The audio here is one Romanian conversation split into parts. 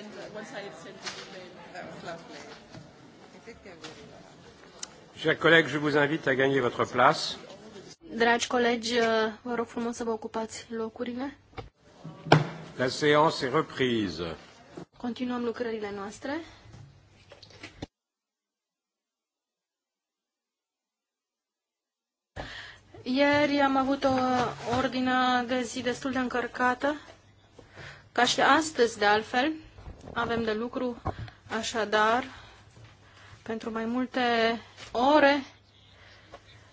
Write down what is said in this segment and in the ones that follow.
send, uh, once I send the email. Chers collègues, je vous invite à gagner votre place. Dragi colegi, uh, vă rog frumos să vă ocupați locurile. La séance est reprise. Continuăm lucrările noastre. Ieri am avut o ordine de zi destul de încărcată, ca și astăzi, de altfel. Avem de lucru, așadar, pentru mai multe ore.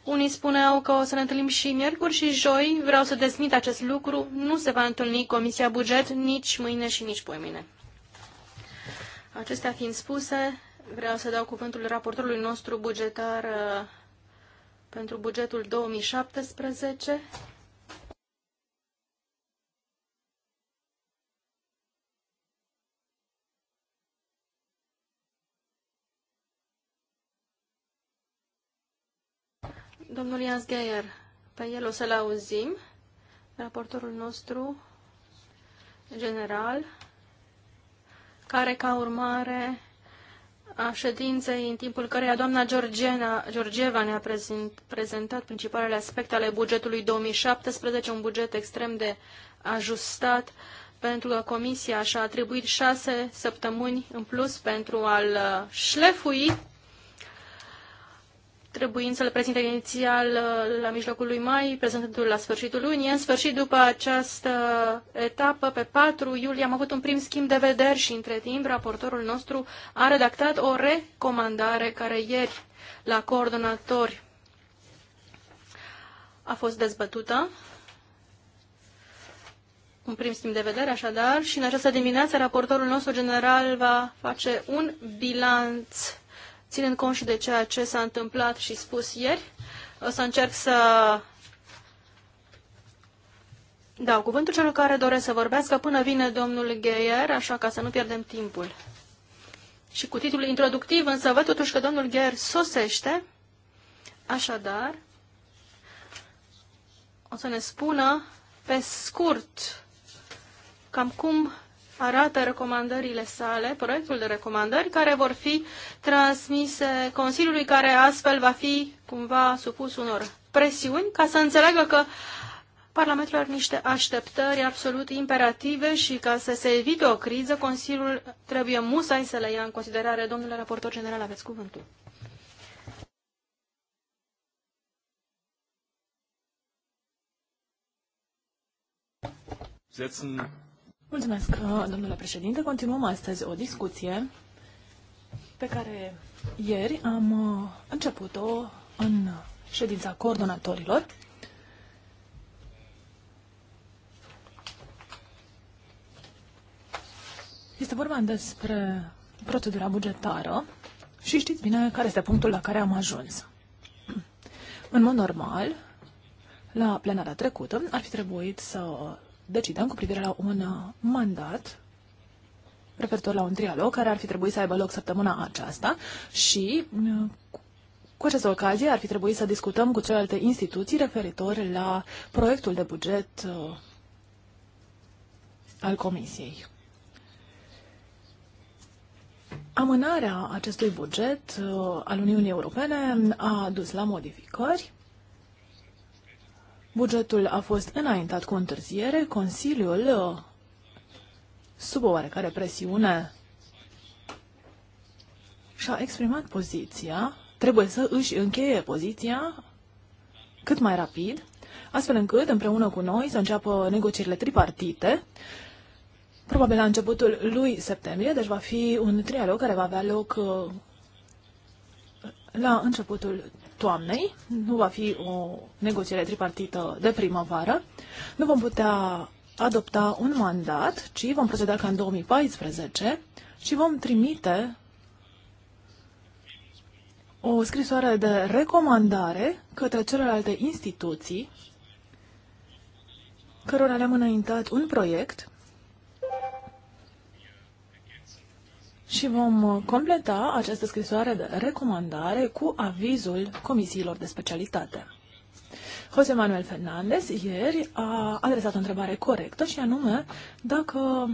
Unii spuneau că o să ne întâlnim și miercuri și joi. Vreau să desmit acest lucru. Nu se va întâlni Comisia Buget nici mâine și nici poimine. Acestea fiind spuse, vreau să dau cuvântul raportorului nostru bugetar uh, pentru bugetul 2017. Domnul Jans Geier, pe el o să-l auzim, raportorul nostru general, care ca urmare a ședinței în timpul căreia doamna Georgiana, Georgieva ne-a prezentat principalele aspecte ale bugetului 2017, un buget extrem de ajustat, pentru că Comisia și-a atribuit șase săptămâni în plus pentru a-l șlefui trebuind să le prezinte inițial uh, la mijlocul lui mai, prezentându-l la sfârșitul lunii. În sfârșit, după această etapă, pe 4 iulie, am avut un prim schimb de vederi și între timp raportorul nostru a redactat o recomandare care ieri la coordonatori a fost dezbătută. Un prim schimb de vedere, așadar, și în această dimineață raportorul nostru general va face un bilanț ținând cont și de ceea ce s-a întâmplat și spus ieri, o să încerc să dau cuvântul celor care doresc să vorbească până vine domnul Geier, așa ca să nu pierdem timpul. Și cu titlul introductiv, însă văd totuși că domnul Geier sosește, așadar, o să ne spună pe scurt cam cum arată recomandările sale, proiectul de recomandări, care vor fi transmise Consiliului, care astfel va fi cumva supus unor presiuni, ca să înțeleagă că Parlamentul are niște așteptări absolut imperative și ca să se evite o criză, Consiliul trebuie musai să le ia în considerare. Domnule raportor general, aveți cuvântul. Setzen Mulțumesc, uh, domnule președinte. Continuăm astăzi o discuție pe care ieri am uh, început-o în ședința coordonatorilor. Este vorba despre procedura bugetară și știți bine care este punctul la care am ajuns. În mod normal, la plenara trecută ar fi trebuit să decidăm cu privire la un uh, mandat referitor la un trialog care ar fi trebuit să aibă loc săptămâna aceasta și uh, cu această ocazie ar fi trebuit să discutăm cu celelalte instituții referitor la proiectul de buget uh, al Comisiei. Amânarea acestui buget al Uniunii Europene a dus la modificări Bugetul a fost înaintat cu întârziere, Consiliul, uh, sub o oarecare presiune, și-a exprimat poziția, trebuie să își încheie poziția cât mai rapid, astfel încât, împreună cu noi, să înceapă negocierile tripartite, probabil la începutul lui septembrie, deci va fi un trialog care va avea loc uh, la începutul toamnei, nu va fi o negociere tripartită de primăvară, nu vom putea adopta un mandat, ci vom proceda ca în 2014 și vom trimite o scrisoare de recomandare către celelalte instituții cărora le-am înaintat un proiect și vom uh, completa această scrisoare de recomandare cu avizul comisiilor de specialitate. José Manuel Fernández ieri a adresat o întrebare corectă și anume dacă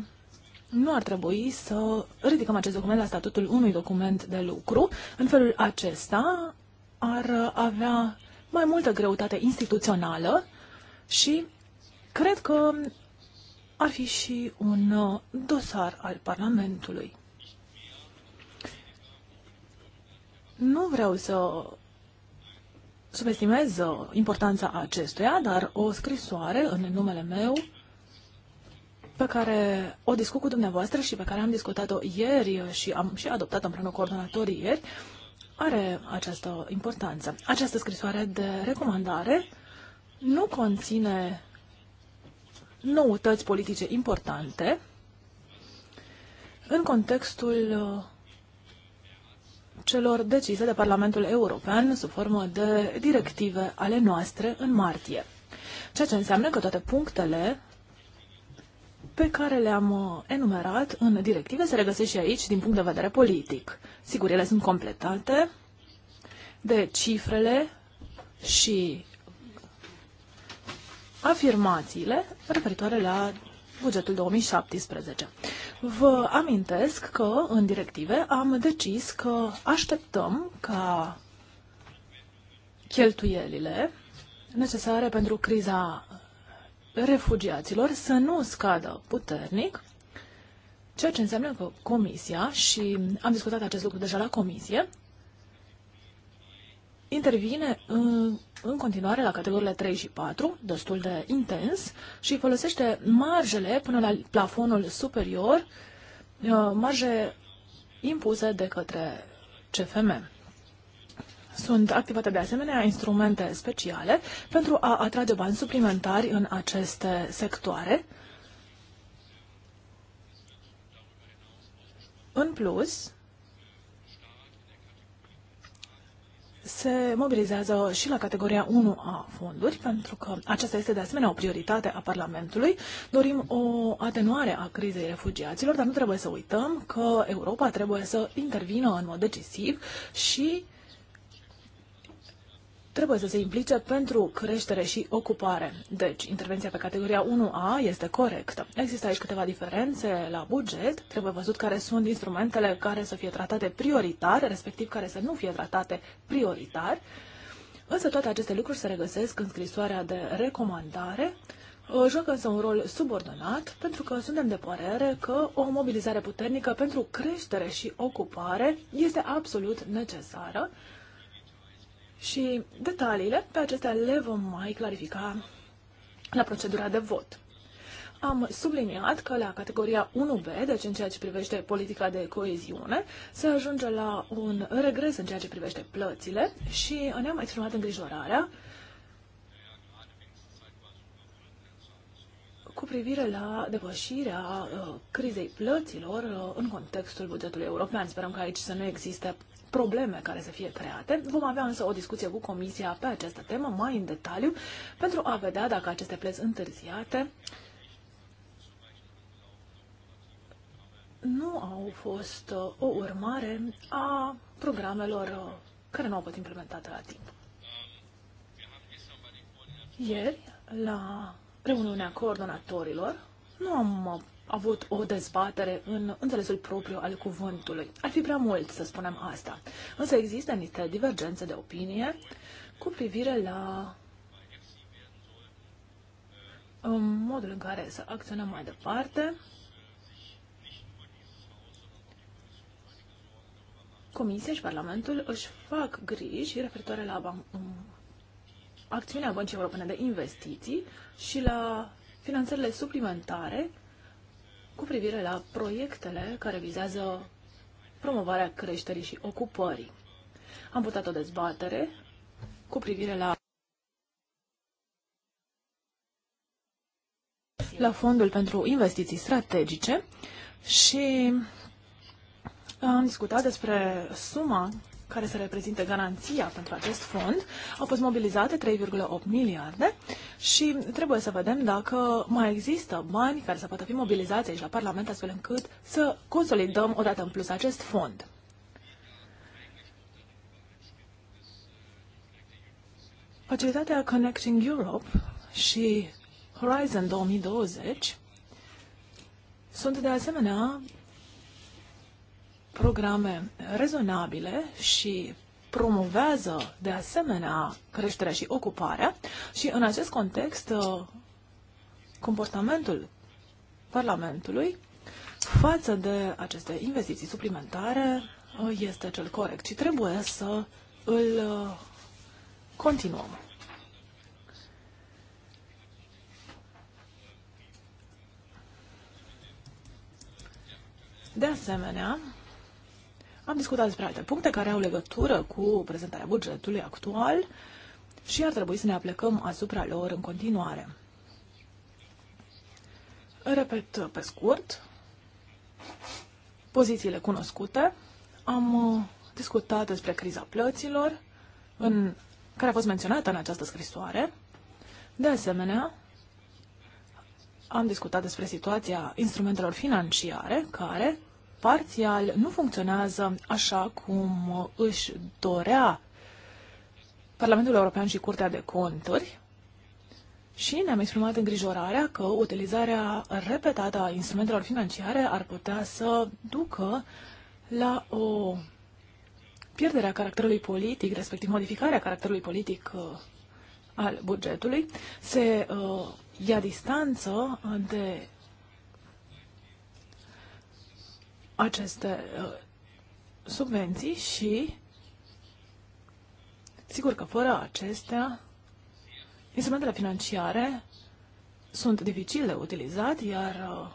nu ar trebui să ridicăm acest document la statutul unui document de lucru. În felul acesta ar avea mai multă greutate instituțională și cred că ar fi și un uh, dosar al Parlamentului. Nu vreau să subestimez uh, importanța acestuia, dar o scrisoare în numele meu pe care o discut cu dumneavoastră și pe care am discutat-o ieri și am și adoptat împreună cu coordonatorii ieri, are această importanță. Această scrisoare de recomandare nu conține noutăți politice importante în contextul uh, celor decise de Parlamentul European sub formă de directive ale noastre în martie. Ceea ce înseamnă că toate punctele pe care le-am uh, enumerat în directive se regăsesc și aici din punct de vedere politic. Sigur, ele sunt completate de cifrele și afirmațiile referitoare la bugetul 2017. Vă amintesc că în directive am decis că așteptăm ca cheltuielile necesare pentru criza refugiaților să nu scadă puternic, ceea ce înseamnă că Comisia, și am discutat acest lucru deja la Comisie, intervine în, în continuare la categoriile 3 și 4, destul de intens, și folosește marjele până la plafonul superior, uh, marje impuse de către CFM. Sunt activate de asemenea instrumente speciale pentru a atrage bani suplimentari în aceste sectoare. În plus, se mobilizează și la categoria 1 a fonduri, pentru că aceasta este de asemenea o prioritate a Parlamentului. Dorim o atenuare a crizei refugiaților, dar nu trebuie să uităm că Europa trebuie să intervină în mod decisiv și trebuie să se implice pentru creștere și ocupare. Deci, intervenția pe categoria 1A este corectă. Există aici câteva diferențe la buget, trebuie văzut care sunt instrumentele care să fie tratate prioritar, respectiv care să nu fie tratate prioritar. Însă toate aceste lucruri se regăsesc în scrisoarea de recomandare, ă, joacă însă un rol subordonat pentru că suntem de părere că o mobilizare puternică pentru creștere și ocupare este absolut necesară și detaliile pe acestea le vom mai clarifica la procedura de vot. Am subliniat că la categoria 1B, deci în ceea ce privește politica de coeziune, se ajunge la un regres în ceea ce privește plățile și ne-am exprimat îngrijorarea cu privire la depășirea uh, crizei plăților uh, în contextul bugetului european. Sperăm că aici să nu existe probleme care să fie create. Vom avea însă o discuție cu Comisia pe această temă mai în detaliu pentru a vedea dacă aceste plăți întârziate nu au fost uh, o urmare a programelor uh, care nu au fost implementate la timp. Ieri, la reuniunea coordonatorilor, nu am avut o dezbatere în înțelesul propriu al cuvântului. Ar fi prea mult să spunem asta. Însă există niște divergențe de opinie cu privire la um, modul în care să acționăm mai departe. Comisia și Parlamentul își fac griji referitoare la um, acțiunea Băncii Europene de Investiții și la finanțările suplimentare cu privire la proiectele care vizează promovarea creșterii și ocupării. Am votat o dezbatere cu privire la la Fondul pentru Investiții Strategice și am discutat despre suma care să reprezinte garanția pentru acest fond. Au fost mobilizate 3,8 miliarde și trebuie să vedem dacă mai există bani care să poată fi mobilizați aici la Parlament astfel încât să consolidăm o dată în plus acest fond. Facilitatea Connecting Europe și Horizon 2020 sunt de asemenea programe rezonabile și promovează de asemenea creșterea și ocuparea și în acest context uh, comportamentul Parlamentului față de aceste investiții suplimentare uh, este cel corect și trebuie să îl uh, continuăm. De asemenea, am discutat despre alte puncte care au legătură cu prezentarea bugetului actual și ar trebui să ne aplecăm asupra lor în continuare. Repet pe scurt, pozițiile cunoscute. Am uh, discutat despre criza plăților, în, care a fost menționată în această scrisoare. De asemenea, am discutat despre situația instrumentelor financiare, care, parțial nu funcționează așa cum își dorea Parlamentul European și Curtea de Conturi și ne-am exprimat îngrijorarea că utilizarea repetată a instrumentelor financiare ar putea să ducă la o pierdere a caracterului politic, respectiv modificarea caracterului politic uh, al bugetului. Se uh, ia distanță de aceste uh, subvenții și sigur că fără acestea instrumentele financiare sunt dificil de utilizat, iar uh,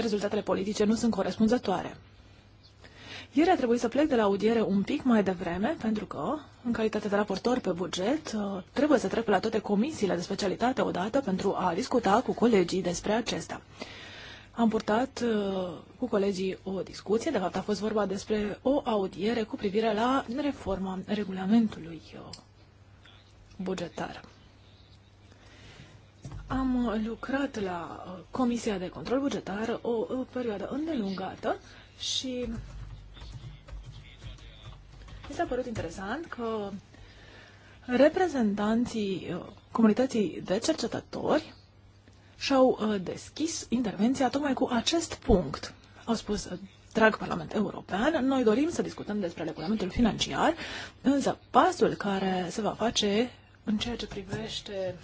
rezultatele politice nu sunt corespunzătoare. Ieri a trebuit să plec de la audiere un pic mai devreme, pentru că, în calitate de raportor pe buget, uh, trebuie să trec pe la toate comisiile de specialitate odată pentru a discuta cu colegii despre acesta. Am purtat uh, cu colegii o discuție, de fapt a fost vorba despre o audiere cu privire la reforma regulamentului uh, bugetar. Am lucrat la uh, Comisia de Control Bugetar o, o perioadă îndelungată și mi s-a părut interesant că reprezentanții comunității de cercetători și-au uh, deschis intervenția tocmai cu acest punct. Au spus, uh, drag Parlament European, noi dorim să discutăm despre regulamentul financiar, însă pasul care se va face în ceea ce privește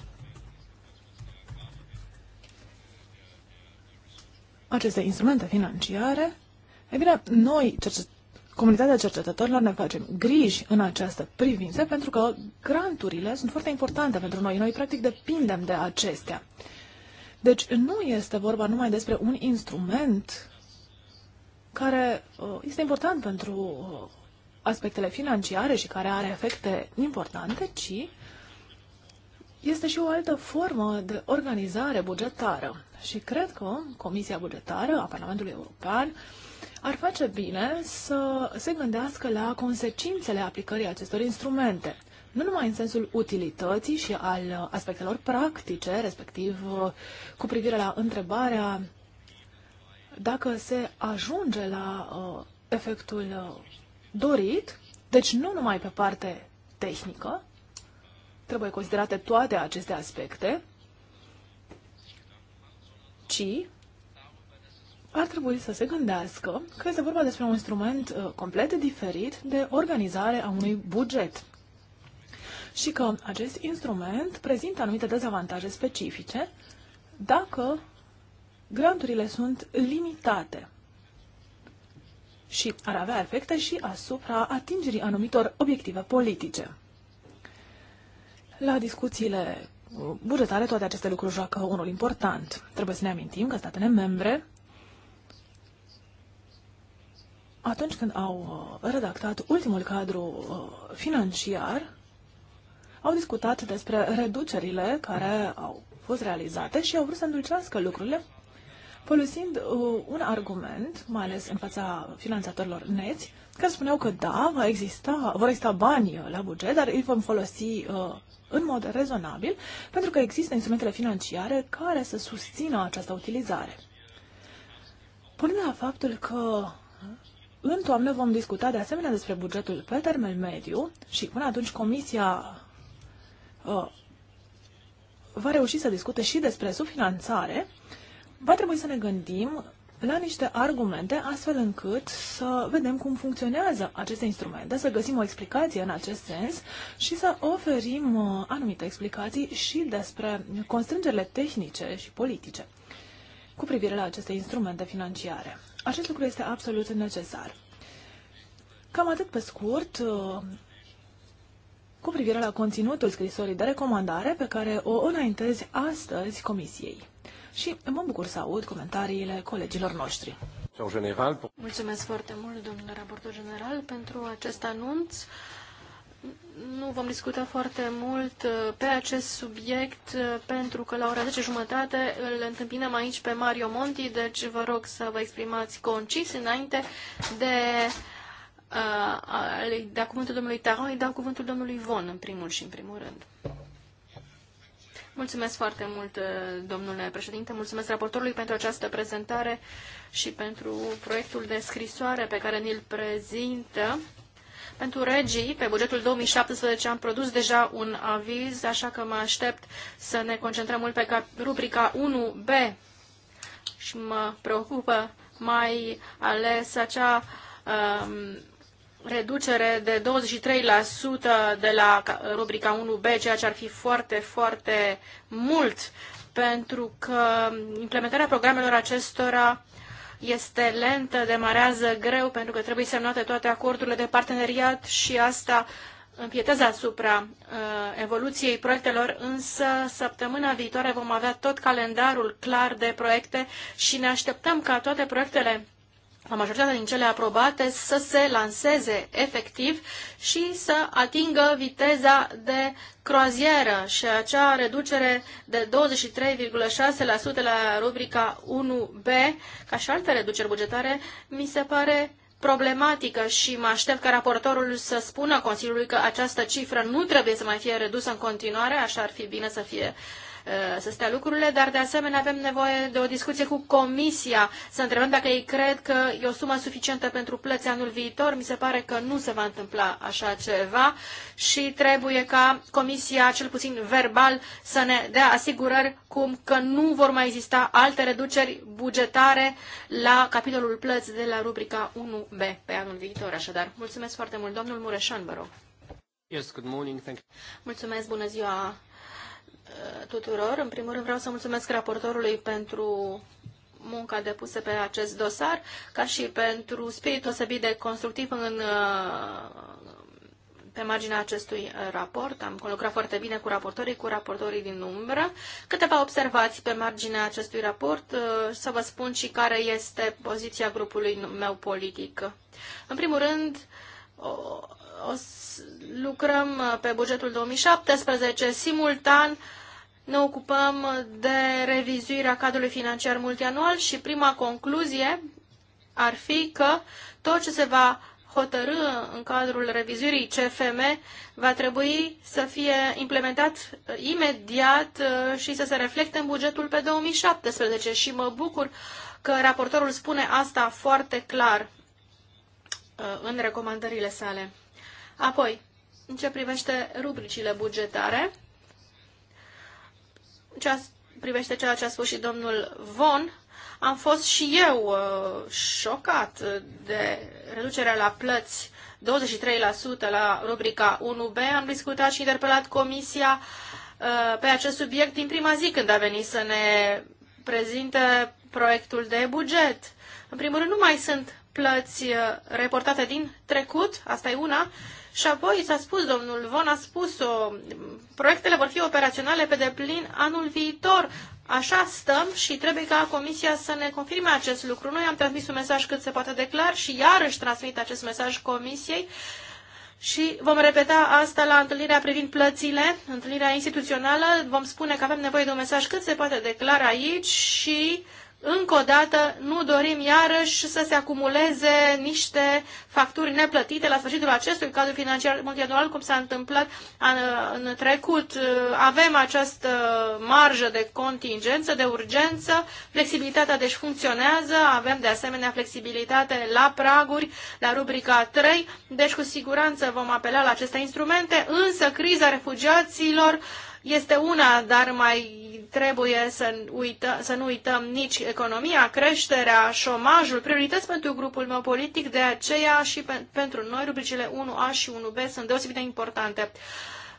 aceste instrumente financiare, e bine, noi, comunitatea cercetătorilor, ne facem griji în această privință pentru că granturile sunt foarte importante pentru noi. Noi, practic, depindem de acestea. Deci nu este vorba numai despre un instrument care uh, este important pentru uh, aspectele financiare și care are efecte importante, ci este și o altă formă de organizare bugetară. Și cred că Comisia Bugetară a Parlamentului European ar face bine să se gândească la consecințele aplicării acestor instrumente nu numai în sensul utilității și al uh, aspectelor practice, respectiv uh, cu privire la întrebarea dacă se ajunge la uh, efectul uh, dorit, deci nu numai pe parte tehnică, trebuie considerate toate aceste aspecte, ci ar trebui să se gândească că este vorba despre un instrument complet diferit de organizare a unui buget și că acest instrument prezintă anumite dezavantaje specifice dacă granturile sunt limitate și ar avea efecte și asupra atingerii anumitor obiective politice. La discuțiile bugetare, toate aceste lucruri joacă unul important. Trebuie să ne amintim că statele membre, atunci când au uh, redactat ultimul cadru uh, financiar, au discutat despre reducerile care au fost realizate și au vrut să îndulcească lucrurile folosind uh, un argument, mai ales în fața finanțatorilor neți, care spuneau că da, va exista, vor exista bani la buget, dar îi vom folosi uh, în mod rezonabil, pentru că există instrumentele financiare care să susțină această utilizare. Până la faptul că în toamnă vom discuta de asemenea despre bugetul pe termen mediu și până atunci Comisia Uh, va reuși să discute și despre subfinanțare, va trebui să ne gândim la niște argumente astfel încât să vedem cum funcționează aceste instrumente, să găsim o explicație în acest sens și să oferim uh, anumite explicații și despre constrângerile tehnice și politice cu privire la aceste instrumente financiare. Acest lucru este absolut necesar. Cam atât pe scurt uh, cu privire la conținutul scrisorii de recomandare pe care o înaintezi astăzi Comisiei. Și mă bucur să aud comentariile colegilor noștri. General... Mulțumesc foarte mult, domnule raportor general, pentru acest anunț. Nu vom discuta foarte mult uh, pe acest subiect, uh, pentru că la ora 10 jumătate îl întâmpinăm aici pe Mario Monti, deci vă rog să vă exprimați concis înainte de uh, da cuvântul domnului Taron, îi dau cuvântul domnului Von, în primul și în primul rând. Mulțumesc foarte mult, uh, domnule președinte, mulțumesc raportorului pentru această prezentare și pentru proiectul de scrisoare pe care ni-l prezintă. Pentru regii, pe bugetul 2017 am produs deja un aviz, așa că mă aștept să ne concentrăm mult pe rubrica 1B și mă preocupă mai ales acea um, reducere de 23% de la rubrica 1B, ceea ce ar fi foarte, foarte mult, pentru că implementarea programelor acestora este lentă, demarează greu, pentru că trebuie semnate toate acordurile de parteneriat și asta împietează asupra uh, evoluției proiectelor, însă săptămâna viitoare vom avea tot calendarul clar de proiecte și ne așteptăm ca toate proiectele la majoritatea din cele aprobate, să se lanseze efectiv și să atingă viteza de croazieră și acea reducere de 23,6% la rubrica 1B, ca și alte reduceri bugetare, mi se pare problematică și mă aștept ca raportorul să spună Consiliului că această cifră nu trebuie să mai fie redusă în continuare, așa ar fi bine să fie să stea lucrurile, dar de asemenea avem nevoie de o discuție cu Comisia, să întrebăm dacă ei cred că e o sumă suficientă pentru plăți anul viitor. Mi se pare că nu se va întâmpla așa ceva și trebuie ca Comisia, cel puțin verbal, să ne dea asigurări cum că nu vor mai exista alte reduceri bugetare la capitolul plăți de la rubrica 1B pe anul viitor. Așadar, mulțumesc foarte mult, domnul Mureșan, vă rog. Yes, good morning. Thank you. Mulțumesc, bună ziua Uh, tuturor. În primul rând vreau să mulțumesc raportorului pentru munca depusă pe acest dosar, ca și pentru spiritul osebit de constructiv în, uh, pe marginea acestui raport. Am lucrat foarte bine cu raportorii, cu raportorii din umbră. Câteva observații pe marginea acestui raport, uh, să vă spun și care este poziția grupului meu politic. În primul rând, o, o, lucrăm pe bugetul 2017 simultan uh, ne ocupăm de revizuirea cadrului financiar multianual și prima concluzie ar fi că tot ce se va hotărâ în cadrul revizuirii CFM va trebui să fie implementat uh, imediat uh, și să se reflecte în bugetul pe 2017 și mă bucur că raportorul spune asta foarte clar uh, în recomandările sale. Apoi, în ce privește rubricile bugetare, ce privește ceea ce a spus și domnul Von, am fost și eu uh, șocat de reducerea la plăți 23% la rubrica 1B. Am discutat și interpelat comisia uh, pe acest subiect din prima zi când a venit să ne prezinte proiectul de buget. În primul rând, nu mai sunt plăți uh, reportate din trecut, asta e una, și apoi s-a spus, domnul Von a spus-o, proiectele vor fi operaționale pe deplin anul viitor. Așa stăm și trebuie ca Comisia să ne confirme acest lucru. Noi am transmis un mesaj cât se poate de clar și iarăși transmit acest mesaj Comisiei și vom repeta asta la întâlnirea privind plățile, întâlnirea instituțională. Vom spune că avem nevoie de un mesaj cât se poate de clar aici și încă o dată nu dorim iarăși să se acumuleze niște facturi neplătite la sfârșitul acestui cadru financiar multianual, cum s-a întâmplat în, în trecut. Avem această marjă de contingență, de urgență, flexibilitatea deci funcționează, avem de asemenea flexibilitate la praguri, la rubrica 3, deci cu siguranță vom apela la aceste instrumente, însă criza refugiaților uh, este una, dar mai trebuie să, uită, să nu uităm nici economia, creșterea, șomajul, priorități pentru grupul meu politic, de aceea și pe, pentru noi rubricile 1A și 1B sunt deosebit de importante.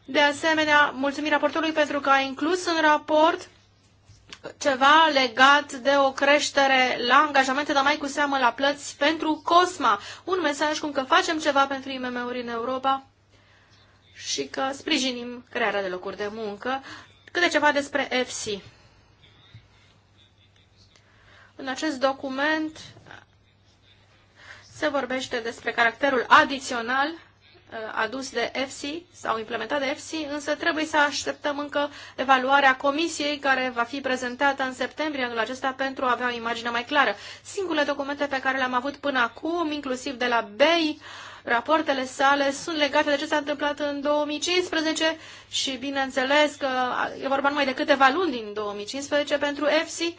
De asemenea, mulțumim raportorului pentru că a inclus în raport ceva legat de o creștere la angajamente, dar mai cu seamă la plăți pentru COSMA. Un mesaj cum că facem ceva pentru IMM-uri în Europa și că sprijinim crearea de locuri de muncă. Câte ceva despre FC. În acest document se vorbește despre caracterul adițional uh, adus de FC sau implementat de FC, însă trebuie să așteptăm încă evaluarea comisiei care va fi prezentată în septembrie anul acesta pentru a avea o imagine mai clară. Singurele documente pe care le-am avut până acum, inclusiv de la BEI, uh, rapoartele sale sunt legate de ce s-a întâmplat în 2015 și bineînțeles că e vorba numai de câteva luni din 2015 pentru EFSI,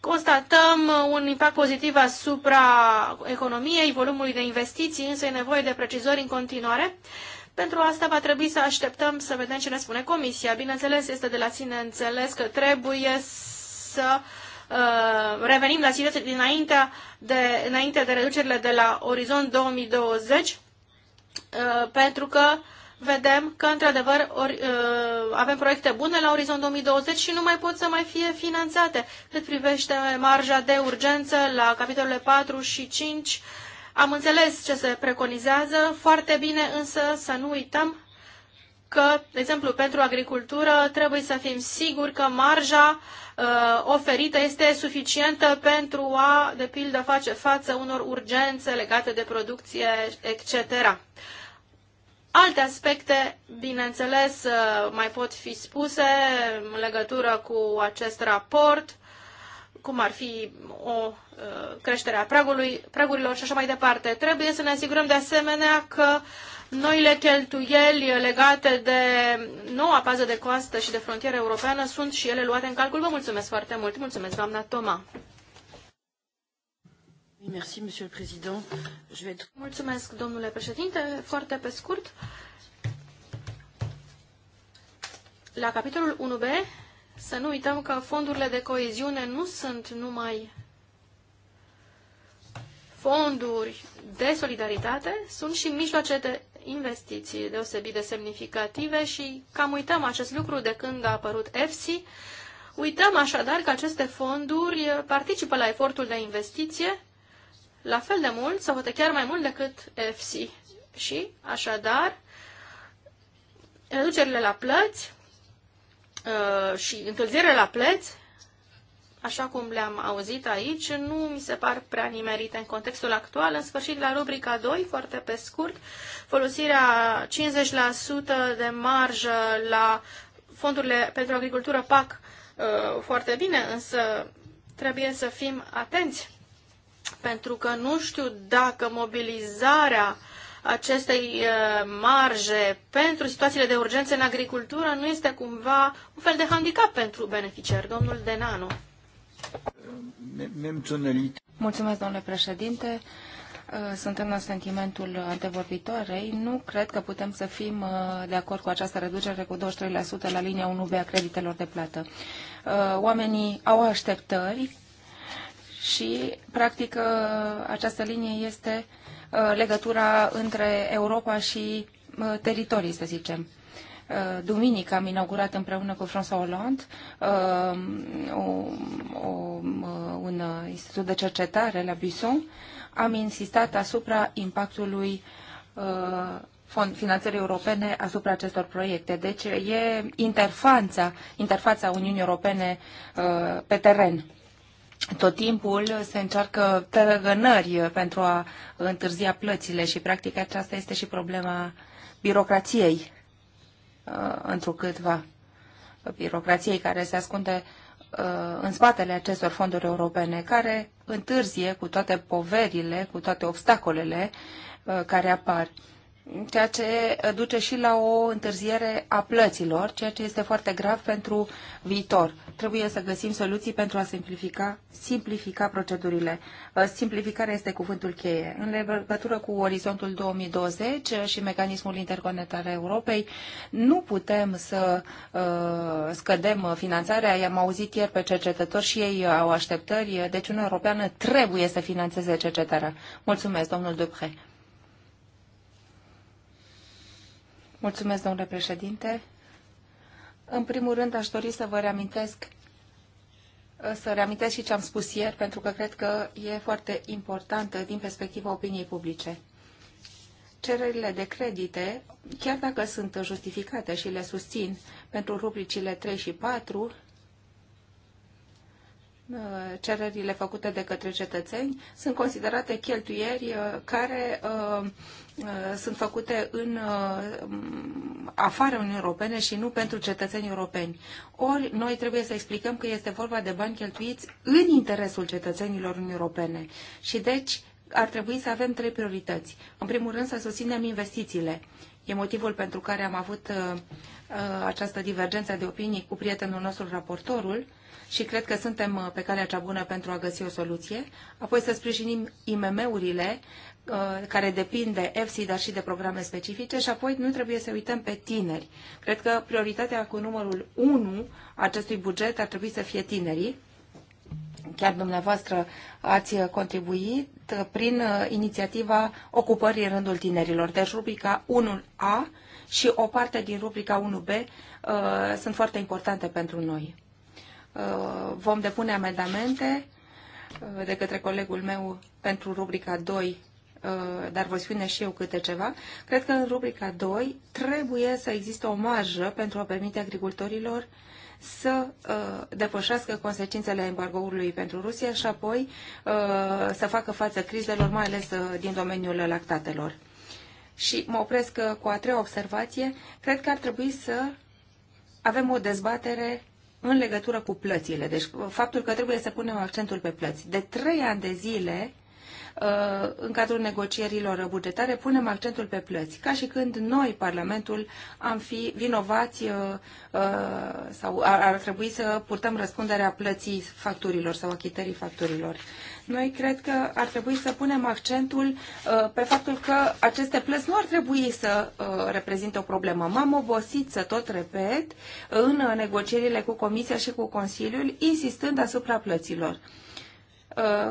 Constatăm un impact pozitiv asupra economiei, volumului de investiții, însă e nevoie de precizări în continuare. Pentru asta va trebui să așteptăm să vedem ce ne spune Comisia. Bineînțeles, este de la sine înțeles că trebuie să Uh, revenim la situația dinainte de, înainte de reducerile de la Orizont 2020, uh, pentru că vedem că, într-adevăr, uh, avem proiecte bune la Orizont 2020 și nu mai pot să mai fie finanțate. Cât privește marja de urgență la capitolele 4 și 5, am înțeles ce se preconizează foarte bine, însă să nu uităm că, de exemplu, pentru agricultură trebuie să fim siguri că marja uh, uh, oferită este suficientă pentru a, de pildă, face față unor urgențe legate de producție, etc. Alte aspecte, bineînțeles, uh, mai pot fi spuse în legătură cu acest raport, cum ar fi o uh, creștere a pragului, pragurilor și așa mai departe. Trebuie să ne asigurăm de asemenea că uh, Noile cheltuieli legate de noua pază de coastă și de frontieră europeană sunt și ele luate în calcul. Vă mulțumesc foarte mult. Mulțumesc, doamna Toma. Mulțumesc, domnule președinte. Foarte pe scurt. La capitolul 1b, să nu uităm că fondurile de coeziune nu sunt numai fonduri de solidaritate, sunt și mijloace de investiții deosebit de semnificative și cam uităm acest lucru de când a apărut EFSI. Uităm așadar că aceste fonduri participă la efortul de investiție la fel de mult sau poate chiar mai mult decât EFSI. Și, așadar, reducerile la plăți uh, și întârzierile la plăți așa cum le-am auzit aici, nu mi se par prea nimerite în contextul actual. În sfârșit, la rubrica 2, foarte pe scurt, folosirea 50% de marjă la fondurile pentru agricultură PAC uh, foarte bine, însă trebuie să fim atenți pentru că nu știu dacă mobilizarea acestei uh, marje pentru situațiile de urgență în agricultură nu este cumva un fel de handicap pentru beneficiari. Domnul Denano. Mulțumesc, domnule președinte. Uh, Sunt în sentimentul antevorbitoarei. Nu cred că putem să fim uh, de acord cu această reducere cu 23% la linia 1B a creditelor de plată. Uh, oamenii au așteptări și, practic, această linie este legătura între Europa și teritorii, să zicem. Uh, duminică am inaugurat împreună cu François Hollande uh, uh, un institut de cercetare la Buisson. Am insistat asupra impactului finanțării europene asupra acestor proiecte. Deci e interfața, interfața Uniunii Europene pe teren tot timpul se încearcă tărăgănări pentru a întârzia plățile și, practic, aceasta este și problema birocrației. Uh, întrucâtva birocrației care se ascunde uh, în spatele acestor fonduri europene, care întârzie cu toate poverile, cu toate obstacolele uh, care apar ceea ce duce și la o întârziere a plăților, ceea ce este foarte grav pentru viitor. Trebuie să găsim soluții pentru a simplifica, simplifica procedurile. Uh, simplificarea este cuvântul cheie. În legătură cu orizontul 2020 și mecanismul interconectare Europei, nu putem să uh, scădem finanțarea. I-am auzit ieri pe cercetători și ei au așteptări, deci Uniunea Europeană trebuie să financeze cercetarea. Mulțumesc, domnul Dupre. Mulțumesc, domnule președinte. În primul rând, aș dori să vă reamintesc să reamintesc și ce am spus ieri, pentru că cred că e foarte importantă din perspectiva opiniei publice. Cererile de credite, chiar dacă sunt justificate și le susțin pentru rubricile 3 și 4, Uh, cererile făcute de către cetățeni sunt considerate cheltuieri uh, care uh, sunt făcute în afara Uniunii Europene și nu pentru cetățenii europeni. Ori noi trebuie să explicăm că este vorba de bani cheltuiți în interesul cetățenilor Uniunii Europene. Și deci ar trebui să avem trei priorități. În primul rând să susținem investițiile. E motivul pentru care am avut această divergență de opinii cu prietenul nostru raportorul, și cred că suntem uh, pe calea cea bună pentru a găsi o soluție, apoi să sprijinim IMM-urile uh, care depind de EFSI, dar și de programe specifice și apoi nu trebuie să uităm pe tineri. Cred că prioritatea cu numărul 1 acestui buget ar trebui să fie tinerii. Chiar dumneavoastră ați contribuit prin uh, inițiativa ocupării în rândul tinerilor. Deci rubrica 1A și o parte din rubrica 1B uh, sunt foarte importante pentru noi. Uh, vom depune amendamente uh, de către colegul meu pentru rubrica 2, uh, dar voi spune și eu câte ceva. Cred că în rubrica 2 trebuie să existe o marjă pentru a permite agricultorilor să uh, depășească consecințele embargoului pentru Rusia și apoi uh, să facă față crizelor, mai ales uh, din domeniul lactatelor. Și mă opresc cu a treia observație. Cred că ar trebui să avem o dezbatere în legătură cu plățile. Deci faptul că trebuie să punem accentul pe plăți. De trei ani de zile, uh, în cadrul negocierilor bugetare, punem accentul pe plăți, ca și când noi, Parlamentul, am fi vinovați uh, uh, sau ar trebui să purtăm răspunderea plății facturilor sau achitării facturilor. Noi cred că ar trebui să punem accentul uh, pe faptul că aceste plăți nu ar trebui să uh, reprezinte o problemă. M-am obosit să tot repet uh, în negocierile cu Comisia și cu Consiliul, insistând asupra plăților.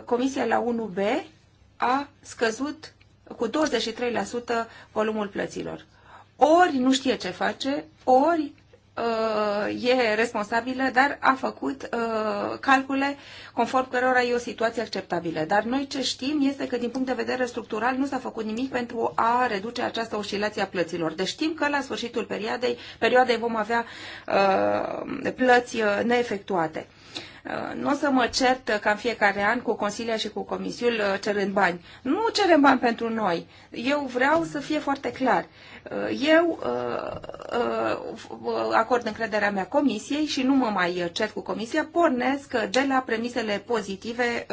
Comisia la 1B a scăzut cu 23% volumul plăților. Ori nu știe ce face, ori Uh, e responsabilă, dar a făcut uh, calcule conform cărora e o situație acceptabilă. Dar noi ce știm este că din punct de vedere structural nu s-a făcut nimic pentru a reduce această oscilație a plăților. Deci știm că la sfârșitul perioadei, perioadei vom avea uh, plăți neefectuate. Nu o să mă cert ca în fiecare an cu Consilia și cu Comisiul cerând bani. Nu cerem bani pentru noi. Eu vreau să fie foarte clar. Uh, eu uh, uh, acord încrederea mea comisiei și nu mă mai cer cu comisia, pornesc de la premisele pozitive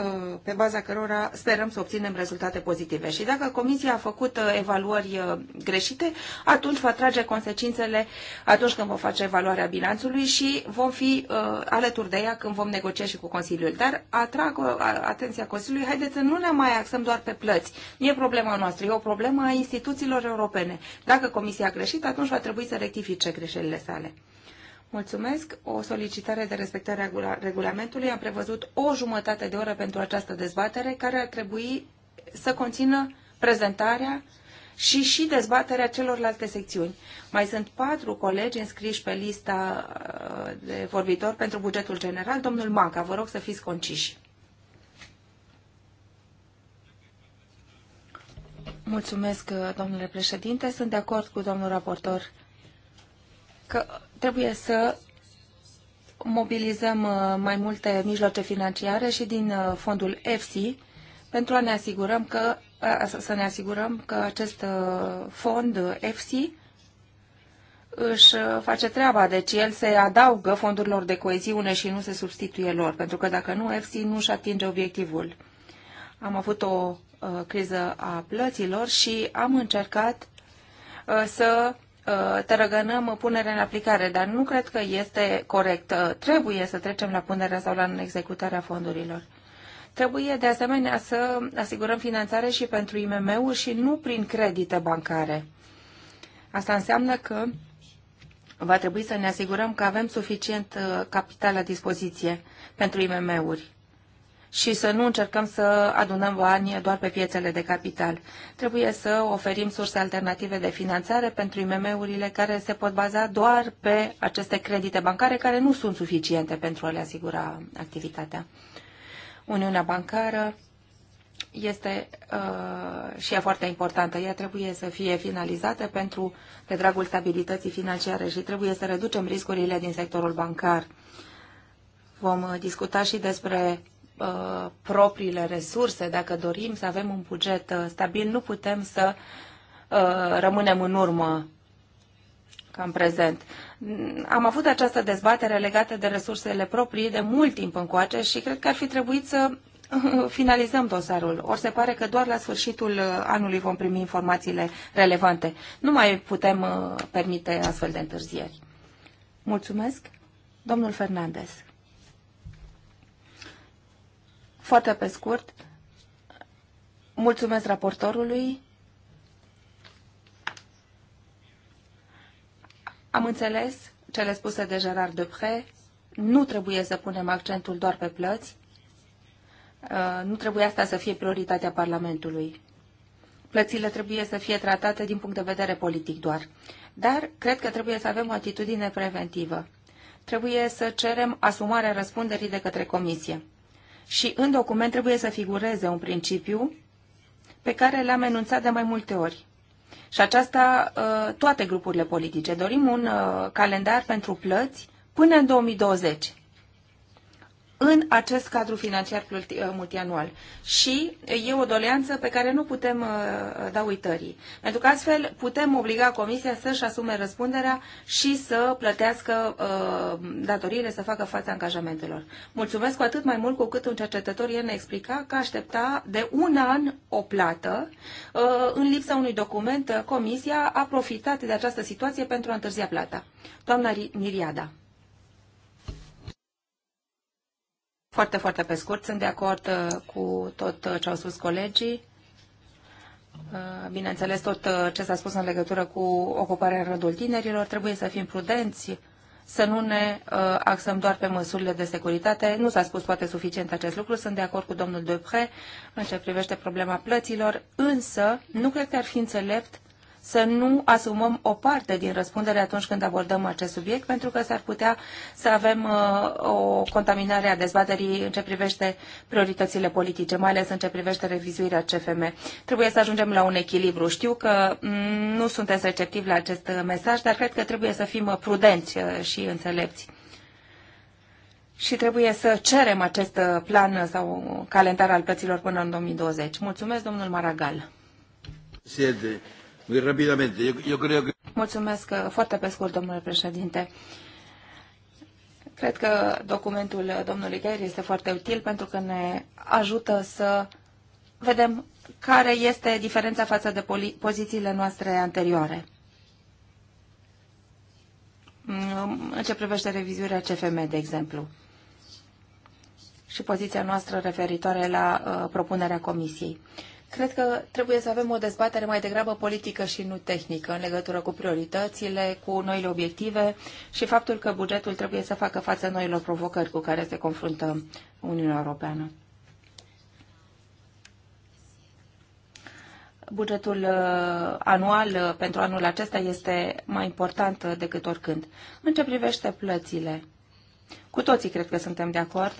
pe baza cărora sperăm să obținem rezultate pozitive. Și dacă comisia a făcut evaluări greșite, atunci va trage consecințele atunci când vom face evaluarea bilanțului și vom fi alături de ea când vom negocia și cu Consiliul. Dar atrag atenția Consiliului, haideți să nu ne mai axăm doar pe plăți. Nu e problema noastră, e o problemă a instituțiilor europene. Dacă dacă Comisia a greșit, atunci va trebui să rectifice greșelile sale. Mulțumesc. O solicitare de respectare a regulamentului. a prevăzut o jumătate de oră pentru această dezbatere, care ar trebui să conțină prezentarea și și dezbaterea celorlalte secțiuni. Mai sunt patru colegi înscriși pe lista uh, de vorbitori pentru bugetul general. Domnul Manca, vă rog să fiți conciși. Mulțumesc, domnule președinte. Sunt de acord cu domnul raportor că trebuie să mobilizăm uh, mai multe mijloace financiare și din uh, fondul EFSI pentru a ne asigurăm că, să ne asigurăm că acest uh, fond EFSI își face treaba, deci el se adaugă fondurilor de coeziune și nu se substituie lor, pentru că dacă nu, EFSI nu își atinge obiectivul. Am avut o Uh, criză a plăților și am încercat uh, să uh, tărăgănăm punerea în aplicare, dar nu cred că este corect. Trebuie să trecem la punerea sau la executarea fondurilor. Trebuie de asemenea să asigurăm finanțare și pentru IMM-uri și nu prin credite bancare. Asta înseamnă că va trebui să ne asigurăm că avem suficient capital la dispoziție pentru IMM-uri și să nu încercăm să adunăm bani doar pe piețele de capital. Trebuie să oferim surse alternative de finanțare pentru IMM-urile care se pot baza doar pe aceste credite bancare care nu sunt suficiente pentru a le asigura activitatea. Uniunea bancară este uh, și e foarte importantă. Ea trebuie să fie finalizată pentru, de dragul stabilității financiare și trebuie să reducem riscurile din sectorul bancar. Vom uh, discuta și despre Uh, propriile resurse, dacă dorim să avem un buget uh, stabil, nu putem să uh, rămânem în urmă ca în prezent. Am avut această dezbatere legată de resursele proprii de mult timp încoace și cred că ar fi trebuit să finalizăm dosarul. Ori se pare că doar la sfârșitul anului vom primi informațiile relevante. Nu mai putem permite astfel de întârzieri. Mulțumesc, domnul Fernandez. Foarte pe scurt, mulțumesc raportorului. Am înțeles cele spuse de Gerard Depre. Nu trebuie să punem accentul doar pe plăți. Uh, nu trebuie asta să fie prioritatea Parlamentului. Plățile trebuie să fie tratate din punct de vedere politic doar. Dar cred că trebuie să avem o atitudine preventivă. Trebuie să cerem asumarea răspunderii de către Comisie și în document trebuie să figureze un principiu pe care l-am enunțat de mai multe ori. Și aceasta uh, toate grupurile politice. Dorim un uh, calendar pentru plăți până în 2020 în acest cadru financiar uh, multianual. Și e o doleanță pe care nu putem uh, da uitării. Pentru că astfel putem obliga Comisia să-și asume răspunderea și să plătească uh, datoriile, să facă față angajamentelor. Mulțumesc cu atât mai mult cu cât un cercetător el ne explica că aștepta de un an o plată. În lipsa unui document, Comisia a profitat de această situație pentru a întârzia plata. Doamna Niriada. Foarte, foarte pe scurt, sunt de acord uh, cu tot uh, ce au spus colegii. Uh, bineînțeles, tot ce s-a spus în legătură cu ocuparea rândul tinerilor, trebuie să fim prudenți, să nu ne axăm doar pe măsurile de securitate. Nu s-a spus poate suficient acest lucru, sunt de acord cu domnul Depre în ce privește problema plăților, însă nu cred că ar fi înțelept să nu asumăm o parte din răspundere atunci când abordăm acest subiect, pentru că s-ar putea să avem uh, o contaminare a dezbaterii în ce privește prioritățile politice, mai ales în ce privește revizuirea CFM. Trebuie să ajungem la un echilibru. Știu că mm, nu sunteți receptivi la acest mesaj, dar cred că trebuie să fim prudenți uh, și înțelepți și trebuie să cerem acest uh, plan sau calendar al plăților până în 2020. Mulțumesc, domnul Maragal. Rapidamente, eu, eu cred că... Mulțumesc uh, foarte pe scurt, domnule președinte. Cred că documentul domnului Gheir este foarte util pentru că ne ajută să vedem care este diferența față de pozițiile noastre anterioare mm, în ce privește revizuirea CFM, de exemplu, și poziția noastră referitoare la uh, propunerea Comisiei. Cred că trebuie să avem o dezbatere mai degrabă politică și nu tehnică în legătură cu prioritățile, cu noile obiective și faptul că bugetul trebuie să facă față noilor provocări cu care se confruntă Uniunea Europeană. bugetul uh, anual uh, pentru anul acesta este mai important uh, decât oricând. În ce privește plățile, cu toții cred că suntem de acord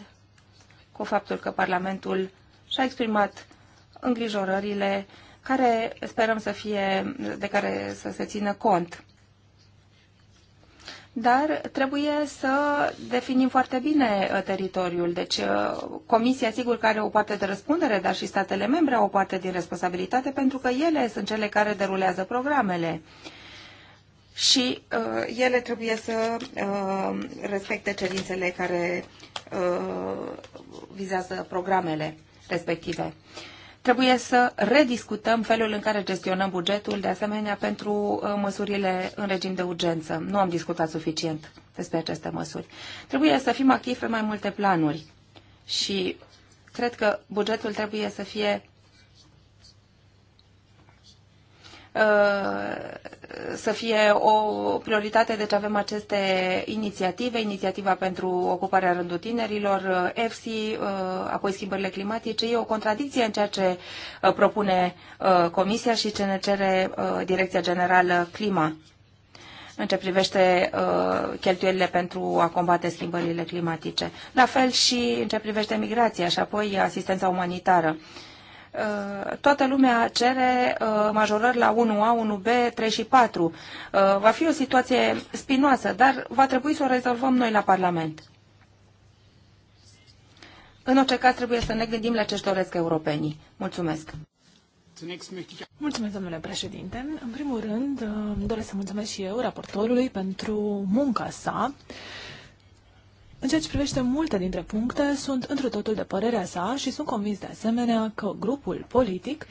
cu faptul că Parlamentul și-a exprimat îngrijorările care sperăm să fie, de care să se țină cont. Dar trebuie să definim foarte bine uh, teritoriul. Deci uh, Comisia sigur că are o parte de răspundere, dar și statele membre au o parte din responsabilitate pentru că ele sunt cele care derulează programele și uh, ele trebuie să uh, respecte cerințele care uh, vizează programele respective. Uh, Trebuie să rediscutăm felul în care gestionăm bugetul, de asemenea, pentru uh, măsurile în regim de urgență. Nu am discutat suficient despre aceste măsuri. Trebuie să fim activi pe mai multe planuri și cred că bugetul trebuie să fie Uh, să fie o prioritate, deci avem aceste inițiative, inițiativa pentru ocuparea rândul tinerilor, EFSI, uh, uh, apoi schimbările climatice. E o contradicție în ceea ce propune Comisia și ce ne cere Direcția Generală Clima în ce privește cheltuielile pentru a combate schimbările climatice. La fel și în ce privește migrația și apoi asistența umanitară. Uh, toată lumea cere uh, majorări la 1A, 1B, 3 și 4. Uh, va fi o situație spinoasă, dar va trebui să o rezolvăm noi la Parlament. În orice caz, trebuie să ne gândim la ce-și doresc europenii. Mulțumesc! Mulțumesc, domnule președinte. În primul rând, doresc să mulțumesc și eu, raportorului, pentru munca sa. În ceea ce privește multe dintre puncte, sunt într totul de părerea sa și sunt convins de asemenea că grupul politic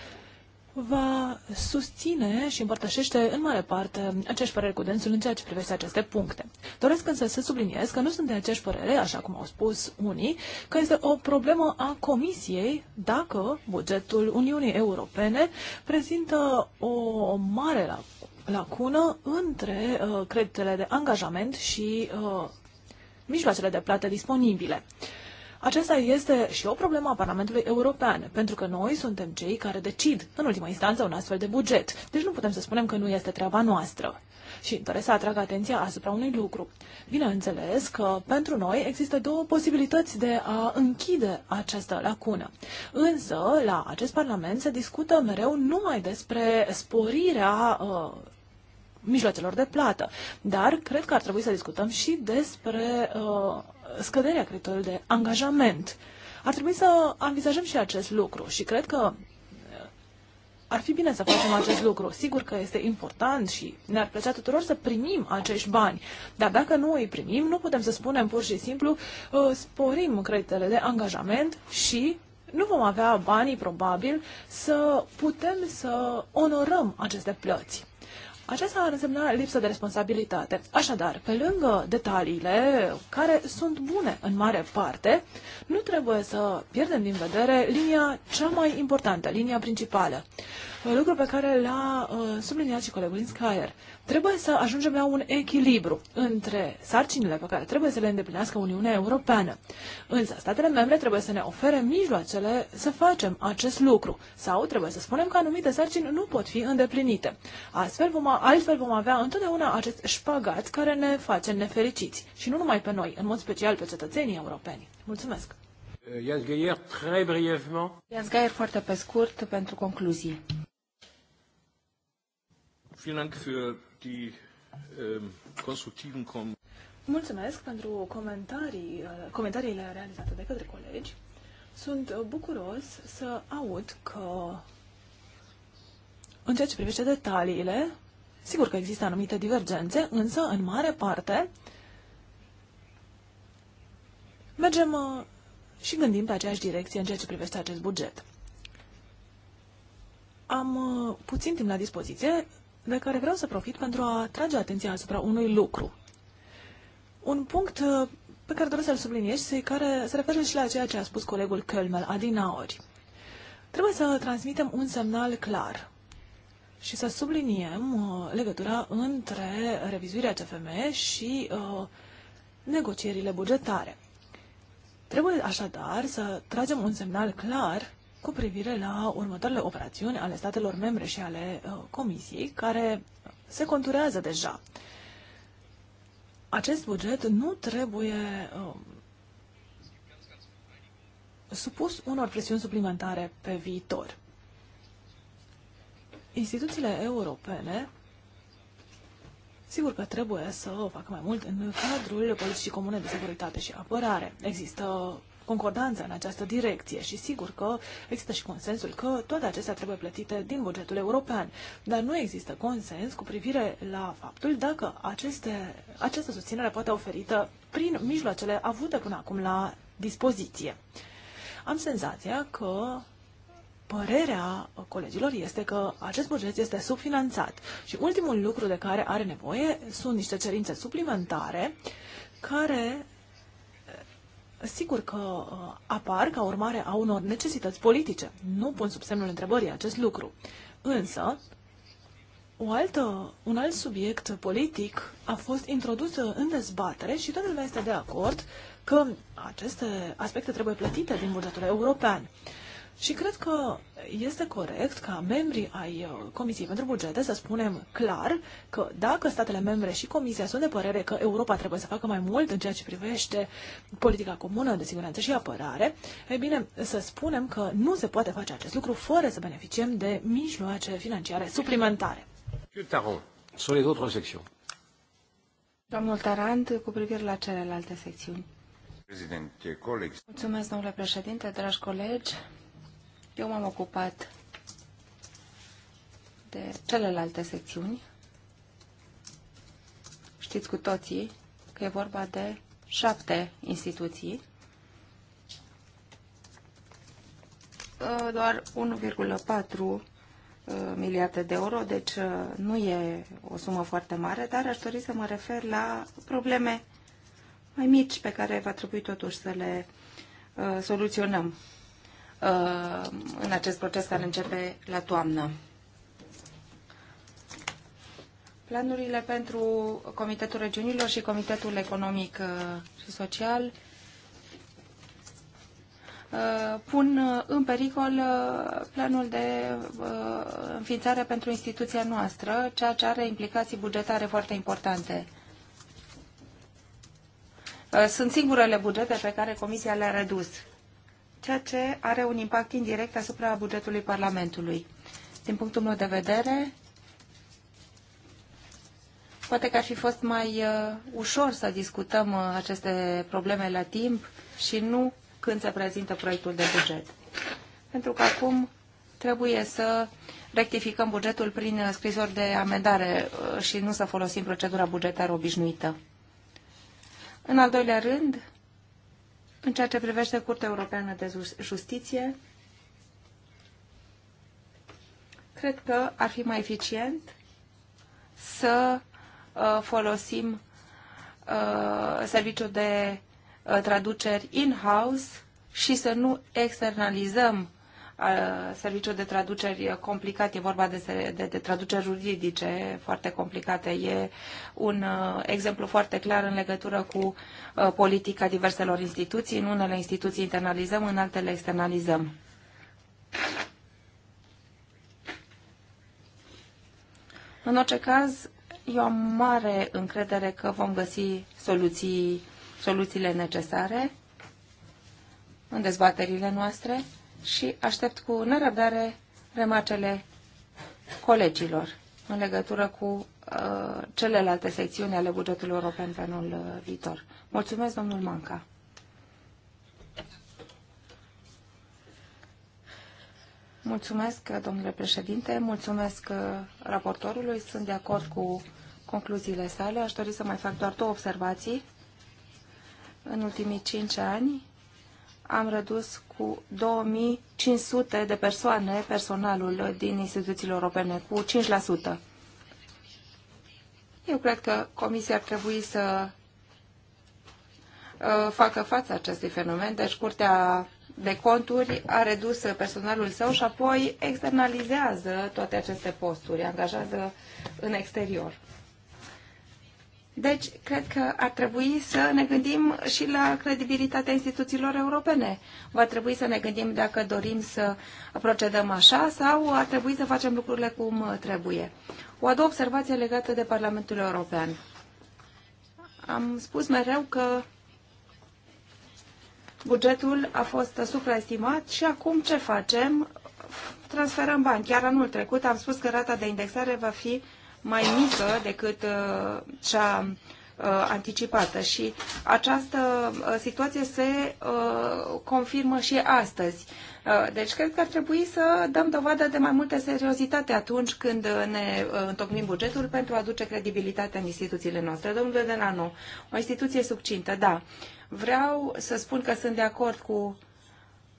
va susține și împărtășește în mare parte aceeași părere cu dânsul în ceea ce privește aceste puncte. Doresc însă să subliniez că nu sunt de aceeași părere, așa cum au spus unii, că este o problemă a Comisiei dacă bugetul Uniunii Europene prezintă o mare lacună între uh, creditele de angajament și uh, mijloacele de plată disponibile. Aceasta este și o problemă a Parlamentului European, pentru că noi suntem cei care decid, în ultima instanță, un astfel de buget. Deci nu putem să spunem că nu este treaba noastră. Și doresc să atrag atenția asupra unui lucru. Bineînțeles că pentru noi există două posibilități de a închide această lacună. Însă, la acest Parlament se discută mereu numai despre sporirea uh, mijloacelor de plată. Dar cred că ar trebui să discutăm și despre uh, scăderea criteriului de angajament. Ar trebui să avizajăm și acest lucru și cred că uh, ar fi bine să facem acest lucru. Sigur că este important și ne-ar plăcea tuturor să primim acești bani, dar dacă nu îi primim, nu putem să spunem pur și simplu uh, sporim creditele de angajament și nu vom avea banii probabil să putem să onorăm aceste plăți. Aceasta ar însemna lipsă de responsabilitate. Așadar, pe lângă detaliile care sunt bune în mare parte, nu trebuie să pierdem din vedere linia cea mai importantă, linia principală. Lucru pe care l-a uh, subliniat și colegul Inscaier. Trebuie să ajungem la un echilibru între sarcinile pe care trebuie să le îndeplinească Uniunea Europeană. Însă, statele membre trebuie să ne ofere mijloacele să facem acest lucru sau trebuie să spunem că anumite sarcini nu pot fi îndeplinite. Astfel vom, altfel vom avea întotdeauna acest șpagat care ne face nefericiți și nu numai pe noi, în mod special pe cetățenii europeni. Mulțumesc! Jens Geier, foarte pe scurt, pentru concluzii. Ähm, Mulțumesc pentru comentarii, uh, comentariile realizate de către colegi. Sunt uh, bucuros să aud că în ceea ce privește detaliile, sigur că există anumite divergențe, însă în mare parte mergem uh, și gândim pe aceeași direcție în ceea ce privește acest buget. Am puțin timp la dispoziție, de care vreau să profit pentru a atrage atenția asupra unui lucru. Un punct uh, pe care doresc să-l subliniez și care se referă și la ceea ce a spus colegul Kölmel ori. Trebuie să transmitem un semnal clar și să subliniem uh, legătura între revizuirea CFM și uh, negocierile bugetare. Trebuie așadar să tragem un semnal clar cu privire la următoarele operațiuni ale statelor membre și ale uh, Comisiei, care se conturează deja. Acest buget nu trebuie uh, supus unor presiuni suplimentare pe viitor. Instituțiile europene Sigur că trebuie să facă mai mult în cadrul politicii comune de securitate și apărare. Există concordanță în această direcție și sigur că există și consensul că toate acestea trebuie plătite din bugetul european, dar nu există consens cu privire la faptul dacă aceste, această susținere poate oferită prin mijloacele avute până acum la dispoziție. Am senzația că Părerea colegilor este că acest buget este subfinanțat și ultimul lucru de care are nevoie sunt niște cerințe suplimentare care sigur că uh, apar ca urmare a unor necesități politice. Nu pun sub semnul întrebării acest lucru. Însă, o altă, un alt subiect politic a fost introdus în dezbatere și toată lumea este de acord că aceste aspecte trebuie plătite din bugetul european. Și cred că este corect ca membrii ai uh, Comisiei pentru Bugete să spunem clar că dacă statele membre și Comisia sunt de părere că Europa trebuie să facă mai mult în ceea ce privește politica comună de siguranță și apărare, e bine să spunem că nu se poate face acest lucru fără să beneficiem de mijloace financiare suplimentare. Domnul Tarant, cu privire la celelalte secțiuni. Mulțumesc, domnule președinte, dragi colegi. Eu m-am ocupat de celelalte secțiuni. Știți cu toții că e vorba de șapte instituții. Ă, doar 1,4 ă, miliarde de euro, deci ă, nu e o sumă foarte mare, dar aș dori să mă refer la probleme mai mici pe care va trebui totuși să le soluționăm Uh, în acest proces care începe la toamnă. Planurile pentru Comitetul Regiunilor și Comitetul Economic uh, și Social uh, pun în pericol planul de înființare pentru instituția noastră, ceea ce are implicații bugetare foarte importante. Sunt singurele bugete pe care Comisia le-a redus ceea ce are un impact indirect asupra bugetului Parlamentului. Din punctul meu de vedere, poate că ar fi fost mai uh, ușor să discutăm uh, aceste probleme la timp și nu când se prezintă proiectul de buget. Pentru că acum trebuie să rectificăm bugetul prin uh, scrisori de amendare și nu să folosim procedura bugetară obișnuită. În al doilea rând, în ceea ce privește Curtea Europeană de Justiție, cred că ar fi mai eficient să uh, folosim uh, serviciul de uh, traduceri in-house și să nu externalizăm serviciu de traduceri complicat, e vorba de, de, de traduceri juridice foarte complicate. E un exemplu foarte clar în legătură cu politica diverselor instituții. În unele instituții internalizăm, în altele externalizăm. În orice caz, eu am mare încredere că vom găsi soluții, soluțiile necesare în dezbaterile noastre și aștept cu nerăbdare remarcele colegilor în legătură cu uh, celelalte secțiuni ale bugetului european pe anul uh, viitor. Mulțumesc, domnul Manca. Mulțumesc, domnule președinte, mulțumesc uh, raportorului, sunt de acord cu concluziile sale. Aș dori să mai fac doar două observații. În ultimii cinci ani, am redus cu 2500 de persoane personalul din instituțiile europene, cu 5%. Eu cred că Comisia ar trebui să uh, facă față acestui fenomen, deci Curtea de conturi a redus personalul său și apoi externalizează toate aceste posturi, angajează în exterior. Deci, cred că ar trebui să ne gândim și la credibilitatea instituțiilor europene. Va trebui să ne gândim dacă dorim să procedăm așa sau ar trebui să facem lucrurile cum trebuie. O a doua observație legată de Parlamentul European. Am spus mereu că bugetul a fost supraestimat și acum ce facem? Transferăm bani. Chiar anul trecut am spus că rata de indexare va fi mai mică decât uh, cea uh, anticipată și această uh, situație se confirmă și astăzi. Deci cred că ar trebui să dăm dovadă de mai multă seriozitate atunci când ne întocmim bugetul pentru a aduce credibilitate în instituțiile noastre. Domnule Delano, o instituție subcintă, da. Vreau să spun că sunt de acord cu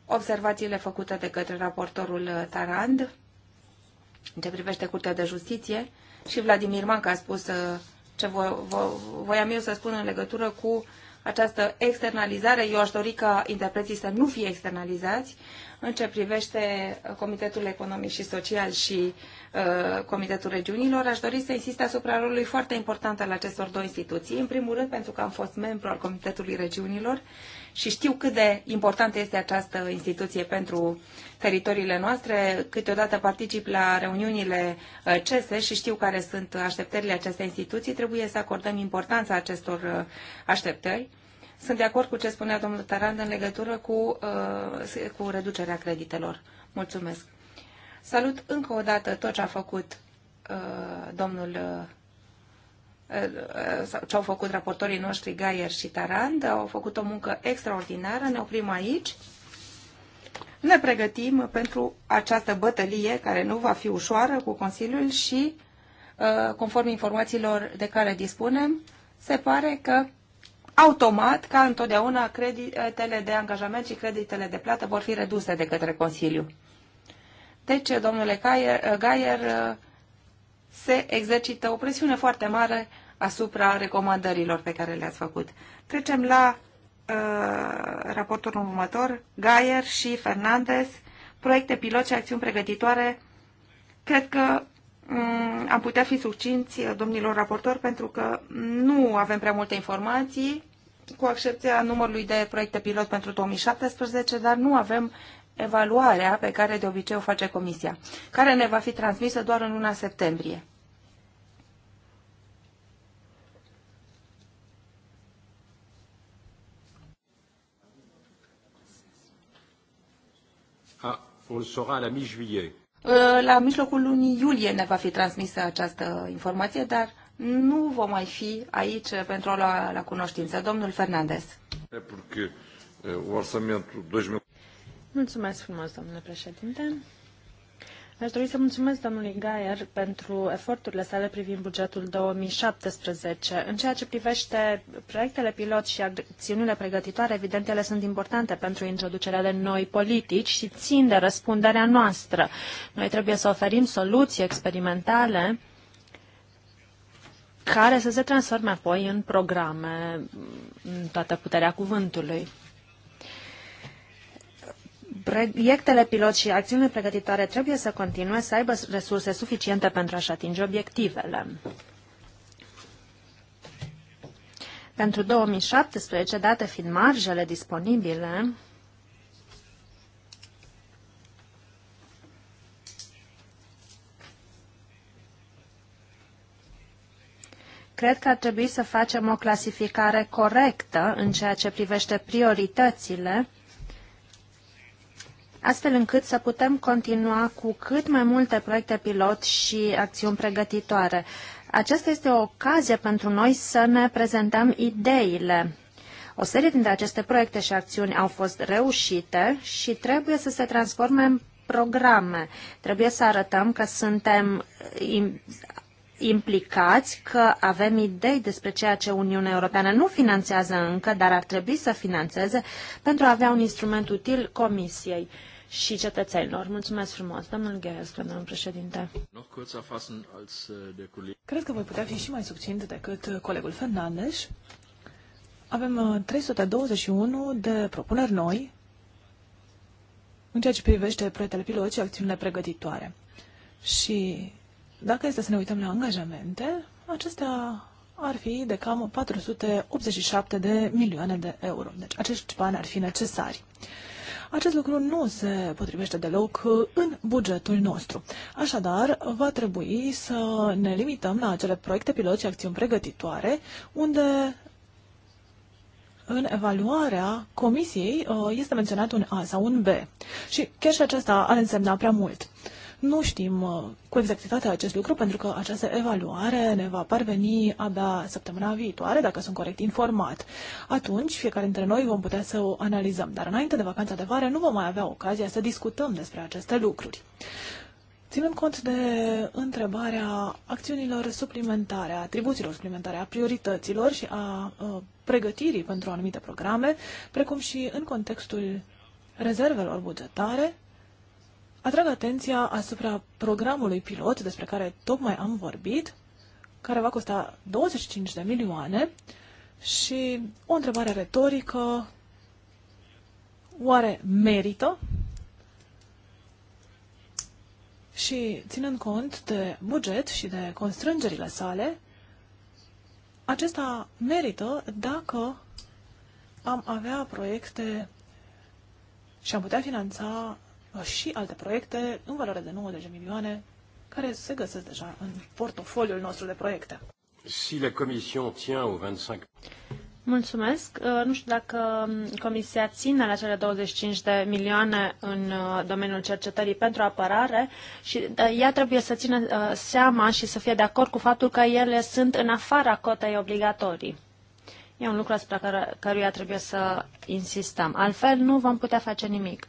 observațiile făcute de către raportorul Tarand în ce privește Curtea de Justiție și Vladimir Manca a spus uh, ce vo, vo, voiam eu să spun în legătură cu această externalizare. Eu aș dori ca interpreții să nu fie externalizați în ce privește Comitetul Economic și Social și uh, Comitetul Regiunilor. Aș dori să insist asupra rolului foarte important al acestor două instituții. În primul rând pentru că am fost membru al Comitetului Regiunilor și știu cât de importantă este această instituție pentru teritoriile noastre. Câteodată particip la reuniunile uh, CESE și știu care sunt așteptările acestei instituții. Trebuie să acordăm importanța acestor uh, așteptări. Sunt de acord cu ce spunea domnul Tarand în legătură cu, uh, cu reducerea creditelor. Mulțumesc. Salut încă o dată tot ce a făcut domnul ce au făcut raportorii noștri Gaier și Tarand. Au făcut o muncă extraordinară. Ne oprim aici. Ne pregătim pentru această bătălie care nu va fi ușoară cu Consiliul și, uh, conform informațiilor de care dispunem, se pare că automat, ca întotdeauna, creditele de angajament și creditele de plată vor fi reduse de către Consiliu. Deci, domnule uh, Gaier, Gaier uh, se exercită o presiune foarte mare asupra recomandărilor pe care le-ați făcut. Trecem la uh, raportul următor, Gaier și Fernandez, proiecte pilot și acțiuni pregătitoare. Cred că um, am putea fi succinți, domnilor raportori, pentru că nu avem prea multe informații, cu excepția numărului de proiecte pilot pentru 2017, dar nu avem evaluarea pe care de obicei o face Comisia, care ne va fi transmisă doar în luna septembrie. Ah, uh, la mijlocul lunii iulie ne va fi transmisă această informație, dar nu vom mai fi aici pentru a lua la cunoștință. Domnul Fernandez. 2000... Mulțumesc frumos, domnule președinte. Aș dori să mulțumesc domnului Gaier pentru eforturile sale privind bugetul 2017. În ceea ce privește proiectele pilot și acțiunile pregătitoare, evident, ele sunt importante pentru introducerea de noi politici și țin de răspunderea noastră. Noi trebuie să oferim soluții experimentale care să se transforme apoi în programe, în toată puterea cuvântului proiectele pilot și acțiunile pregătitoare trebuie să continue să aibă resurse suficiente pentru a-și atinge obiectivele. Pentru 2017, date fiind marjele disponibile, cred că ar trebui să facem o clasificare corectă în ceea ce privește prioritățile astfel încât să putem continua cu cât mai multe proiecte pilot și acțiuni pregătitoare. Aceasta este o ocazie pentru noi să ne prezentăm ideile. O serie dintre aceste proiecte și acțiuni au fost reușite și trebuie să se transforme în programe. Trebuie să arătăm că suntem implicați, că avem idei despre ceea ce Uniunea Europeană nu finanțează încă, dar ar trebui să finanțeze pentru a avea un instrument util Comisiei și cetățenilor. Mulțumesc frumos, domnul Gheres, domnul președinte. Äh, Cred că voi putea fi și mai subțint decât uh, colegul Fernandes. Avem 321 uh, de propuneri noi în ceea ce privește proiectele pilot și acțiunile pregătitoare. Și dacă este să ne uităm la angajamente, acestea ar fi de cam 487 de milioane de euro. Deci acești bani ar fi necesari. Acest lucru nu se potrivește deloc uh, în bugetul nostru. Așadar, va trebui să ne limităm la acele proiecte pilot și acțiuni pregătitoare, unde în evaluarea comisiei uh, este menționat un A sau un B. Și chiar și aceasta ar însemna prea mult. Nu știm uh, cu exactitate acest lucru, pentru că această evaluare ne va parveni abia săptămâna viitoare, dacă sunt corect informat. Atunci, fiecare dintre noi vom putea să o analizăm, dar înainte de vacanța de vară nu vom mai avea ocazia să discutăm despre aceste lucruri. Ținând cont de întrebarea acțiunilor suplimentare, a atribuțiilor suplimentare, a priorităților și a, a uh, pregătirii pentru anumite programe, precum și în contextul rezervelor bugetare, atrag atenția asupra programului pilot despre care tocmai am vorbit, care va costa 25 de milioane și o întrebare retorică, oare merită? Și ținând cont de buget și de constrângerile sale, acesta merită dacă am avea proiecte și am putea finanța și alte proiecte în valoare de 90 milioane care se găsesc deja în portofoliul nostru de proiecte. Si la comisie tient au 25... Mulțumesc. Uh, nu știu dacă um, Comisia ține la cele 25 de milioane în uh, domeniul cercetării pentru apărare și uh, ea trebuie să țină seama și să fie de acord cu faptul că ele sunt în afara cotei obligatorii. E un lucru asupra căruia trebuie să insistăm. Altfel nu vom putea face nimic.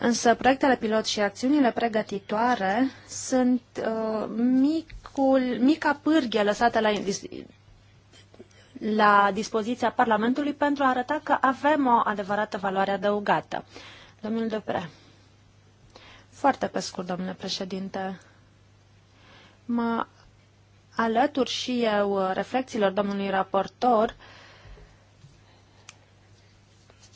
Însă proiectele pilot și acțiunile pregătitoare sunt uh, micul, mica pârghie lăsată la, la dispoziția Parlamentului pentru a arăta că avem o adevărată valoare adăugată. Domnul Dupre. Foarte pe scurt, domnule președinte. Mă alătur și eu reflexiilor domnului raportor uh,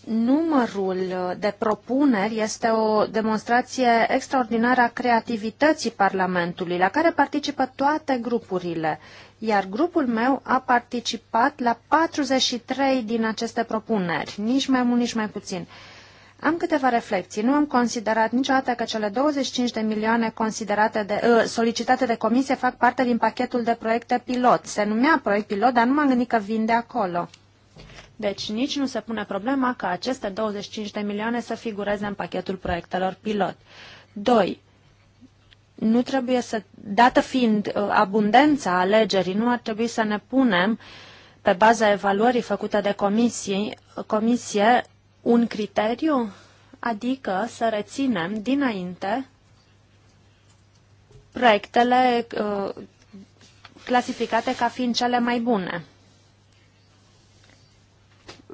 numărul uh, de propuneri este o demonstrație extraordinară a creativității Parlamentului, la care participă toate grupurile, iar grupul meu a participat la 43 din aceste propuneri, nici mai mult, nici mai puțin. Am câteva reflexii. Nu am considerat niciodată că cele 25 de milioane considerate de, uh, solicitate de comisie fac parte din pachetul de proiecte pilot. Se numea proiect pilot, dar nu m-am gândit că vin de acolo. Deci nici nu se pune problema ca aceste 25 de milioane să figureze în pachetul proiectelor pilot. 2 nu trebuie să, dată fiind uh, abundența alegerii, nu ar trebui să ne punem, pe baza evaluării făcute de comisie, comisie un criteriu, adică să reținem dinainte proiectele uh, clasificate ca fiind cele mai bune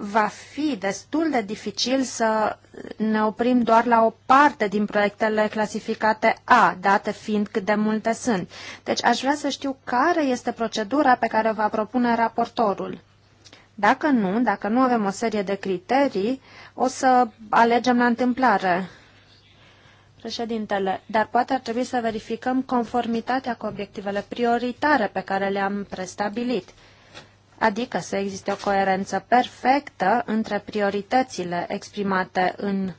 va fi destul de dificil să ne oprim doar la o parte din proiectele clasificate A, date fiind cât de multe sunt. Deci aș vrea să știu care este procedura pe care o va propune raportorul. Dacă nu, dacă nu avem o serie de criterii, o să alegem la întâmplare. Președintele, dar poate ar trebui să verificăm conformitatea cu obiectivele prioritare pe care le-am prestabilit adică să existe o coerență perfectă între prioritățile exprimate în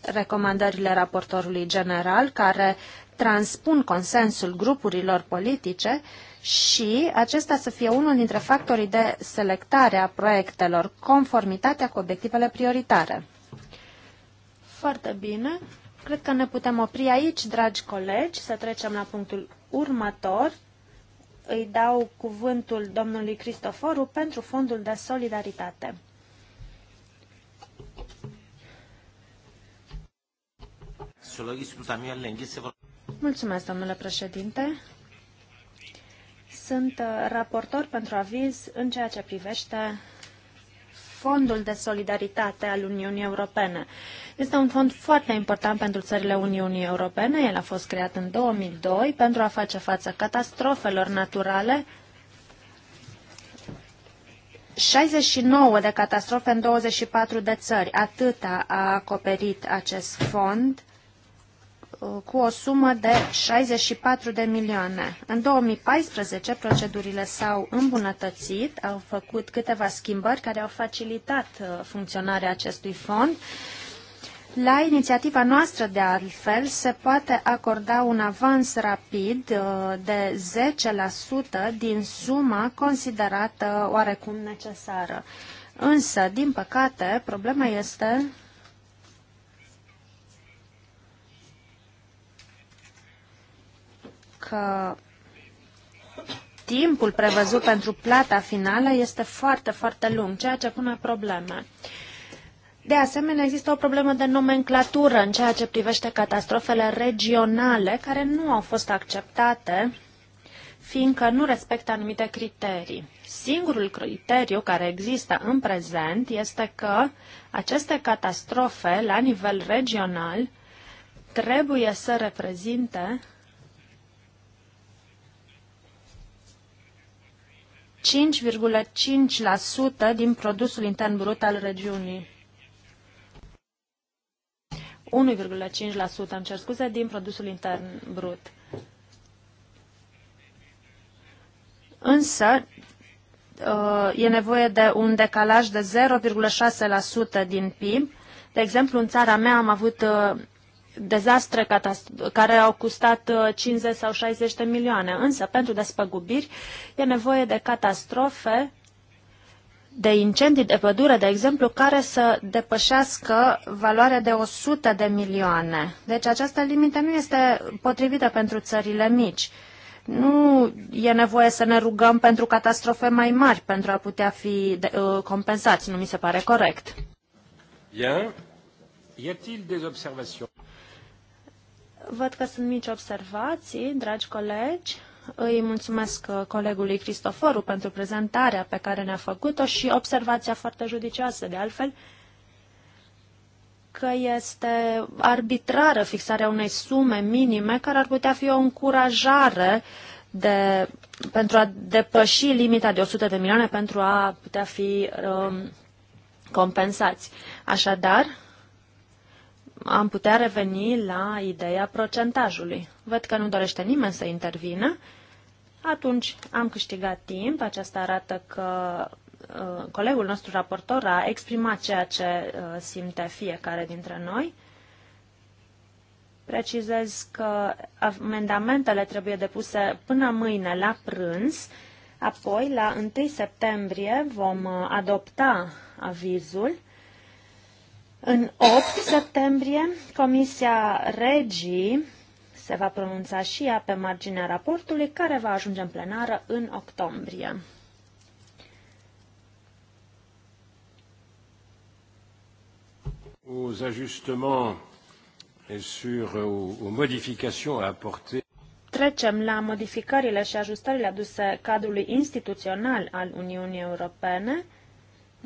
recomandările raportorului general, care transpun consensul grupurilor politice și acesta să fie unul dintre factorii de selectare a proiectelor, conformitatea cu obiectivele prioritare. Foarte bine. Cred că ne putem opri aici, dragi colegi, să trecem la punctul următor, îi dau cuvântul domnului Cristoforu pentru Fondul de Solidaritate. Mulțumesc, domnule președinte. Sunt uh, raportor pentru aviz în ceea ce privește Fondul de Solidaritate al Uniunii Europene. Este un fond foarte important pentru țările Uniunii Europene. El a fost creat în 2002 pentru a face față catastrofelor naturale 69 de catastrofe în 24 de țări. Atâta a acoperit acest fond cu o sumă de 64 de milioane. În 2014 procedurile s-au îmbunătățit, au făcut câteva schimbări care au facilitat uh, funcționarea acestui fond. La inițiativa noastră, de altfel, se poate acorda un avans rapid uh, de 10% din suma considerată oarecum necesară. Însă, din păcate, problema este că timpul prevăzut pentru plata finală este foarte, foarte lung, ceea ce pune probleme. De asemenea, există o problemă de nomenclatură în ceea ce privește catastrofele regionale care nu au fost acceptate fiindcă nu respectă anumite criterii. Singurul criteriu care există în prezent este că aceste catastrofe la nivel regional trebuie să reprezinte 5,5% din produsul intern brut al regiunii. 1,5%, am cer scuze, din produsul intern brut. Însă, uh, e nevoie de un decalaj de 0,6% din PIB. De exemplu, în țara mea am avut uh, dezastre care au costat 50 uh, sau 60 de milioane. Însă, pentru despăgubiri, e nevoie de catastrofe, de incendii de pădure, de exemplu, care să depășească valoarea de 100 de milioane. Deci această limită nu este potrivită pentru țările mici. Nu e nevoie să ne rugăm pentru catastrofe mai mari pentru a putea fi de, uh, compensați, nu mi se pare corect. Bien. Y a-t-il des observations Văd că sunt mici observații, dragi colegi. Îi mulțumesc uh, colegului Cristoforu pentru prezentarea pe care ne-a făcut-o și observația foarte judicioasă, de altfel, că este arbitrară fixarea unei sume minime care ar putea fi o încurajare de, pentru a depăși limita de 100 de milioane pentru a putea fi um, compensați. Așadar, am putea reveni la ideea procentajului. Văd că nu dorește nimeni să intervină. Atunci am câștigat timp. Aceasta arată că uh, colegul nostru raportor a exprimat ceea ce uh, simte fiecare dintre noi. Precizez că amendamentele trebuie depuse până mâine la prânz, apoi la 1 septembrie vom uh, adopta avizul în 8 septembrie, Comisia Regii se va pronunța și ea pe marginea raportului, care va ajunge în plenară în octombrie. Aux ajustements et sur, euh, aux modifications à trecem la modificările și ajustările aduse cadrului instituțional al Uniunii Europene,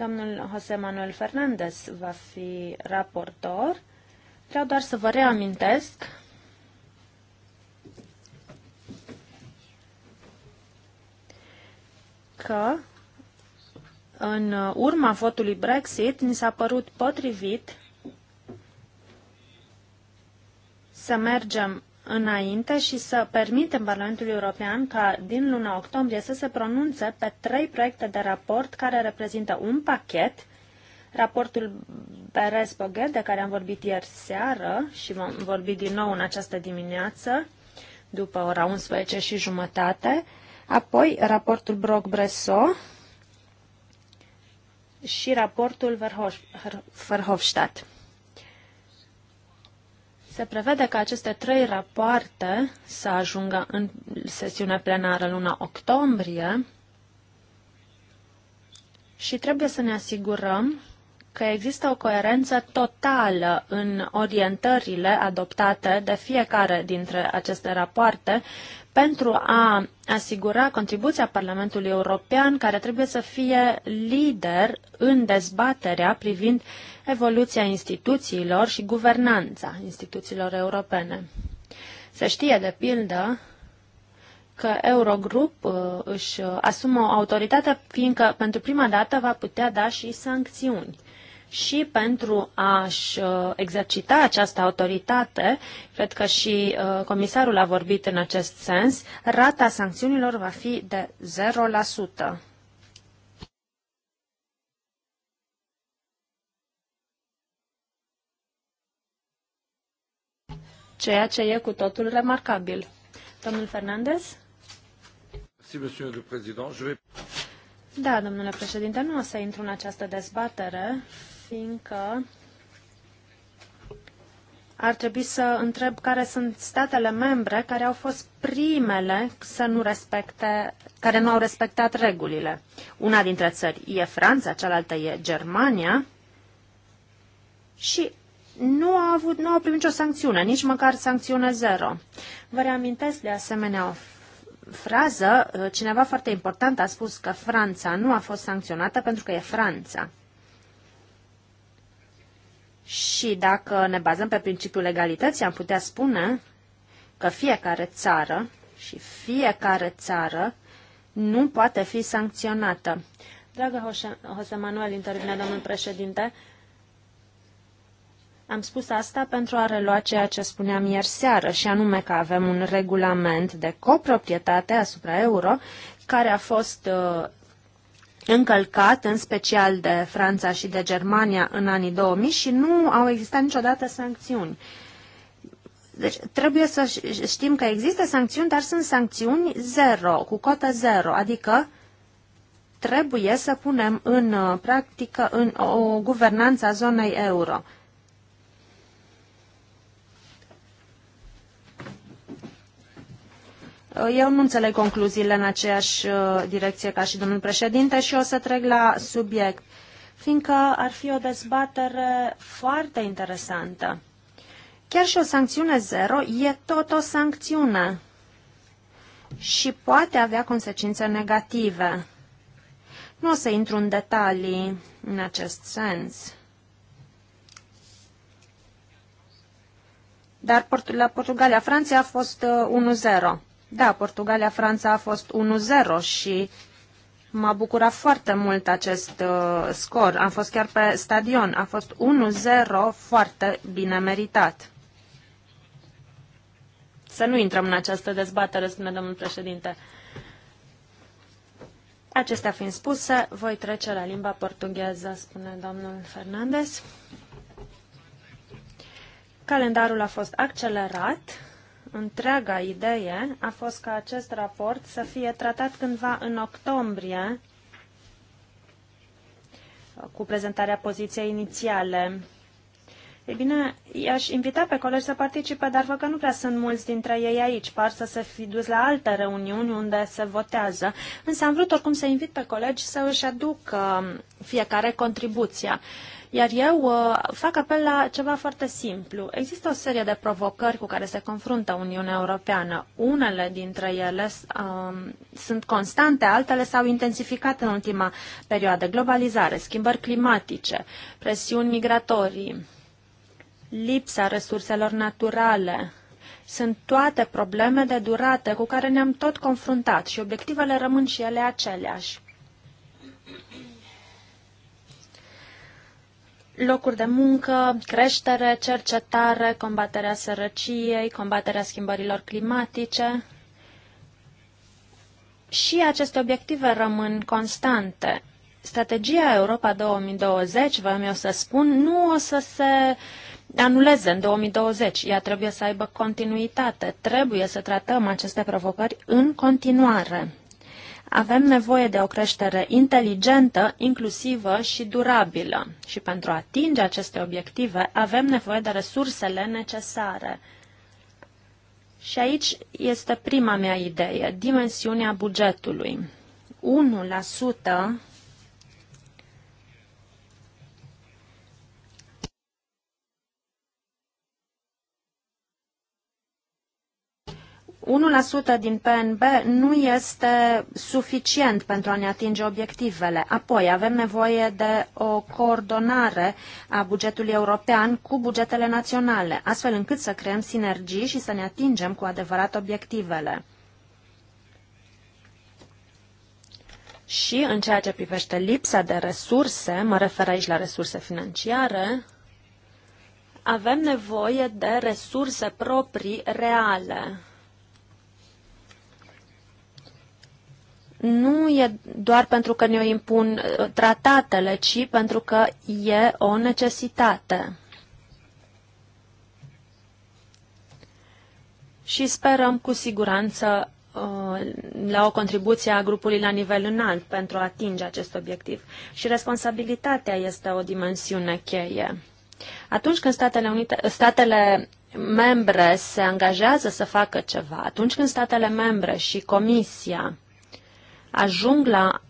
Domnul José Manuel Fernandez va fi raportor. Vreau doar să vă reamintesc că în urma votului Brexit ni s-a părut potrivit să mergem înainte și să permitem Parlamentului European ca din luna octombrie să se pronunțe pe trei proiecte de raport care reprezintă un pachet, raportul Beres Boghet, de care am vorbit ieri seară și vom vorbi din nou în această dimineață, după ora 11 și jumătate, apoi raportul Brock-Bresso și raportul Verhofstadt. Se prevede ca aceste trei rapoarte să ajungă în sesiunea plenară luna octombrie și trebuie să ne asigurăm că există o coerență totală în orientările adoptate de fiecare dintre aceste rapoarte pentru a asigura contribuția Parlamentului European, care trebuie să fie lider în dezbaterea privind evoluția instituțiilor și guvernanța instituțiilor europene. Se știe, de pildă, că Eurogrup uh, își asumă o autoritate, fiindcă pentru prima dată va putea da și sancțiuni și pentru a-și uh, exercita această autoritate, cred că și uh, comisarul a vorbit în acest sens, rata sancțiunilor va fi de 0%. ceea ce e cu totul remarcabil. Domnul Fernandez? Da, domnule președinte, nu o să intru în această dezbatere fiindcă ar trebui să întreb care sunt statele membre care au fost primele să nu respecte, care nu au respectat regulile. Una dintre țări e Franța, cealaltă e Germania și nu au, avut, nu au primit nicio sancțiune, nici măcar sancțiune zero. Vă reamintesc de asemenea o frază, cineva foarte important a spus că Franța nu a fost sancționată pentru că e Franța. Și dacă ne bazăm pe principiul legalității, am putea spune că fiecare țară și fiecare țară nu poate fi sancționată. Dragă Jose Manuel, intervine domnul președinte, am spus asta pentru a relua ceea ce spuneam ieri seară, și anume că avem un regulament de coproprietate asupra euro care a fost uh, încălcat, în special de Franța și de Germania în anii 2000 și nu au existat niciodată sancțiuni. Deci trebuie să știm că există sancțiuni, dar sunt sancțiuni zero, cu cotă zero, adică trebuie să punem în uh, practică în o guvernanță a zonei euro. Uh, eu nu înțeleg concluziile în aceeași uh, direcție ca și domnul președinte și o să trec la subiect, fiindcă ar fi o dezbatere foarte interesantă. Chiar și o sancțiune zero e tot o sancțiune și poate avea consecințe negative. Nu o să intru în detalii în acest sens. Dar la portugalia franța a fost 1-0. Uh, da, Portugalia-Franța a fost 1-0 și m-a bucurat foarte mult acest uh, scor. Am fost chiar pe stadion. A fost 1-0 foarte bine meritat. Să nu intrăm în această dezbatere, spune domnul președinte. Acestea fiind spuse, voi trece la limba portugheză, spune domnul Fernandez. Calendarul a fost accelerat întreaga idee a fost ca acest raport să fie tratat cândva în octombrie cu prezentarea poziției inițiale ei bine, i-aș invita pe colegi să participe, dar văd că nu prea sunt mulți dintre ei aici. Par să se fi dus la alte reuniuni unde se votează. Însă am vrut oricum să invit pe colegi să își aducă um, fiecare contribuția. Iar eu uh, fac apel la ceva foarte simplu. Există o serie de provocări cu care se confruntă Uniunea Europeană. Unele dintre ele um, sunt constante, altele s-au intensificat în ultima perioadă. Globalizare, schimbări climatice, presiuni migratorii, lipsa resurselor naturale. Sunt toate probleme de durată cu care ne-am tot confruntat și obiectivele rămân și ele aceleași. locuri de muncă, creștere, cercetare, combaterea sărăciei, combaterea schimbărilor climatice. Și aceste obiective rămân constante. Strategia Europa 2020, vă am eu să spun, nu o să se anuleze în 2020. Ea trebuie să aibă continuitate. Trebuie să tratăm aceste provocări în continuare. Avem nevoie de o creștere inteligentă, inclusivă și durabilă. Și pentru a atinge aceste obiective, avem nevoie de resursele necesare. Și aici este prima mea idee, dimensiunea bugetului. 1% din PNB nu este suficient pentru a ne atinge obiectivele. Apoi avem nevoie de o coordonare a bugetului european cu bugetele naționale, astfel încât să creăm sinergii și să ne atingem cu adevărat obiectivele. Și în ceea ce privește lipsa de resurse, mă refer aici la resurse financiare, avem nevoie de resurse proprii reale. nu e doar pentru că ne-o impun uh, tratatele, ci pentru că e o necesitate. Și sperăm cu siguranță uh, la o contribuție a grupului la nivel înalt pentru a atinge acest obiectiv. Și responsabilitatea este o dimensiune cheie. Atunci când Statele, Unite, statele membre se angajează să facă ceva, atunci când statele membre și Comisia ajung la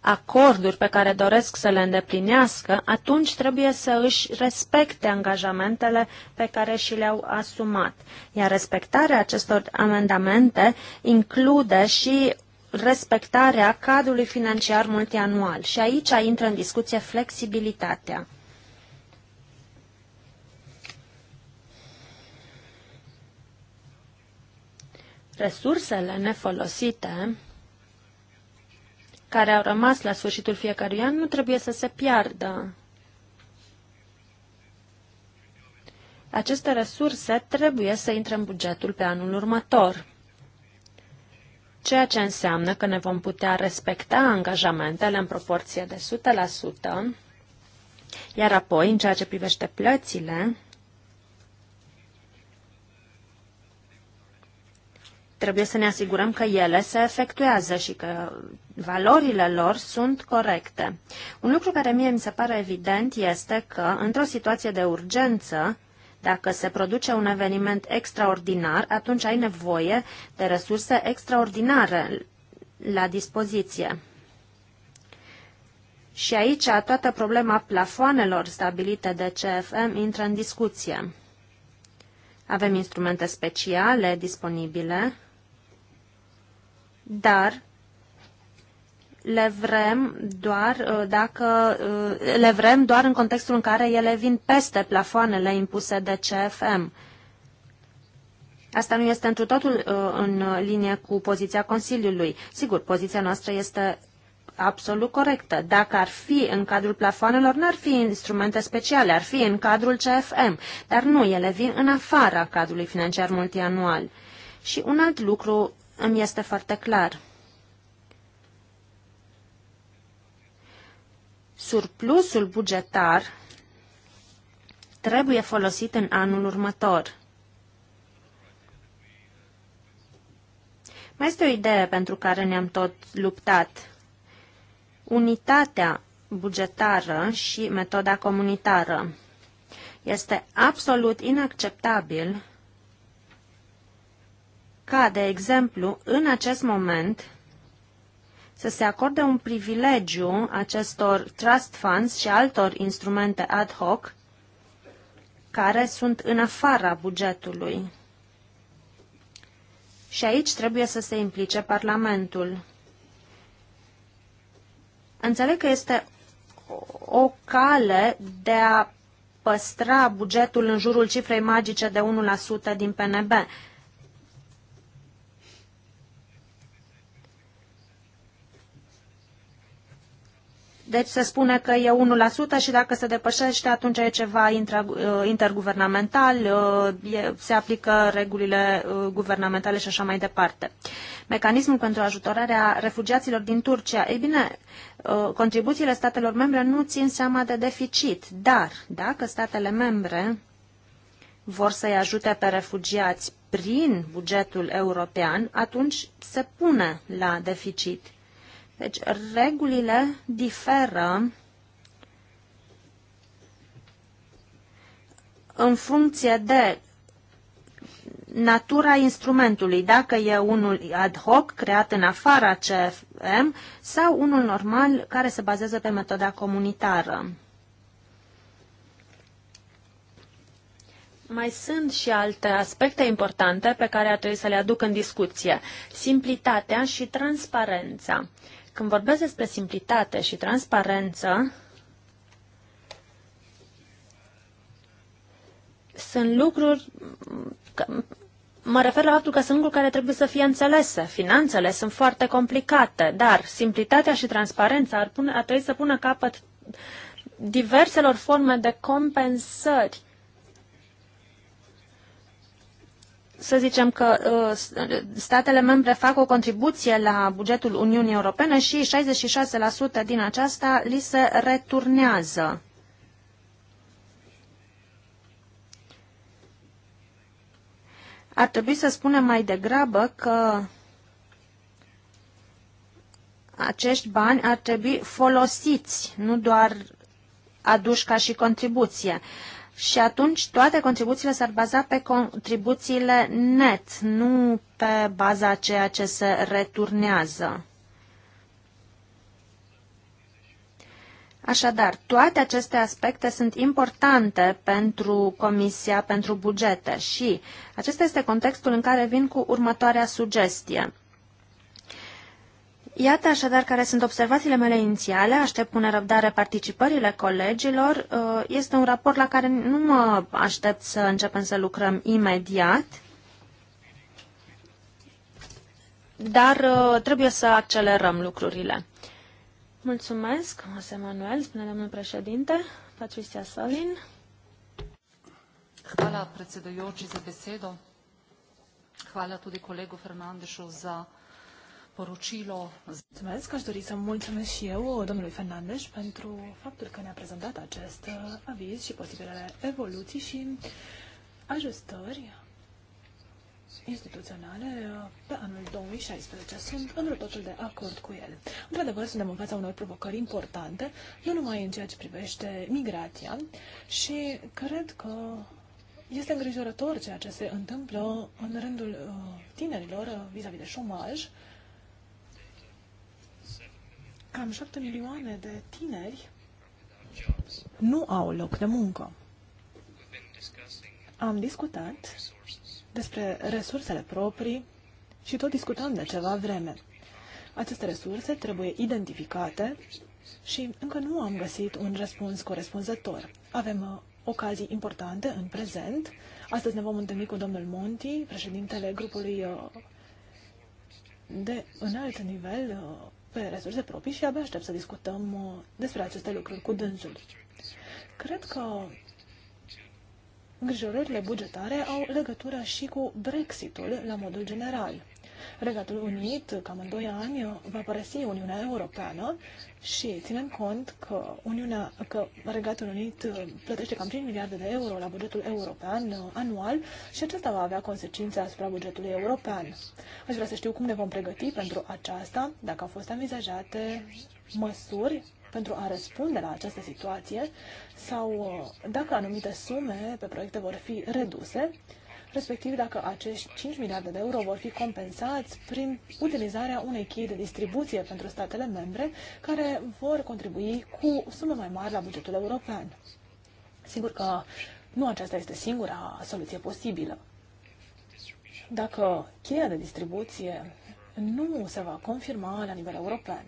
acorduri pe care doresc să le îndeplinească, atunci trebuie să își respecte angajamentele pe care și le-au asumat. Iar respectarea acestor amendamente include și respectarea cadrului financiar multianual. Și aici intră în discuție flexibilitatea. Resursele nefolosite care au rămas la sfârșitul fiecărui an nu trebuie să se piardă. Aceste resurse trebuie să intre în bugetul pe anul următor, ceea ce înseamnă că ne vom putea respecta angajamentele în proporție de 100%, iar apoi, în ceea ce privește plățile, Trebuie să ne asigurăm că ele se efectuează și că valorile lor sunt corecte. Un lucru care mie mi se pare evident este că, într-o situație de urgență, dacă se produce un eveniment extraordinar, atunci ai nevoie de resurse extraordinare la dispoziție. Și aici toată problema plafoanelor stabilite de CFM intră în discuție. Avem instrumente speciale disponibile dar le vrem doar uh, dacă uh, le vrem doar în contextul în care ele vin peste plafoanele impuse de CFM. Asta nu este întru totul uh, în linie cu poziția Consiliului. Sigur, poziția noastră este absolut corectă. Dacă ar fi în cadrul plafoanelor, n-ar fi instrumente speciale, ar fi în cadrul CFM, dar nu, ele vin în afara cadrului financiar multianual. Și un alt lucru îmi este foarte clar. Surplusul bugetar trebuie folosit în anul următor. Mai este o idee pentru care ne-am tot luptat. Unitatea bugetară și metoda comunitară. Este absolut inacceptabil ca, de exemplu, în acest moment să se acorde un privilegiu acestor trust funds și altor instrumente ad hoc care sunt în afara bugetului. Și aici trebuie să se implice Parlamentul. Înțeleg că este o cale de a păstra bugetul în jurul cifrei magice de 1% din PNB, Deci se spune că e 1% și dacă se depășește, atunci e ceva uh, interguvernamental, uh, se aplică regulile uh, guvernamentale și așa mai departe. Mecanismul pentru ajutorarea refugiaților din Turcia. Ei bine, contribuțiile statelor membre nu țin seama de deficit, dar dacă statele membre vor să-i ajute pe refugiați prin bugetul european, atunci se pune la deficit. Deci, regulile diferă în funcție de natura instrumentului, dacă e unul ad hoc creat în afara CFM sau unul normal care se bazează pe metoda comunitară. Mai sunt și alte aspecte importante pe care ar trebui să le aduc în discuție. Simplitatea și transparența. Când vorbesc despre simplitate și transparență, sunt lucruri, mă refer la faptul că sunt lucruri care trebuie să fie înțelese. Finanțele sunt foarte complicate, dar simplitatea și transparența ar, pune, ar trebui să pună capăt diverselor forme de compensări să zicem că uh, statele membre fac o contribuție la bugetul Uniunii Europene și 66% din aceasta li se returnează. Ar trebui să spunem mai degrabă că acești bani ar trebui folosiți, nu doar aduși ca și contribuție. Uh, și atunci toate contribuțiile s-ar baza pe contribuțiile net, nu pe baza ceea ce se returnează. Așadar, toate aceste aspecte sunt importante pentru Comisia pentru Bugete și acesta este contextul în care vin cu următoarea sugestie. Iată așadar care sunt observațiile mele inițiale, aștept cu nerăbdare participările colegilor. Uh, este un raport la care nu mă aștept să începem să lucrăm imediat, dar uh, trebuie să accelerăm lucrurile. Mulțumesc, José Manuel, spune domnul președinte, Patricia Salin. Hvala predsedujoči za besedo. Hvala tudi kolegu Fernandešu za poročilo. Mulțumesc, aș dori să mulțumesc și eu domnului Fernandes pentru faptul că ne-a prezentat acest uh, aviz și posibilele evoluții și ajustări instituționale uh, pe anul 2016. Sunt în totul de acord cu el. Într-adevăr, suntem în fața unor provocări importante, nu numai în ceea ce privește migrația și cred că este îngrijorător ceea ce se întâmplă în rândul uh, tinerilor vis-a-vis -vis de șomaj, Cam 7 milioane de tineri nu au loc de muncă. Am discutat despre resursele proprii și tot discutam de ceva vreme. Aceste resurse trebuie identificate și încă nu am găsit un răspuns corespunzător. Avem uh, ocazii importante în prezent. Astăzi ne vom întâlni cu domnul Monti, președintele grupului uh, de înalt nivel uh, pe resurse proprii și abia aștept să discutăm uh, despre aceste lucruri cu dânsul. Cred că îngrijorările bugetare au legătură și cu Brexitul la modul general. Regatul Unit, cam în 2 ani, va părăsi Uniunea Europeană și ținem cont că, Uniunea, că Regatul Unit plătește cam 5 miliarde de euro la bugetul european uh, anual și acesta va avea consecințe asupra bugetului european. Aș vrea să știu cum ne vom pregăti pentru aceasta, dacă au fost amizajate măsuri pentru a răspunde la această situație sau uh, dacă anumite sume pe proiecte vor fi reduse respectiv dacă acești 5 miliarde de euro vor fi compensați prin utilizarea unei chei de distribuție pentru statele membre care vor contribui cu sume mai mari la bugetul european. Sigur că nu aceasta este singura soluție posibilă. Dacă cheia de distribuție nu se va confirma la nivel european,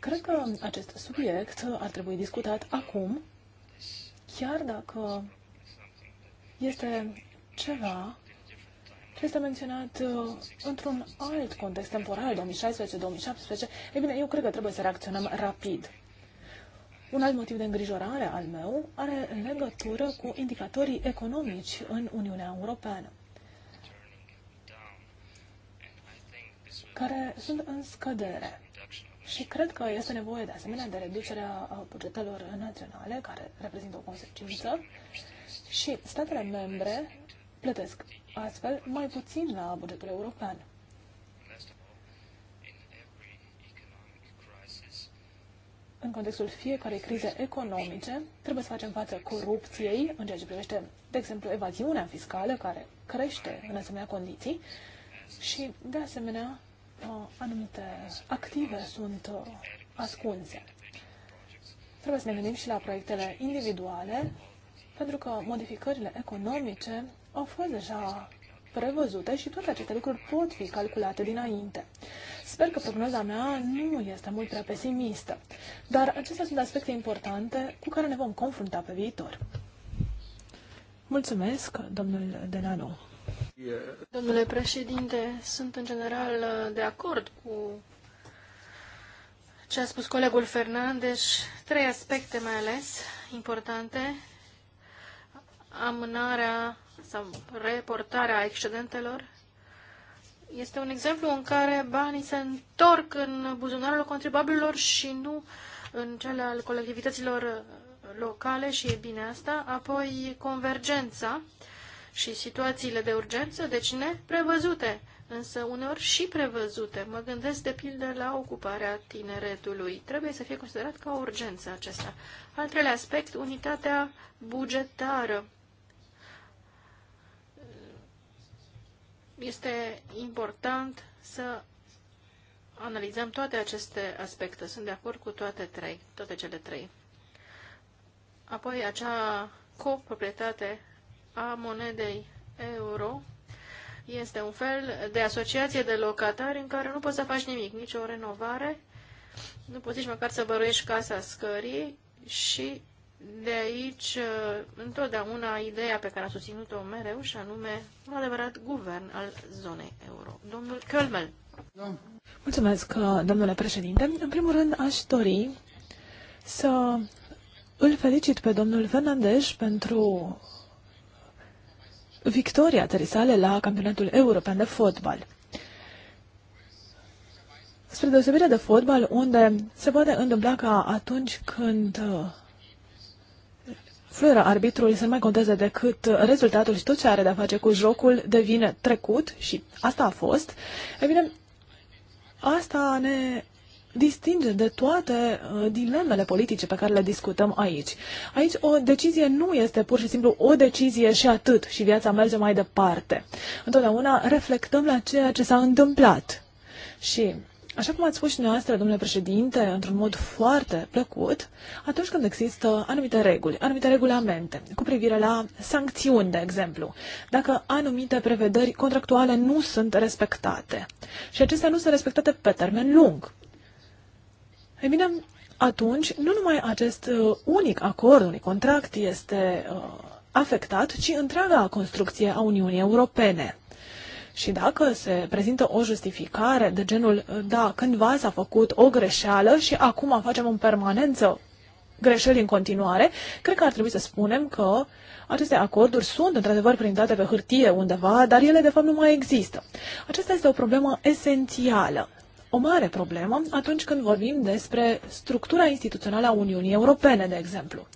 cred că acest subiect ar trebui discutat acum, chiar dacă este ceva ce este menționat uh, într-un alt context temporal, 2016-2017, e bine, eu cred că trebuie să reacționăm rapid. Un alt motiv de îngrijorare al meu are legătură cu indicatorii economici în Uniunea Europeană, care sunt în scădere. Și cred că este nevoie de asemenea de reducerea uh, bugetelor naționale, care reprezintă o consecință, și statele membre plătesc astfel mai puțin la bugetul european. În contextul fiecarei crize economice, trebuie să facem față corupției în ceea ce privește, de exemplu, evaziunea fiscală, care crește în asemenea condiții, și, de asemenea, uh, anumite active sunt uh, ascunse. Trebuie să ne gândim și la proiectele individuale, pentru că modificările economice au fost deja prevăzute și toate aceste lucruri pot fi calculate dinainte. Sper că prognoza mea nu este mult prea pesimistă, dar acestea sunt aspecte importante cu care ne vom confrunta pe viitor. Mulțumesc, domnul Delano. Domnule președinte, sunt în general de acord cu ce a spus colegul Fernandez, trei aspecte mai ales importante. Amânarea sau reportarea excedentelor este un exemplu în care banii se întorc în buzunarul contribuabililor și nu în cele al colectivităților locale și e bine asta. Apoi convergența și situațiile de urgență, deci neprevăzute, însă uneori și prevăzute. Mă gândesc de pildă la ocuparea tineretului. Trebuie să fie considerat ca o urgență acesta. Al treilea aspect, unitatea bugetară. este important să analizăm toate aceste aspecte. Sunt de acord cu toate trei, toate cele trei. Apoi acea coproprietate a monedei euro este un fel de asociație de locatari în care nu poți să faci nimic, nicio renovare, nu poți nici măcar să băruiești casa scării și de aici, uh, întotdeauna, ideea pe care a susținut-o mereu și anume un adevărat guvern al zonei euro. Domnul Kölmel. Mulțumesc, uh, domnule președinte. În primul rând, aș dori să îl felicit pe domnul Fernandez pentru victoria țării sale la campionatul european de fotbal. Spre deosebire de fotbal, unde se poate întâmpla ca atunci când uh, fără arbitrul să nu mai conteze decât rezultatul și tot ce are de-a face cu jocul devine trecut și asta a fost, e bine, asta ne distinge de toate uh, dilemele politice pe care le discutăm aici. Aici o decizie nu este pur și simplu o decizie și atât și viața merge mai departe. Întotdeauna reflectăm la ceea ce s-a întâmplat. Și Așa cum ați spus și noastră, domnule președinte, într-un mod foarte plăcut, atunci când există anumite reguli, anumite regulamente cu privire la sancțiuni, de exemplu, dacă anumite prevederi contractuale nu sunt respectate și acestea nu sunt respectate pe termen lung. Ei bine, atunci nu numai acest uh, unic acord, unic contract este uh, afectat, ci întreaga construcție a Uniunii Europene. Și dacă se prezintă o justificare de genul, da, cândva s-a făcut o greșeală și acum facem în permanență greșeli în continuare, cred că ar trebui să spunem că aceste acorduri sunt într-adevăr printate pe hârtie undeva, dar ele de fapt nu mai există. Aceasta este o problemă esențială o mare problemă atunci când vorbim despre structura instituțională a Uniunii Europene, de exemplu.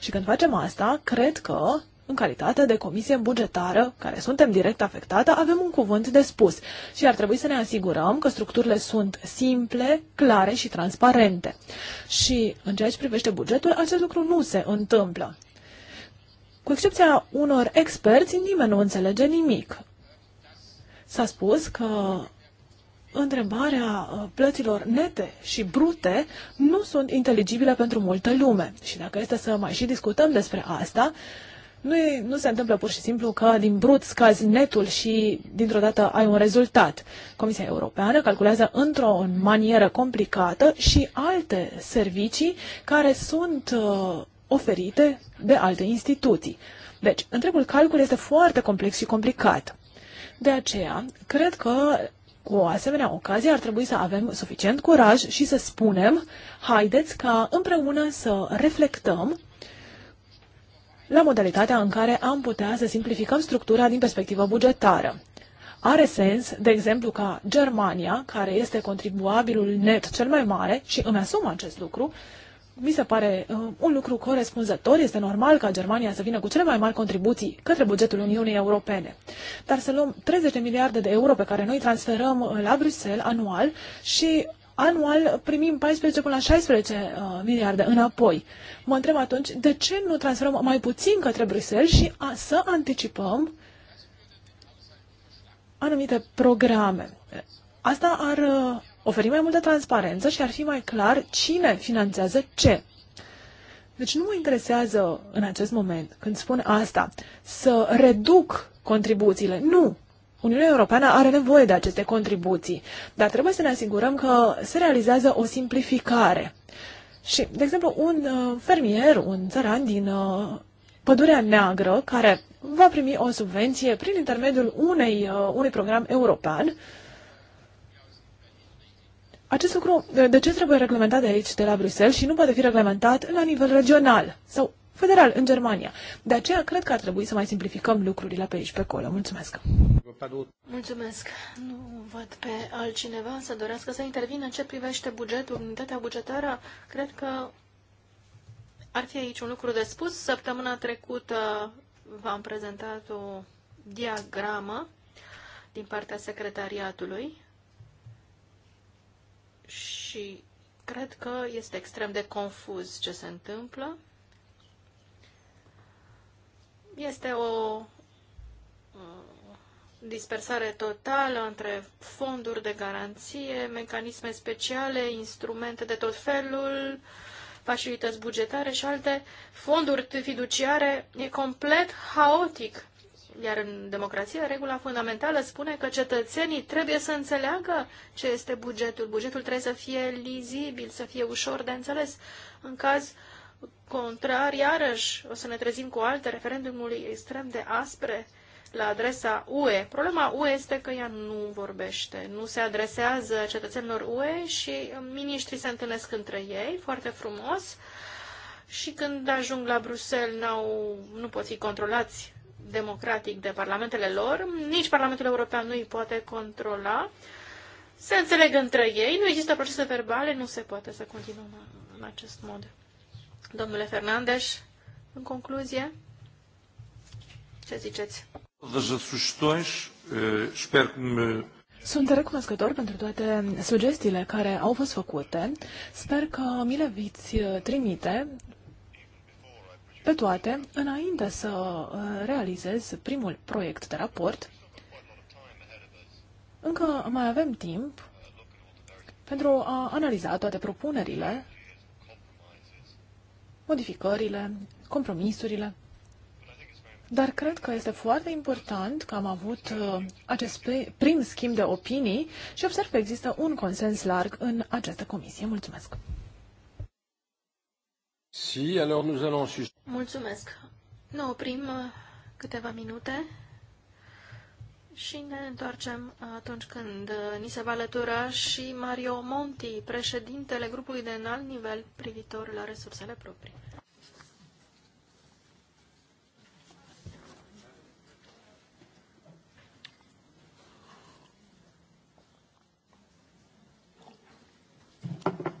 Și când facem asta, cred că în calitate de comisie bugetară, care suntem direct afectată, avem un cuvânt de spus și ar trebui să ne asigurăm că structurile sunt simple, clare și transparente. Și în ceea ce privește bugetul, acest lucru nu se întâmplă. Cu excepția unor experți, nimeni nu înțelege nimic. S-a spus că întrebarea uh, plăților nete și brute nu sunt inteligibile pentru multă lume. Și dacă este să mai și discutăm despre asta, nu, e, nu se întâmplă pur și simplu că din brut scazi netul și dintr-o dată ai un rezultat. Comisia Europeană calculează într-o manieră complicată și alte servicii care sunt uh, oferite de alte instituții. Deci, întregul calcul este foarte complex și complicat. De aceea, cred că cu o asemenea ocazie ar trebui să avem suficient curaj și să spunem, haideți ca împreună să reflectăm la modalitatea în care am putea să simplificăm structura din perspectivă bugetară. Are sens, de exemplu, ca Germania, care este contribuabilul net cel mai mare, și îmi asum acest lucru, mi se pare uh, un lucru corespunzător. Este normal ca Germania să vină cu cele mai mari contribuții către bugetul Uniunii Europene. Dar să luăm 30 de miliarde de euro pe care noi transferăm uh, la Bruxelles anual și anual primim 14 până la 16 uh, miliarde înapoi. Mă întreb atunci, de ce nu transferăm mai puțin către Bruxelles și a, să anticipăm anumite programe? Asta ar uh, oferi mai multă transparență și ar fi mai clar cine finanțează ce. Deci nu mă interesează în acest moment, când spun asta, să reduc contribuțiile. Nu! Uniunea Europeană are nevoie de aceste contribuții, dar trebuie să ne asigurăm că se realizează o simplificare. Și, de exemplu, un uh, fermier, un țăran din uh, Pădurea Neagră, care va primi o subvenție prin intermediul unei, uh, unui program european, acest lucru, de ce trebuie reglementat de aici, de la Bruxelles, și nu poate fi reglementat la nivel regional? Sau federal în Germania. De aceea cred că ar trebui să mai simplificăm lucrurile pe aici, pe acolo. Mulțumesc! Mulțumesc! Nu văd pe altcineva să dorească să intervină în ce privește bugetul, unitatea bugetară. Cred că ar fi aici un lucru de spus. Săptămâna trecută v-am prezentat o diagramă din partea secretariatului și cred că este extrem de confuz ce se întâmplă. Este o dispersare totală între fonduri de garanție, mecanisme speciale, instrumente de tot felul, facilități bugetare și alte fonduri fiduciare. E complet haotic. Iar în democrație, regula fundamentală spune că cetățenii trebuie să înțeleagă ce este bugetul. Bugetul trebuie să fie lizibil, să fie ușor de înțeles. În caz uh, contrar, iarăși o să ne trezim cu alte referendumuri extrem de aspre la adresa UE. Problema UE este că ea nu vorbește, nu se adresează cetățenilor UE și miniștrii se întâlnesc între ei foarte frumos și când ajung la Bruxelles n-au, nu pot fi controlați democratic de parlamentele lor, nici Parlamentul European nu îi poate controla. Se înțeleg între ei, nu există procese verbale, nu se poate să continuăm în acest mod. Domnule Fernandes, în concluzie, ce ziceți? Eh, Sunt recunoscător pentru toate sugestiile care au fost făcute. Sper că mi le viți eh, trimite pe toate înainte să eh, realizez primul proiect de raport. Încă mai avem timp pentru a analiza toate propunerile modificările, compromisurile. Dar cred că este foarte important că am avut uh, acest prim schimb de opinii și observ că există un consens larg în această comisie. Mulțumesc! Mulțumesc! Ne oprim uh, câteva minute și ne întoarcem atunci când ni se va alătura și Mario Monti, președintele grupului de înalt nivel privitor la resursele proprii. Thank you.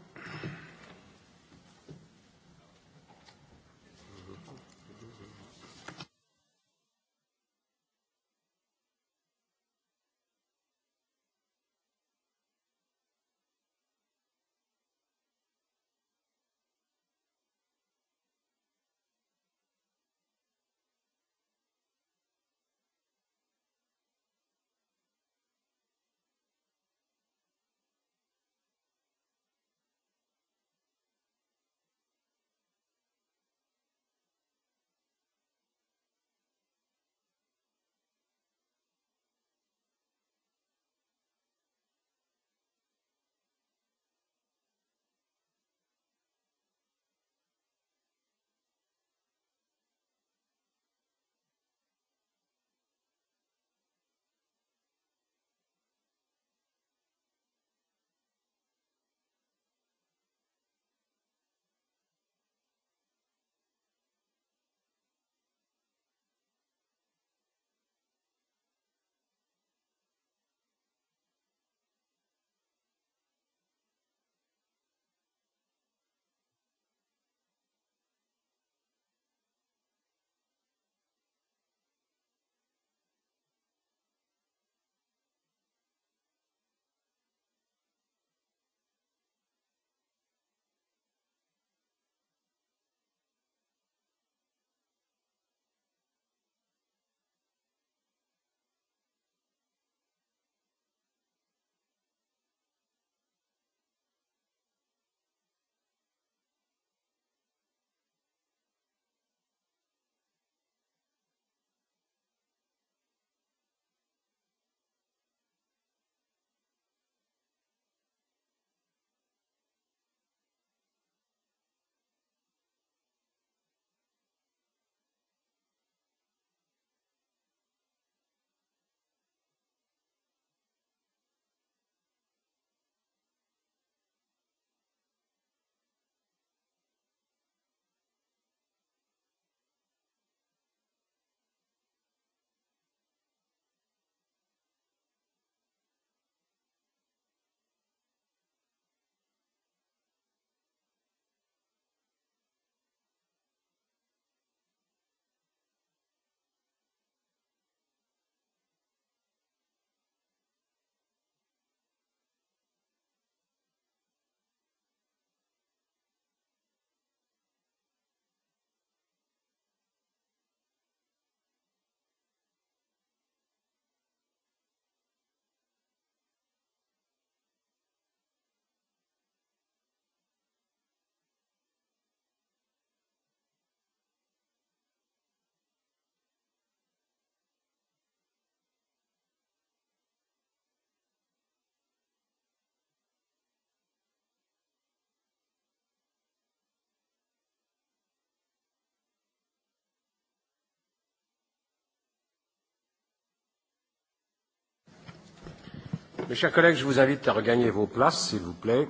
Mes chers collègues, je vous invite à regagner vos places, s'il vous plaît.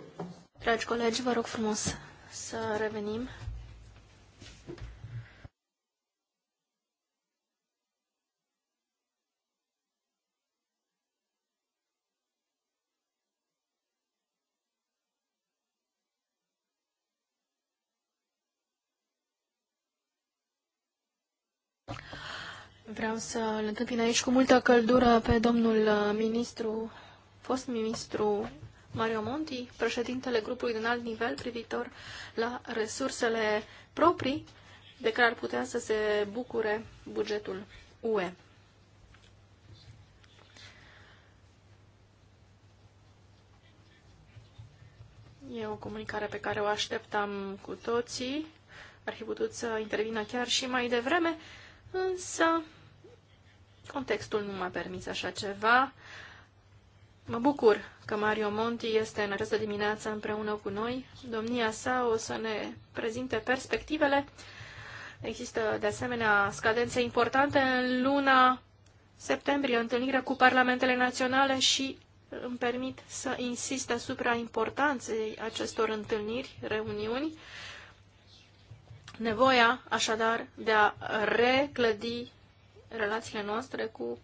Dragi colegi, vă rog frumos să revenim. Vreau să l întâmpin aici cu multă căldură pe domnul uh, ministru fost ministru Mario Monti, președintele grupului de înalt nivel privitor la resursele proprii de care ar putea să se bucure bugetul UE. E o comunicare pe care o așteptam cu toții. Ar fi putut să intervină chiar și mai devreme, însă contextul nu m-a permis așa ceva. Mă bucur că Mario Monti este în această dimineață împreună cu noi. Domnia sa o să ne prezinte perspectivele. Există, de asemenea, scadențe importante în luna septembrie, întâlnirea cu parlamentele naționale și îmi permit să insist asupra importanței acestor întâlniri, reuniuni, nevoia, așadar, de a reclădi relațiile noastre cu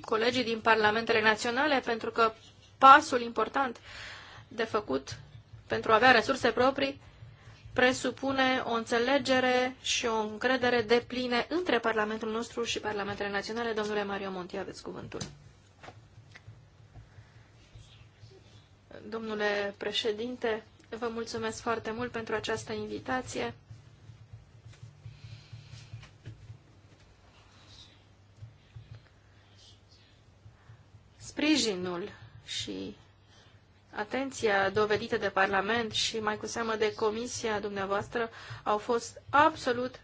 colegii din parlamentele naționale, pentru că pasul important de făcut pentru a avea resurse proprii presupune o înțelegere și o încredere de pline între Parlamentul nostru și Parlamentele Naționale. Domnule Mario Monti, aveți cuvântul. Domnule președinte, vă mulțumesc foarte mult pentru această invitație. sprijinul și atenția dovedită de Parlament și mai cu seamă de Comisia dumneavoastră au fost absolut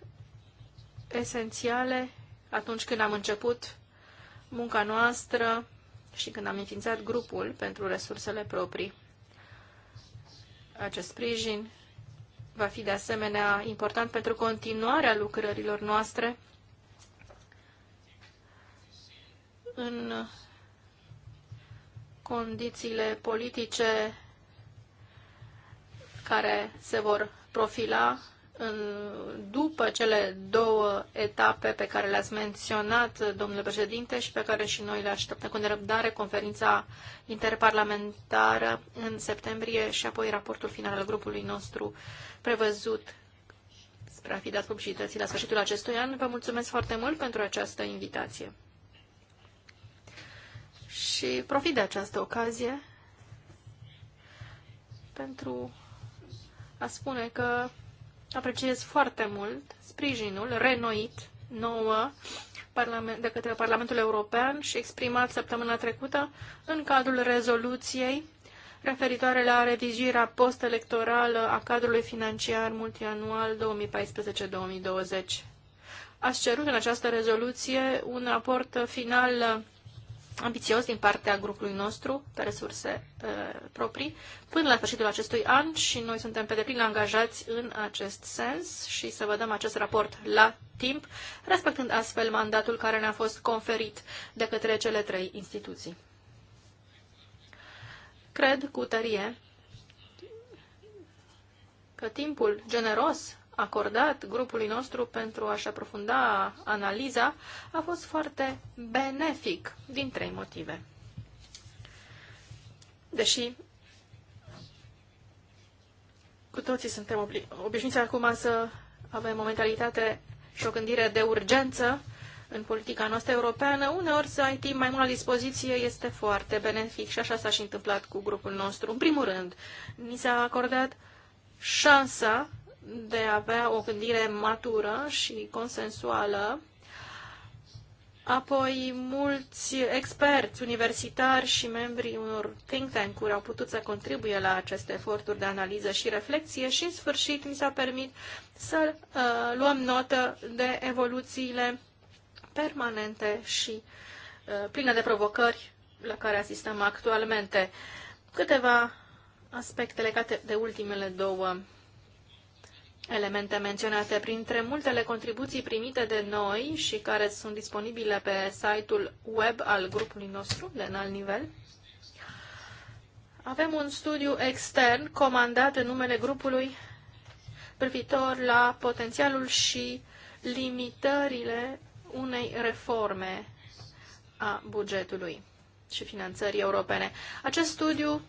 esențiale atunci când am început munca noastră și când am înființat grupul pentru resursele proprii. Acest sprijin va fi de asemenea important pentru continuarea lucrărilor noastre în condițiile politice care se vor profila în, după cele două etape pe care le-ați menționat, domnule președinte, și pe care și noi le așteptăm cu nerăbdare, conferința interparlamentară în septembrie și apoi raportul final al grupului nostru prevăzut spre a fi dat publicității la sfârșitul acestui an. Vă mulțumesc foarte mult pentru această invitație și profit de această ocazie pentru a spune că apreciez foarte mult sprijinul renoit nouă de către Parlamentul European și exprimat săptămâna trecută în cadrul rezoluției referitoare la revizuirea post-electorală a cadrului financiar multianual 2014-2020. Ați cerut în această rezoluție un raport final ambițios din partea grupului nostru pe resurse uh, proprii până la sfârșitul acestui an și noi suntem pe deplin angajați în acest sens și să vă dăm acest raport la timp, respectând astfel mandatul care ne-a fost conferit de către cele trei instituții. Cred cu tărie că timpul generos acordat grupului nostru pentru a-și aprofunda analiza a fost foarte benefic din trei motive. Deși cu toții suntem obișnuiți acum să avem o mentalitate și o gândire de urgență în politica noastră europeană, uneori să ai timp mai mult la dispoziție este foarte benefic și așa s-a și întâmplat cu grupul nostru. În primul rând, ni s-a acordat șansa de a avea o gândire matură și consensuală. Apoi, mulți experți universitari și membrii unor think tank-uri au putut să contribuie la aceste eforturi de analiză și reflexie și, în sfârșit, mi s-a permis să uh, luăm notă de evoluțiile permanente și uh, pline de provocări la care asistăm actualmente. Câteva aspecte legate de ultimele două elemente menționate. Printre multele contribuții primite de noi și care sunt disponibile pe site-ul web al grupului nostru de înalt nivel, avem un studiu extern comandat în numele grupului privitor la potențialul și limitările unei reforme a bugetului și finanțării europene. Acest studiu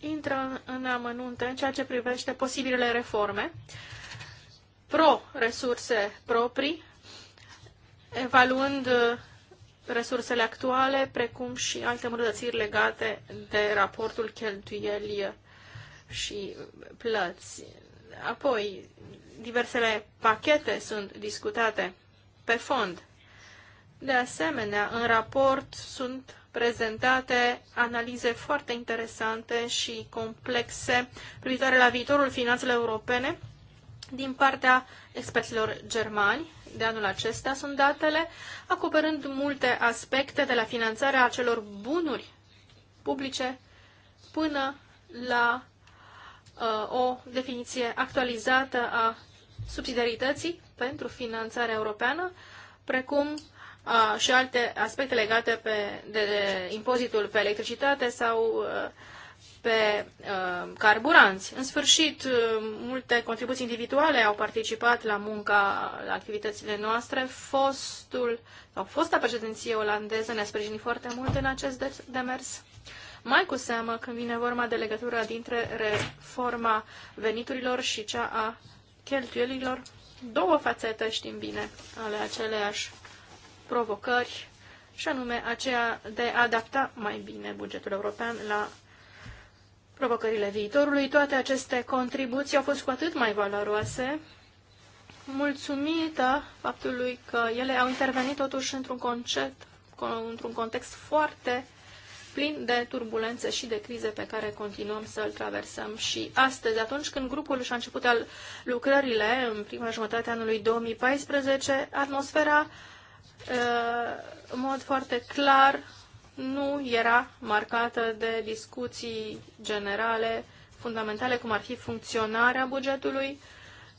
intră în amănunte în ceea ce privește posibilele reforme pro-resurse proprii, evaluând uh, resursele actuale, precum și alte îmbunătățiri legate de raportul cheltuieli și plăți. Apoi, diversele pachete sunt discutate pe fond. De asemenea, în raport sunt prezentate analize foarte interesante și complexe privitoare la viitorul finanțelor europene din partea experților germani. De anul acesta sunt datele, acoperând multe aspecte de la finanțarea acelor bunuri publice până la uh, o definiție actualizată a subsidiarității pentru finanțarea europeană, precum a, și alte aspecte legate pe, de, de impozitul pe electricitate sau uh, pe a, uh, carburanți. În sfârșit, uh, multe contribuții individuale au participat la munca, la activitățile noastre. Fostul sau fosta președinție olandeză ne-a sprijinit foarte mult în acest demers. Mai cu seamă când vine vorba de legătura dintre reforma veniturilor și cea a cheltuielilor, două fațete, știm bine, ale aceleași provocări, și anume aceea de a adapta mai bine bugetul european la provocările viitorului. Toate aceste contribuții au fost cu atât mai valoroase, mulțumită faptului că ele au intervenit totuși într-un concept, într-un context foarte plin de turbulențe și de crize pe care continuăm să îl traversăm și astăzi, atunci când grupul și-a început al lucrările în prima jumătate a anului 2014, atmosfera Uh, în mod foarte clar nu era marcată de discuții generale fundamentale, cum ar fi funcționarea bugetului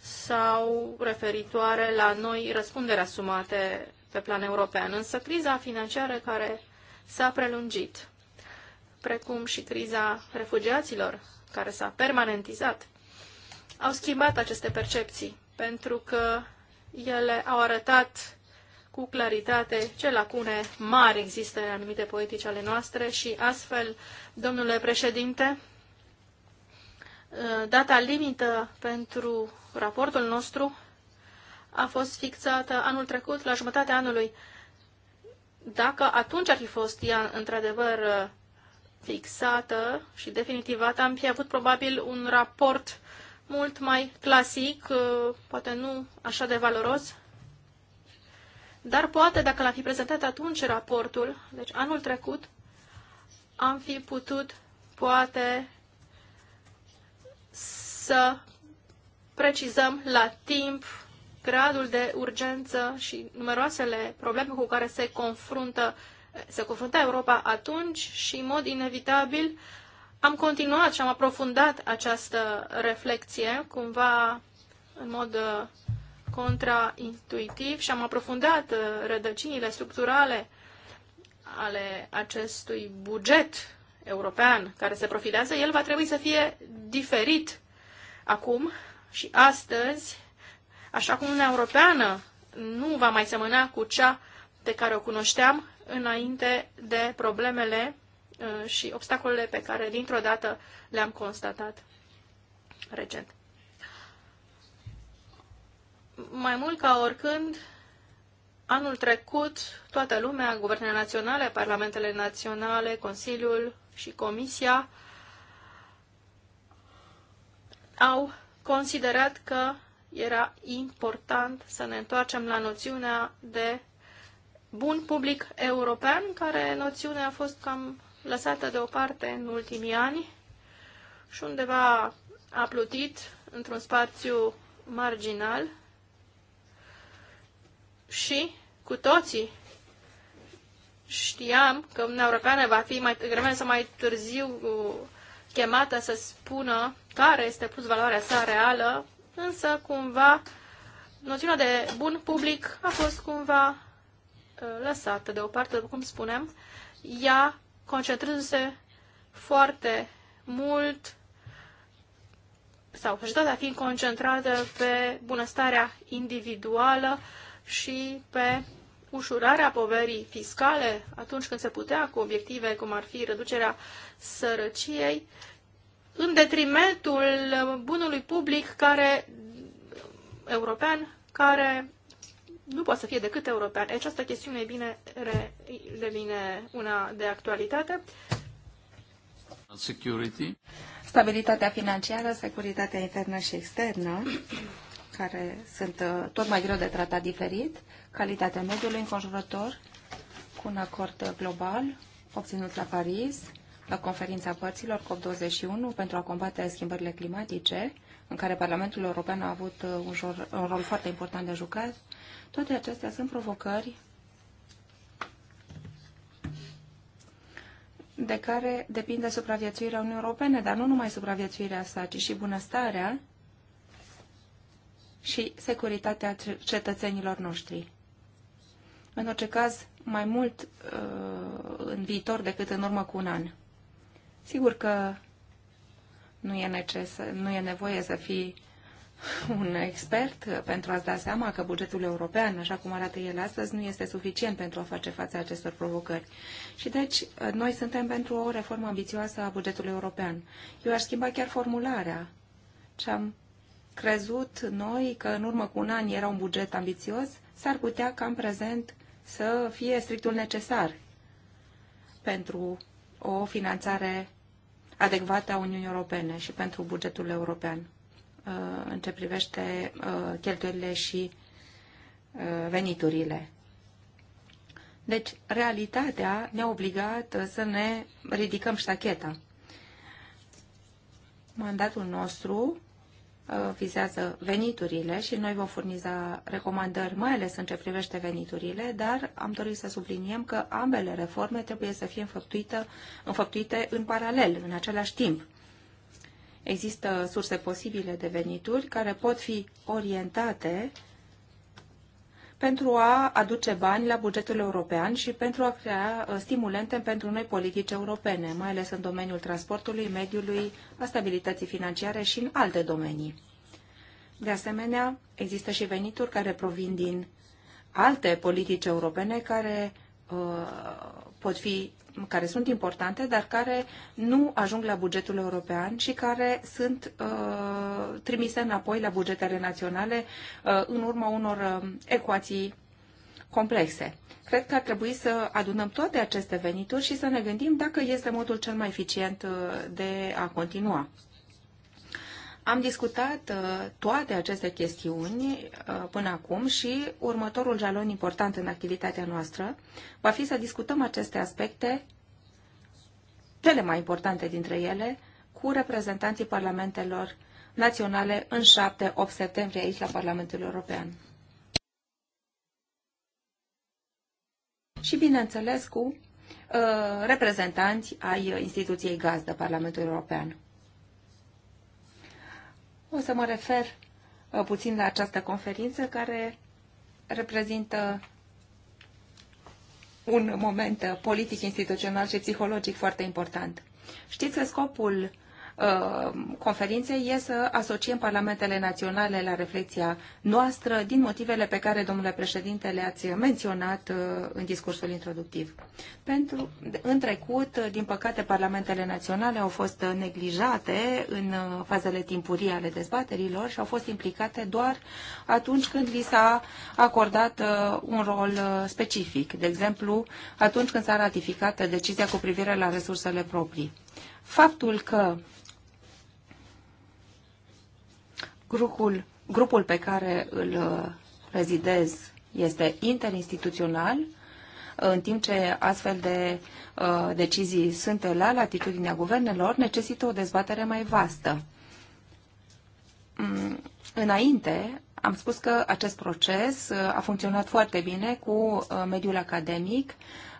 sau referitoare la noi răspundere asumate pe plan european. Însă criza financiară care s-a prelungit, precum și criza refugiaților care s-a permanentizat, au schimbat aceste percepții, pentru că ele au arătat cu claritate ce lacune mari există în anumite poetici ale noastre și astfel, domnule președinte, data limită pentru raportul nostru a fost fixată anul trecut, la jumătatea anului. Dacă atunci ar fi fost ea într-adevăr fixată și definitivată, am fi avut probabil un raport mult mai clasic, poate nu așa de valoros, dar poate, dacă l-am fi prezentat atunci raportul, deci anul trecut, am fi putut, poate, să precizăm la timp gradul de urgență și numeroasele probleme cu care se confruntă se confrunta Europa atunci și, în mod inevitabil, am continuat și am aprofundat această reflexie, cumva în mod uh, contraintuitiv și am aprofundat uh, rădăcinile structurale ale acestui buget european care se profilează, el va trebui să fie diferit acum și astăzi, așa cum Uniunea Europeană nu va mai semăna cu cea pe care o cunoșteam înainte de problemele uh, și obstacolele pe care dintr-o dată le-am constatat recent mai mult ca oricând, anul trecut, toată lumea, guvernele naționale, parlamentele naționale, Consiliul și Comisia, au considerat că era important să ne întoarcem la noțiunea de bun public european, care noțiunea a fost cam lăsată deoparte în ultimii ani și undeva a plutit într-un spațiu marginal și cu toții știam că Uniunea Europeană va fi mai devreme sau mai târziu chemată să spună care este plus valoarea sa reală, însă cumva noțiunea de bun public a fost cumva ă, lăsată deoparte, după cum spunem, ea concentrându-se foarte mult sau societatea fiind concentrată pe bunăstarea individuală, uh, și pe ușurarea poverii fiscale atunci când se putea, cu obiective cum ar fi reducerea sărăciei, în detrimentul bunului public care, european care nu poate să fie decât european. Deci această chestiune e bine, re, devine una de actualitate. Security. Stabilitatea financiară, securitatea internă și externă care sunt uh, tot mai greu de tratat diferit, calitatea mediului înconjurător cu un acord uh, global obținut la Paris, la conferința părților COP21 pentru a combate schimbările climatice, în care Parlamentul European a avut uh, un, jor, un rol foarte important de jucat. Toate acestea sunt provocări de care depinde supraviețuirea Uniunii Europene, dar nu numai supraviețuirea sa, ci și bunăstarea și securitatea cetățenilor noștri. În orice caz, mai mult uh, în viitor decât în urmă cu un an. Sigur că nu e, necesar, nu e nevoie să fii un expert uh, pentru a-ți da seama că bugetul european, așa cum arată el astăzi, nu este suficient pentru a face față acestor provocări. Și deci, uh, noi suntem pentru o reformă ambițioasă a bugetului european. Eu aș schimba chiar formularea ce am crezut noi că în urmă cu un an era un buget ambițios, s-ar putea ca în prezent să fie strictul necesar pentru o finanțare adecvată a Uniunii Europene și pentru bugetul european uh, în ce privește uh, cheltuielile și uh, veniturile. Deci, realitatea ne-a obligat să ne ridicăm ștacheta. Mandatul nostru Uh, vizează veniturile și noi vom furniza recomandări, mai ales în ce privește veniturile, dar am dorit să subliniem că ambele reforme trebuie să fie înfăptuite în paralel, în același timp. Există surse posibile de venituri care pot fi orientate pentru a aduce bani la bugetul european și pentru a crea uh, stimulente pentru noi politici europene, mai ales în domeniul transportului, mediului, a stabilității financiare și în alte domenii. De asemenea, există și venituri care provin din alte politici europene care uh, pot fi care sunt importante, dar care nu ajung la bugetul european și care sunt uh, trimise înapoi la bugetele naționale uh, în urma unor uh, ecuații complexe. Cred că ar trebui să adunăm toate aceste venituri și să ne gândim dacă este modul cel mai eficient uh, de a continua. Am discutat uh, toate aceste chestiuni uh, până acum și următorul jalon important în activitatea noastră va fi să discutăm aceste aspecte, cele mai importante dintre ele, cu reprezentanții parlamentelor naționale în 7-8 septembrie aici la Parlamentul European. Și, bineînțeles, cu uh, reprezentanți ai instituției gazdă Parlamentului European. O să mă refer uh, puțin la această conferință care reprezintă un moment uh, politic, instituțional și psihologic foarte important. Știți că scopul Uh, conferinței e să asociem parlamentele naționale la reflexia noastră din motivele pe care, domnule președinte, le-ați menționat uh, în discursul introductiv. Pentru, în trecut, uh, din păcate, parlamentele naționale au fost neglijate în fazele timpurii ale dezbaterilor și au fost implicate doar atunci când li s-a acordat un rol specific, de exemplu, atunci când s-a ratificat decizia cu privire la resursele proprii. Faptul că Grupul, grupul pe care îl uh, prezidez este interinstituțional, în timp ce astfel de uh, decizii sunt la latitudinea guvernelor, necesită o dezbatere mai vastă. Mm, înainte, am spus că acest proces uh, a funcționat foarte bine cu uh, mediul academic,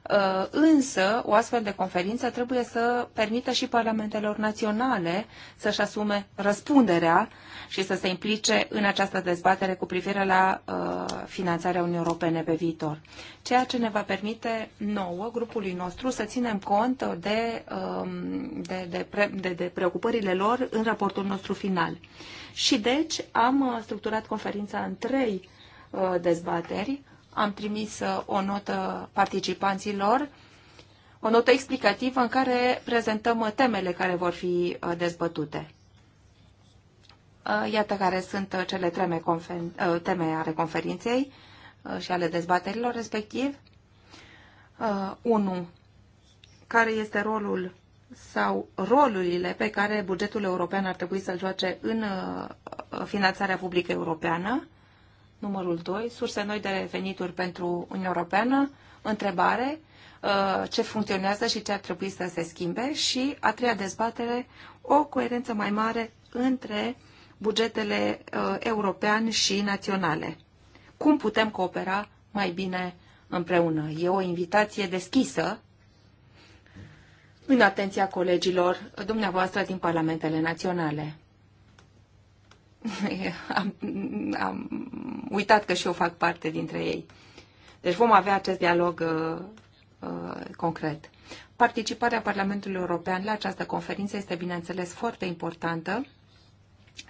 Uh, însă, o astfel de conferință trebuie să permită și parlamentelor naționale să-și asume răspunderea și să se implice în această dezbatere cu privire la uh, finanțarea Uniunii Europene pe viitor. Ceea ce ne va permite nouă, grupului nostru, să ținem cont de, um, de, de, pre, de, de preocupările lor în raportul nostru final. Și deci am uh, structurat conferința în trei dezbateri am trimis uh, o notă participanților, o notă explicativă în care prezentăm uh, temele care vor fi uh, dezbătute. Iată care sunt cele treme teme ale conferinței și ale dezbaterilor respectiv. 1. Care este rolul sau rolurile pe care bugetul european ar trebui să-l joace în finanțarea publică europeană? Numărul 2. Surse noi de venituri pentru Uniunea Europeană. Întrebare uh, ce funcționează și ce ar trebui să se schimbe și a treia dezbatere, o coerență mai mare între bugetele uh, european și naționale. Cum putem coopera mai bine împreună? E o invitație deschisă în atenția colegilor dumneavoastră din parlamentele naționale am, am uitat că și eu fac parte dintre ei. Deci vom avea acest dialog uh, uh, concret. Participarea Parlamentului European la această conferință este, bineînțeles, foarte importantă.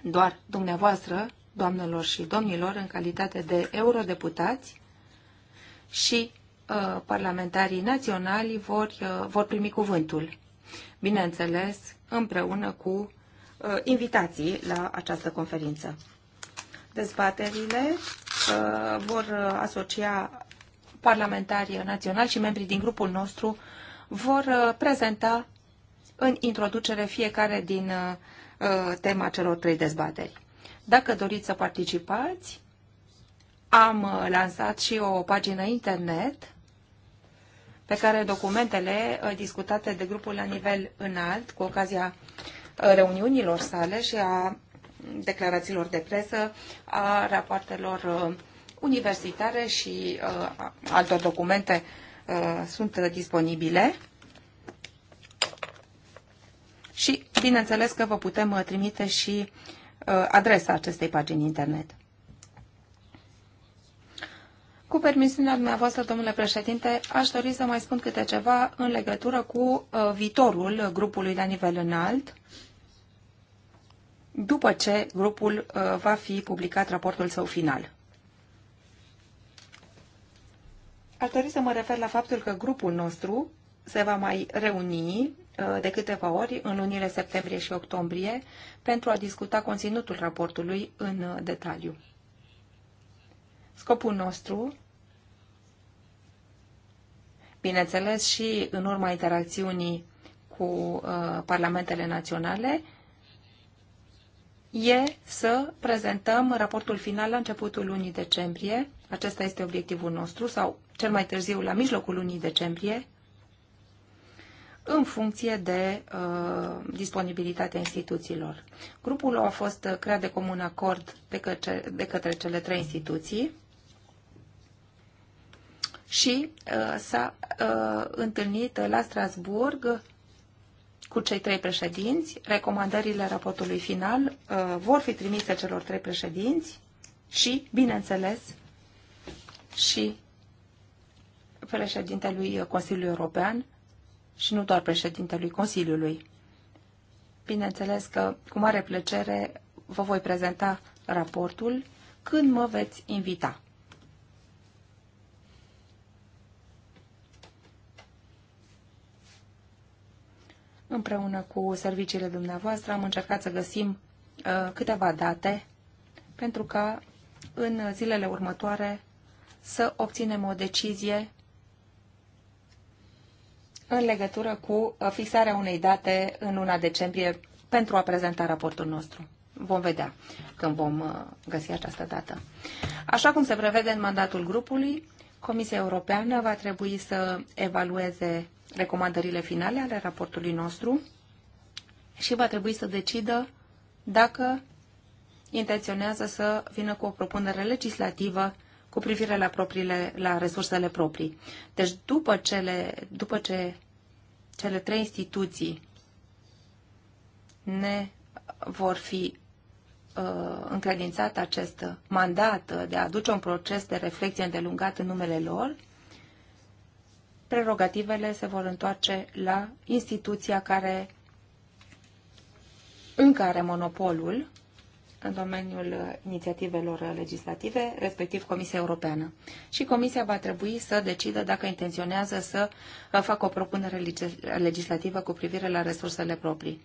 Doar dumneavoastră, doamnelor și domnilor, în calitate de eurodeputați și uh, parlamentarii naționali vor, uh, vor primi cuvântul. Bineînțeles, împreună cu Uh, invitații la această conferință. Dezbaterile uh, vor uh, asocia parlamentari naționali și membrii din grupul nostru vor prezenta în introducere fiecare din tema celor trei dezbateri. Dacă doriți să participați, am lansat și o pagină internet pe care documentele discutate de grupul la nivel înalt cu ocazia reuniunilor sale și a declarațiilor de presă, a rapoartelor uh, universitare și uh, altor documente uh, sunt disponibile. Și, bineînțeles, că vă putem trimite și adresa acestei pagini internet. Cu permisiunea dumneavoastră, domnule președinte, aș dori să mai spun câte ceva în legătură cu viitorul grupului la nivel înalt. Uh, după ce grupul uh, va fi publicat raportul său final. Ar dori să mă refer la faptul că grupul nostru se va mai reuni uh, de câteva ori în lunile septembrie și octombrie pentru a discuta conținutul raportului în uh, detaliu. Scopul nostru, bineînțeles și în urma interacțiunii cu parlamentele naționale, e să prezentăm raportul final la începutul lunii decembrie. Acesta este obiectivul nostru, sau cel mai târziu la mijlocul lunii decembrie, în funcție de uh, disponibilitatea instituțiilor. Grupul a fost creat de comun acord de către, de către cele trei instituții și uh, s-a uh, întâlnit la Strasburg cu cei trei președinți. Recomandările raportului final uh, vor fi trimise celor trei președinți și, bineînțeles, și președintelui Consiliului European și nu doar președintelui Consiliului. Bineînțeles că, cu mare plăcere, vă voi prezenta raportul când mă veți invita. Împreună cu serviciile dumneavoastră am încercat să găsim uh, câteva date pentru ca în zilele următoare să obținem o decizie în legătură cu uh, fixarea unei date în luna decembrie pentru a prezenta raportul nostru. Vom vedea când vom uh, găsi această dată. Așa cum se prevede în mandatul grupului, Comisia Europeană va trebui să evalueze recomandările finale ale raportului nostru și va trebui să decidă dacă intenționează să vină cu o propunere legislativă cu privire la, propriile, la resursele proprii. Deci după, cele, după ce cele trei instituții ne vor fi Uh, încredințat acest mandat de a aduce un proces de reflexie îndelungat în numele lor, prerogativele se vor întoarce la instituția care încă are monopolul în domeniul inițiativelor legislative, respectiv Comisia Europeană. Și Comisia va trebui să decidă dacă intenționează să facă o propunere legislativă cu privire la resursele proprii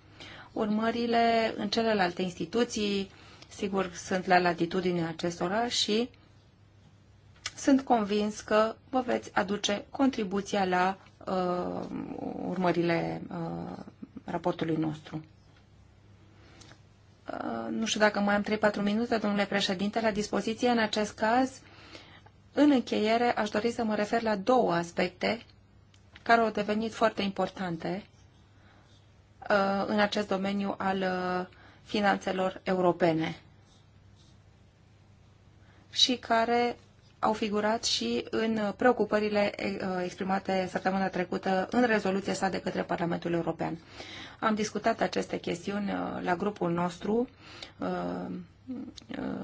urmările în celelalte instituții, sigur, sunt la latitudinea acestora și sunt convins că vă veți aduce contribuția la uh, urmările uh, raportului nostru. Uh, nu știu dacă mai am 3-4 minute, domnule președinte, la dispoziție în acest caz. În încheiere, aș dori să mă refer la două aspecte care au devenit foarte importante Uh, în acest domeniu al uh, finanțelor europene și care au figurat și în preocupările uh, exprimate săptămâna trecută în rezoluția sa de către Parlamentul European. Am discutat aceste chestiuni la grupul nostru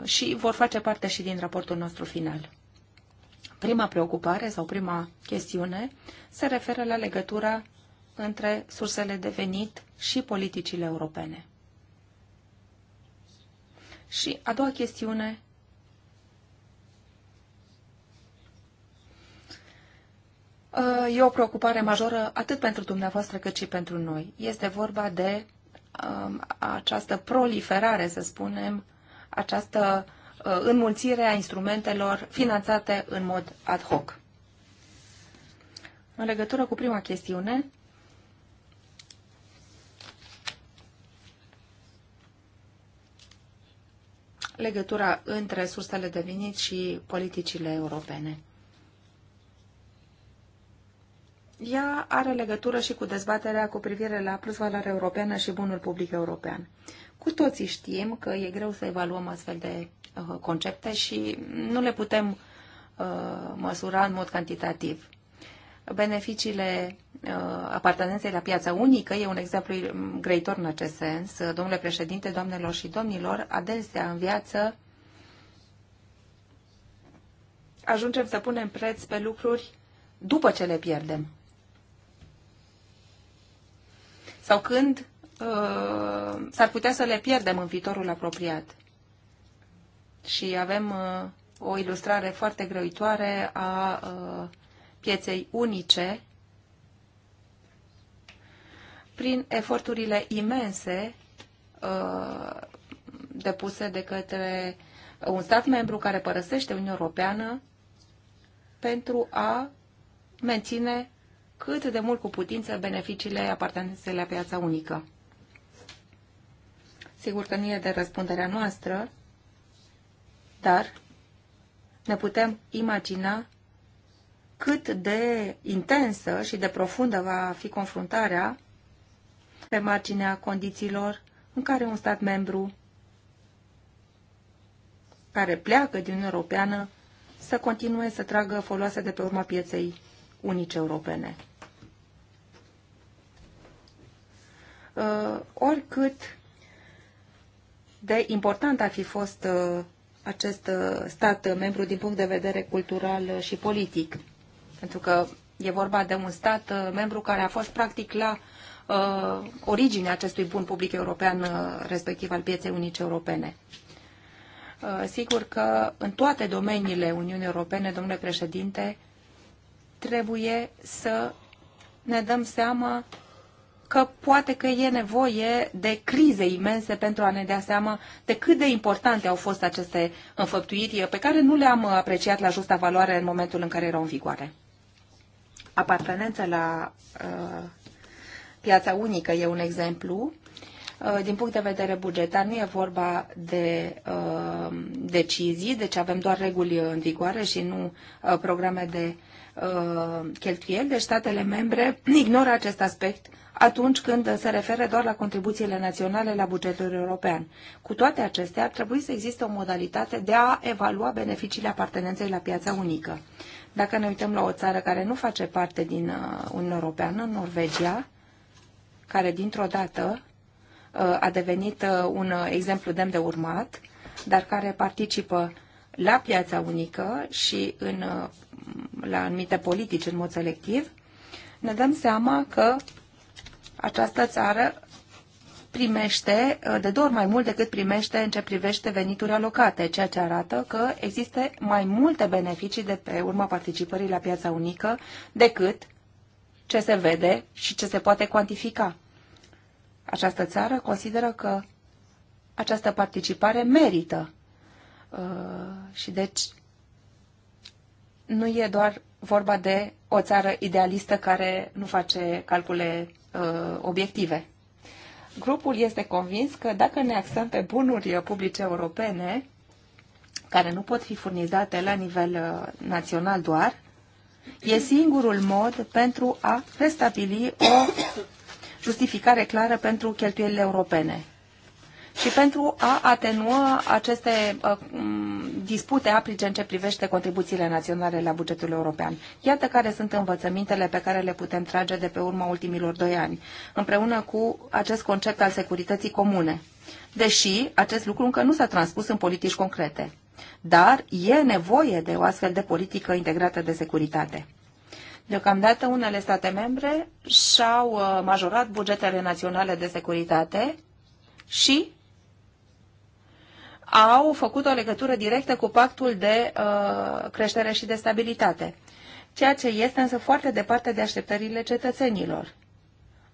și vor face parte și din raportul nostru final. Prima preocupare sau prima chestiune se referă la legătura între sursele de venit și politicile europene. Și a doua chestiune E o preocupare majoră atât pentru dumneavoastră cât și pentru noi. Este vorba de um, această proliferare, să spunem, această uh, înmulțire a instrumentelor finanțate în mod ad hoc. În legătură cu prima chestiune, legătura între sursele de venit și politicile europene. Ea are legătură și cu dezbaterea cu privire la plusvaloarea europeană și bunul public european. Cu toții știm că e greu să evaluăm astfel de uh, concepte și nu le putem uh, măsura în mod cantitativ. Beneficiile Uh, apartenenței la piața unică e un exemplu greitor în acest sens. Uh, domnule președinte, doamnelor și domnilor, adesea în viață ajungem să punem preț pe lucruri după ce le pierdem. Sau când uh, s-ar putea să le pierdem în viitorul apropiat. Și avem uh, o ilustrare foarte grăitoare a uh, pieței unice prin eforturile imense uh, depuse de către un stat membru care părăsește Uniunea Europeană pentru a menține cât de mult cu putință beneficiile apartenenței la piața unică. Sigur că nu e de răspunderea noastră, dar ne putem imagina cât de intensă și de profundă va fi confruntarea pe marginea condițiilor în care un stat membru care pleacă din Uniunea Europeană să continue să tragă foloase de pe urma pieței unice europene. Uh, oricât de important ar fi fost uh, acest uh, stat membru din punct de vedere cultural și politic, pentru că e vorba de un stat membru care a fost practic la uh, originea acestui bun public european, uh, respectiv al pieței unice europene. Uh, sigur că în toate domeniile Uniunii Europene, domnule președinte, trebuie să ne dăm seama că poate că e nevoie de crize imense pentru a ne dea seama de cât de importante au fost aceste înfăptuiri pe care nu le-am apreciat la justa valoare în momentul în care erau în vigoare. Apartenența la uh, Piața unică e un exemplu. Uh, din punct de vedere bugetar, nu e vorba de uh, decizii, deci avem doar reguli în vigoare și nu uh, programe de uh, cheltuieli. Deci statele membre ignoră acest aspect atunci când se referă doar la contribuțiile naționale la bugetul european. Cu toate acestea, ar trebui să existe o modalitate de a evalua beneficiile apartenenței la piața unică. Dacă ne uităm la o țară care nu face parte din uh, Uniunea Europeană, Norvegia, care dintr-o dată uh, a devenit uh, un uh, exemplu demn de urmat, dar care participă la piața unică și în, la anumite politici în mod selectiv, ne dăm seama că această țară primește de două ori mai mult decât primește în ce privește venituri alocate, ceea ce arată că există mai multe beneficii de pe urma participării la piața unică decât ce se vede și ce se poate cuantifica această țară consideră că această participare merită. Uh, și deci nu e doar vorba de o țară idealistă care nu face calcule uh, obiective. Grupul este convins că dacă ne axăm pe bunuri publice europene, care nu pot fi furnizate la nivel uh, național doar, e singurul mod pentru a restabili o justificare clară pentru cheltuielile europene și pentru a atenua aceste uh, dispute aprice în ce privește contribuțiile naționale la bugetul european. Iată care sunt învățămintele pe care le putem trage de pe urma ultimilor doi ani, împreună cu acest concept al securității comune. Deși acest lucru încă nu s-a transpus în politici concrete. Dar e nevoie de o astfel de politică integrată de securitate. Deocamdată unele state membre și-au uh, majorat bugetele naționale de securitate și au făcut o legătură directă cu pactul de uh, creștere și de stabilitate, ceea ce este însă foarte departe de așteptările cetățenilor.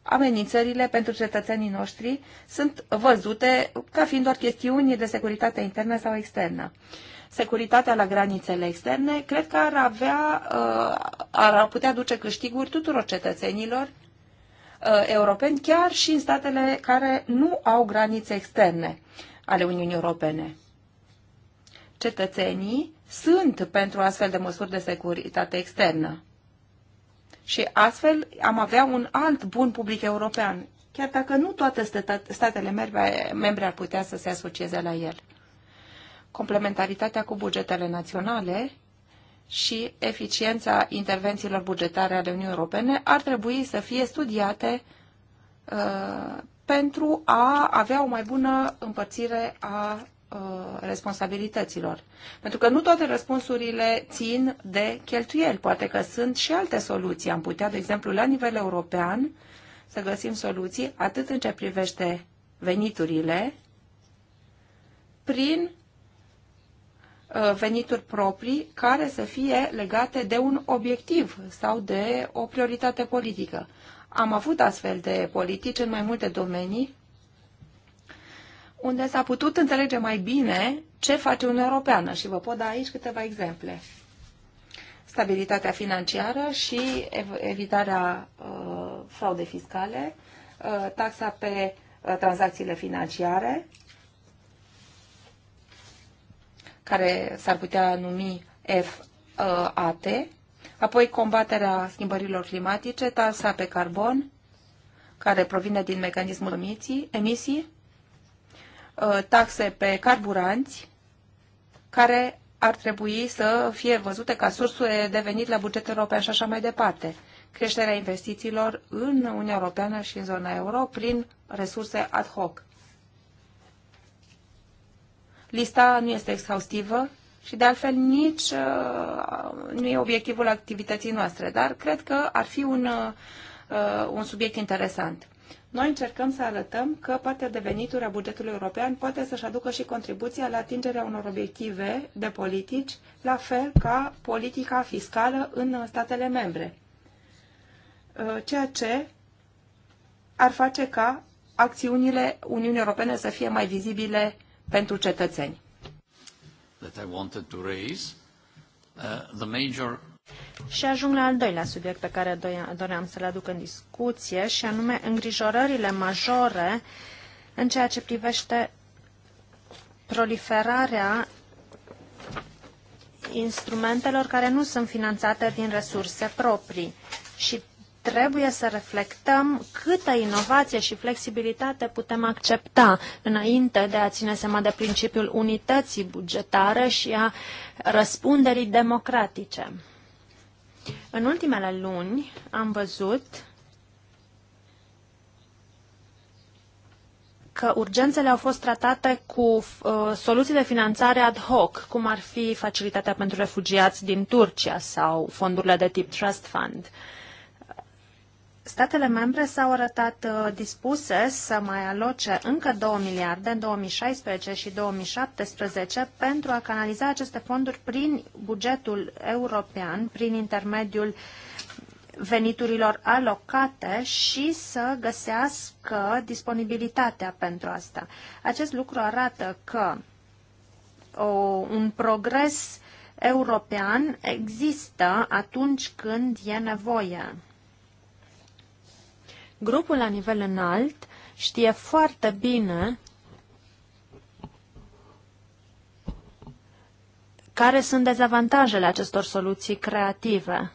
Amenințările pentru cetățenii noștri sunt văzute ca fiind doar chestiuni de securitate internă sau externă securitatea la granițele externe, cred că ar, avea, uh, ar putea duce câștiguri tuturor cetățenilor uh, europeni, chiar și în statele care nu au granițe externe ale Uniunii Europene. Cetățenii sunt pentru astfel de măsuri de securitate externă. Și astfel am avea un alt bun public european, chiar dacă nu toate statele membre ar putea să se asocieze la el complementaritatea cu bugetele naționale și eficiența intervențiilor bugetare ale Uniunii Europene ar trebui să fie studiate uh, pentru a avea o mai bună împărțire a uh, responsabilităților. Pentru că nu toate răspunsurile țin de cheltuieli. Poate că sunt și alte soluții. Am putea, de exemplu, la nivel european să găsim soluții atât în ce privește veniturile, prin Uh, venituri proprii care să fie legate de un obiectiv sau de o prioritate politică. Am avut astfel de politici în mai multe domenii unde s-a putut înțelege mai bine ce face Uniunea Europeană și vă pot da aici câteva exemple. Stabilitatea financiară și evitarea uh, fraudei fiscale, uh, taxa pe uh, tranzacțiile financiare, care s-ar putea numi FAT, apoi combaterea schimbărilor climatice, taxa pe carbon, care provine din mecanismul emisii, emisii uh, taxe pe carburanți, care ar trebui să fie văzute ca sursă de venit la bugetul european și așa mai departe. Creșterea investițiilor în Uniunea Europeană și în zona euro prin resurse ad hoc. Lista nu este exhaustivă și de altfel nici uh, nu e obiectivul activității noastre, dar cred că ar fi un, uh, uh, un subiect interesant. Noi încercăm să arătăm că partea de venituri a bugetului european poate să-și aducă și contribuția la atingerea unor obiective de politici, la fel ca politica fiscală în statele membre. Ceea ce ar face ca acțiunile Uniunii Europene să fie mai vizibile pentru cetățeni. Uh, și ajung la al doilea subiect pe care doream să-l aduc în discuție, și anume îngrijorările majore în ceea ce privește proliferarea instrumentelor care nu sunt finanțate din resurse proprii și trebuie să reflectăm câtă inovație și flexibilitate putem accepta înainte de a ține seama de principiul unității bugetare și a răspunderii democratice. În ultimele luni am văzut că urgențele au fost tratate cu uh, soluții de finanțare ad hoc, cum ar fi facilitatea pentru refugiați din Turcia sau fondurile de tip trust fund. Uh, statele membre s-au arătat uh, dispuse să mai aloce încă 2 miliarde în 2016 și 2017 pentru a canaliza aceste fonduri prin bugetul european, prin intermediul veniturilor alocate și să găsească disponibilitatea pentru asta. Acest lucru arată că o, un progres european există atunci când e nevoie. Grupul la nivel înalt știe foarte bine care sunt dezavantajele acestor soluții creative.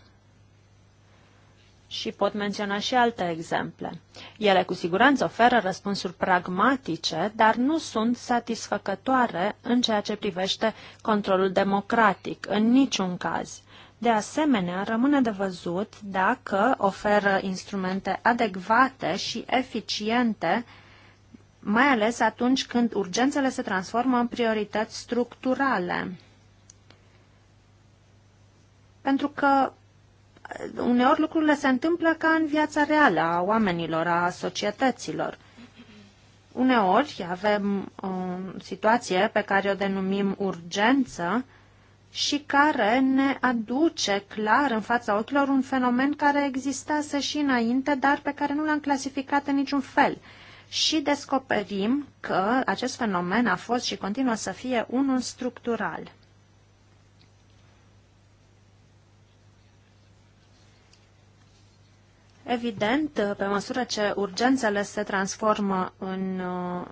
Și pot menționa și alte exemple. Ele cu siguranță oferă răspunsuri pragmatice, dar nu sunt satisfăcătoare în ceea ce privește controlul democratic, în niciun caz. De asemenea, rămâne de văzut dacă oferă instrumente adecvate și eficiente, mai ales atunci când urgențele se transformă în priorități structurale. Pentru că eh, uneori lucrurile se întâmplă ca în viața reală a oamenilor, a societăților. Uneori avem eh, o situație pe care o denumim urgență, și care ne aduce clar în fața ochilor un fenomen care existase și înainte, dar pe care nu l-am clasificat în niciun fel. Și descoperim că acest fenomen a fost și continuă să fie unul structural. Evident, pe măsură ce urgențele se transformă în uh,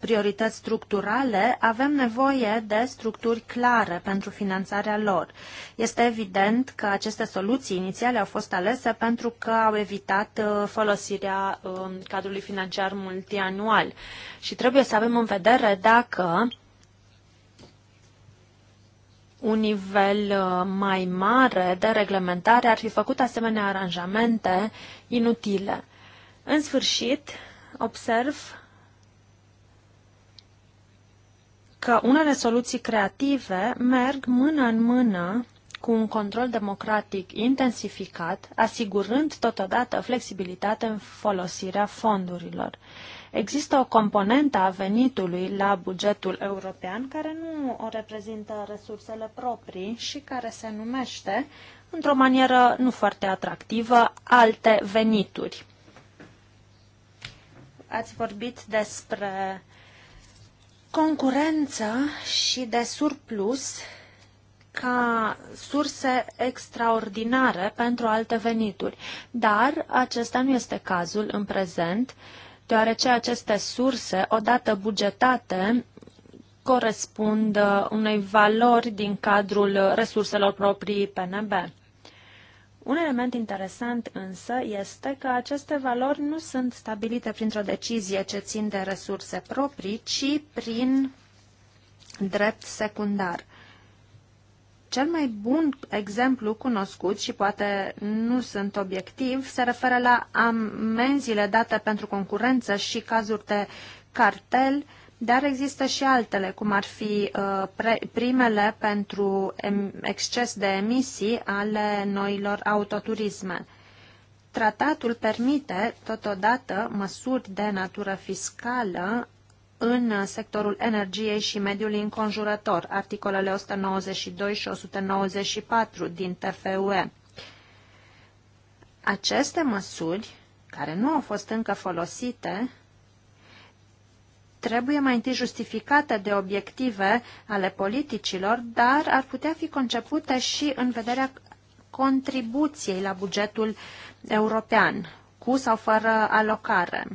priorități structurale, avem nevoie de structuri clare pentru finanțarea lor. Este evident că aceste soluții inițiale au fost alese pentru că au evitat uh, folosirea um, cadrului financiar multianual și trebuie să avem în vedere dacă un nivel uh, mai mare de reglementare ar fi făcut asemenea aranjamente inutile. În sfârșit, observ că unele soluții creative merg mână în mână cu un control democratic intensificat, asigurând totodată flexibilitate în folosirea fondurilor. Există o componentă a venitului la bugetul european care nu o reprezintă resursele proprii și care se numește, într-o manieră nu foarte atractivă, alte venituri. Ați vorbit despre concurență și de surplus ca surse extraordinare pentru alte venituri, dar acesta nu este cazul în prezent, deoarece aceste surse, odată bugetate, corespund uh, unei valori din cadrul resurselor proprii PNB. Un element interesant însă este că aceste valori nu sunt stabilite printr-o decizie ce țin de resurse proprii, ci prin drept secundar. Cel mai bun exemplu cunoscut și poate nu sunt obiectiv se referă la amenzile date pentru concurență și cazuri de cartel uh, dar există și altele, cum ar fi uh, primele pentru exces de emisii ale noilor autoturisme. Tratatul permite, totodată, măsuri de natură fiscală în sectorul energiei și mediului înconjurător, articolele 192 și 194 din TFUE. Aceste măsuri, care nu au fost încă folosite, trebuie mai întâi justificată de obiective ale politicilor, dar ar putea fi concepută și în vederea contribuției la bugetul european, cu sau fără alocare.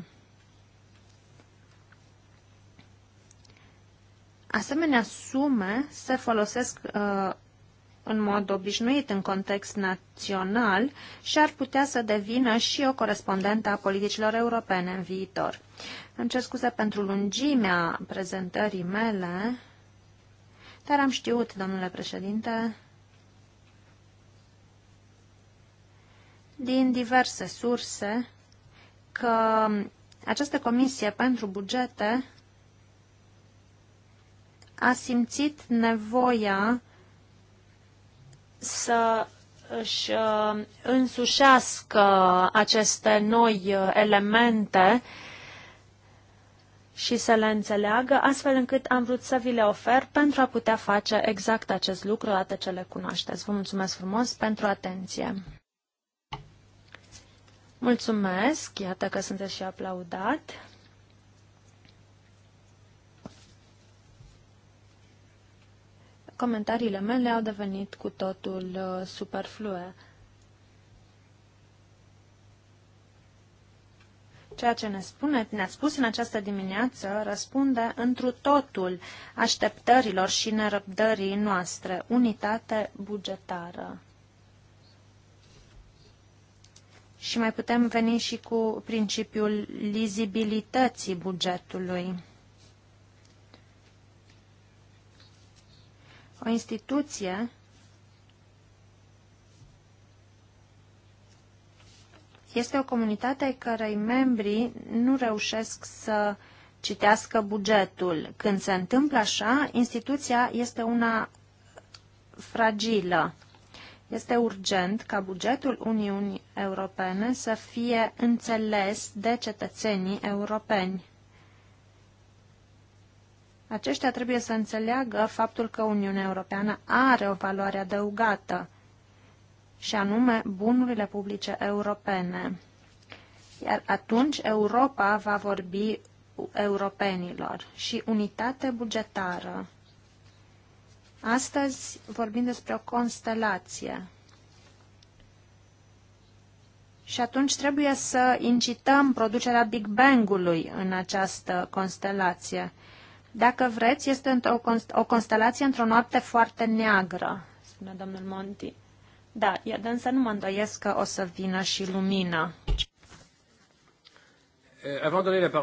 Asemenea sume se folosesc uh, în mod obișnuit în context național și ar putea să devină și o corespondentă a politicilor europene în viitor. Îmi cer scuze pentru lungimea prezentării mele, dar am știut, domnule președinte, din diverse surse că această comisie pentru bugete a simțit nevoia să își uh, însușească aceste noi uh, elemente și să le înțeleagă, astfel încât am vrut să vi le ofer pentru a putea face exact acest lucru odată ce le cunoașteți. Vă mulțumesc frumos pentru atenție! Mulțumesc, iată că sunteți și aplaudat. comentariile mele au devenit cu totul uh, superflue. Ceea ce ne spune, ne-a spus în această dimineață răspunde întru totul așteptărilor și nerăbdării noastre, unitate bugetară. Și mai putem veni și cu principiul lizibilității bugetului. o instituție este o comunitate cărei membrii nu reușesc să citească bugetul. Când se întâmplă așa, instituția este una fragilă. Este urgent ca bugetul Uniunii Europene să fie înțeles de cetățenii europeni. Aceștia trebuie să înțeleagă faptul că Uniunea Europeană are o valoare adăugată, și anume bunurile publice europene. Iar atunci Europa va vorbi europenilor și unitate bugetară. Astăzi vorbim despre o constelație. Și atunci trebuie să incităm producerea Big Bang-ului în această constelație dacă vreți, este o, o constelație într-o noapte foarte neagră, spune domnul Monti. Da, însă nu mă îndoiesc că o să vină și lumină. Eh,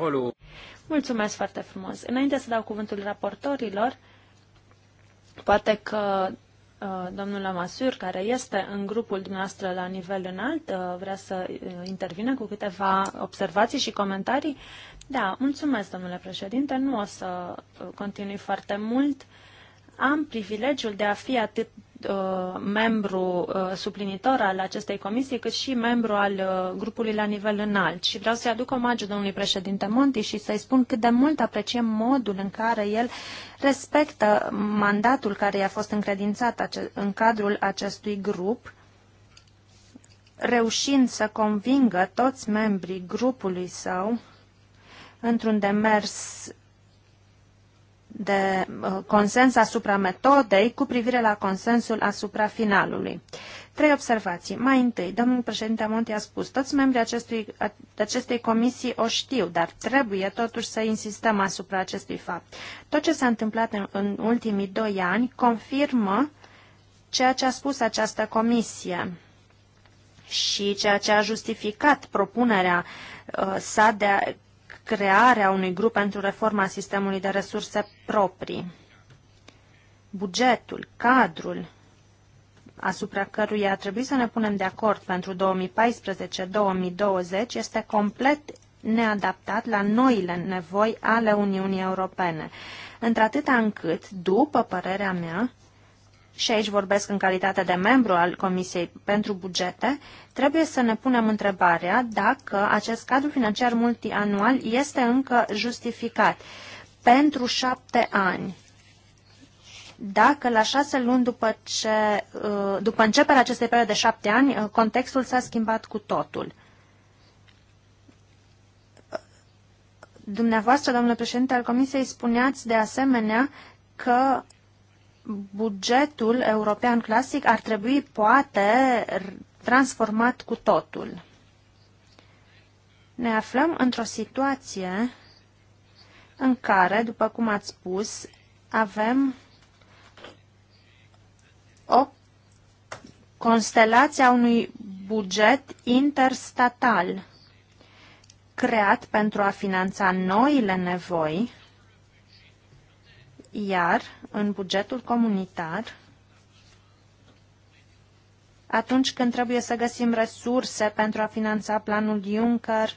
Mulțumesc foarte frumos. Înainte să dau cuvântul raportorilor, poate că uh, domnul Amasur, care este în grupul dumneavoastră la nivel înalt, uh, vrea să intervină cu câteva observații și comentarii. Da, mulțumesc, domnule președinte. Nu o să uh, continui foarte mult. Am privilegiul de a fi atât uh, membru uh, suplinitor al acestei comisii, cât și membru al uh, grupului la nivel înalt. Și vreau să-i aduc omagiu domnului președinte Monti și să-i spun cât de mult apreciem modul în care el respectă mandatul care i-a fost încredințat în cadrul acestui grup reușind să convingă toți membrii grupului său într-un demers de uh, consens asupra metodei cu privire la consensul asupra finalului. Trei observații. Mai întâi, domnul președinte Monti a spus, toți membrii acestui, acestei comisii o știu, dar trebuie totuși să insistăm asupra acestui fapt. Tot ce s-a întâmplat în, în ultimii doi ani confirmă ceea ce a spus această comisie și ceea ce a justificat propunerea uh, sa de a crearea unui grup pentru reforma sistemului de resurse proprii. Bugetul, cadrul asupra căruia trebuie să ne punem de acord pentru 2014-2020 este complet neadaptat la noile nevoi ale Uniunii Europene, într-atâta încât, după părerea mea, și aici vorbesc în calitate de membru al Comisiei pentru Bugete, trebuie să ne punem întrebarea dacă acest cadru financiar multianual este încă justificat pentru șapte ani. Dacă la șase luni după, ce, uh, după începerea acestei perioade de șapte ani, uh, contextul s-a schimbat cu totul. Dumneavoastră, domnule președinte al Comisiei, spuneați de asemenea că bugetul european clasic ar trebui poate transformat cu totul. Ne aflăm într-o situație în care, după cum ați spus, avem o constelație a unui buget interstatal creat pentru a finanța noile nevoi iar în bugetul comunitar, atunci când trebuie să găsim resurse pentru a finanța planul Juncker,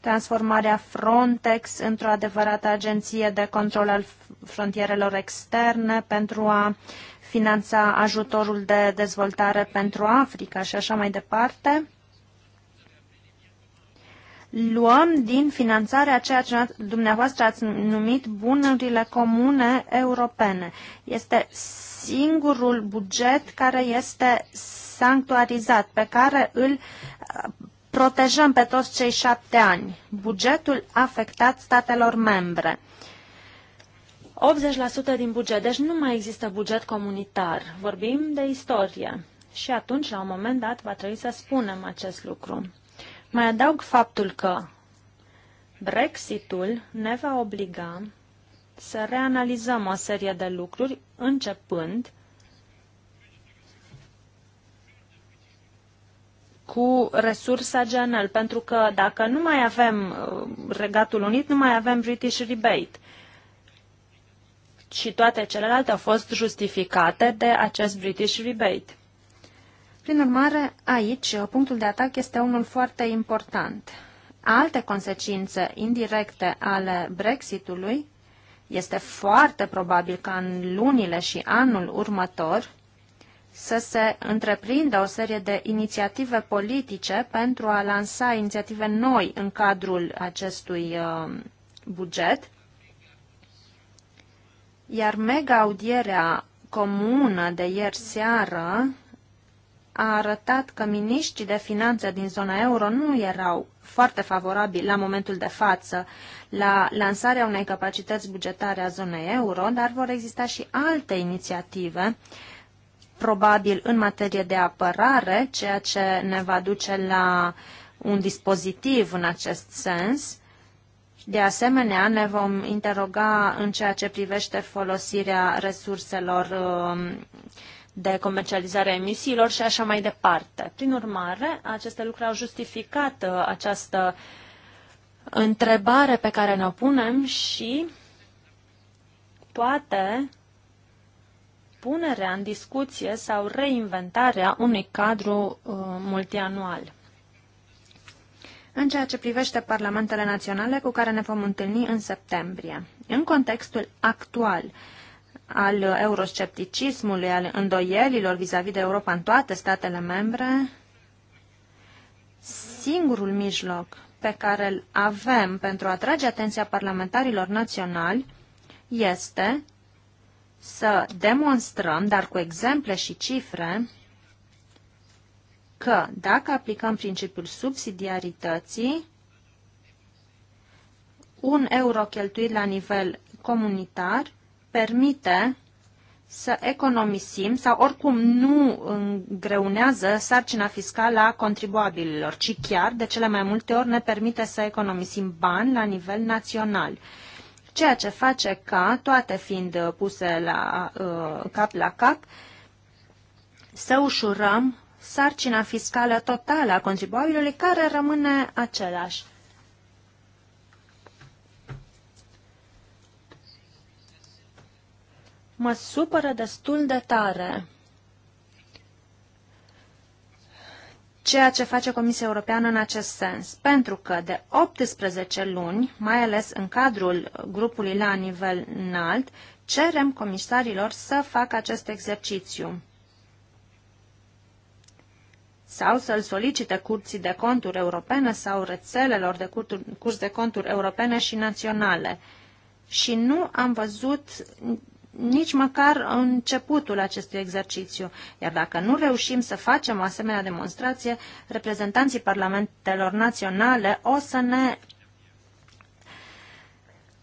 transformarea Frontex într-o adevărată agenție de control al frontierelor externe pentru a finanța ajutorul de dezvoltare pentru Africa și așa mai departe luăm din finanțarea ceea ce dumneavoastră ați numit bunurile comune europene. Este singurul buget care este sanctuarizat, pe care îl uh, protejăm pe toți cei șapte ani. Bugetul afectat statelor membre. 80% din buget, deci nu mai există buget comunitar. Vorbim de istorie. Și atunci, la un moment dat, va trebui să spunem acest lucru. Mai adaug faptul că Brexitul ne va obliga să reanalizăm o serie de lucruri, începând cu resursa GNL, pentru că dacă nu mai avem uh, Regatul Unit, nu mai avem British Rebate. Și toate celelalte au fost justificate de acest British Rebate. Prin urmare, aici uh, punctul de atac este unul foarte important. Alte consecințe indirecte ale Brexitului este foarte probabil ca în lunile și anul următor să se întreprindă o serie de inițiative politice pentru a lansa inițiative noi în cadrul acestui uh, buget, iar mega audierea comună de ieri seară a arătat că miniștrii de finanțe din zona euro nu erau foarte favorabili la momentul de față la lansarea unei capacități bugetare a zonei euro, dar vor exista și alte inițiative, probabil în materie de apărare, ceea ce ne va duce la un dispozitiv în acest sens. De asemenea, ne vom interoga în ceea ce privește folosirea resurselor uh, de comercializare a emisiilor și așa mai departe. Prin urmare, aceste lucruri au justificat uh, această întrebare pe care ne-o punem și poate punerea în discuție sau reinventarea unui cadru uh, multianual. În ceea ce privește parlamentele naționale cu care ne vom întâlni în septembrie, în contextul actual, al euroscepticismului, al îndoielilor vis-a-vis -vis de Europa în toate statele membre, singurul mijloc pe care îl avem pentru a atrage atenția parlamentarilor naționali este să demonstrăm, dar cu exemple și cifre, că dacă aplicăm principiul subsidiarității, un euro cheltuit la nivel comunitar permite să economisim sau oricum nu îngreunează sarcina fiscală a contribuabililor, ci chiar de cele mai multe ori ne permite să economisim bani la nivel național. Ceea ce face ca, toate fiind puse la, uh, cap la cap, să ușurăm sarcina fiscală totală a contribuabilului care rămâne același. mă supără destul de tare. ceea ce face Comisia Europeană în acest sens, pentru că de 18 luni, mai ales în cadrul grupului la nivel înalt, cerem comisarilor să facă acest exercițiu sau să-l solicite curții de conturi europene sau rețelelor de curs de conturi europene și naționale. Și nu am văzut nici măcar începutul acestui exercițiu. Iar dacă nu reușim să facem o asemenea demonstrație, reprezentanții parlamentelor naționale o să ne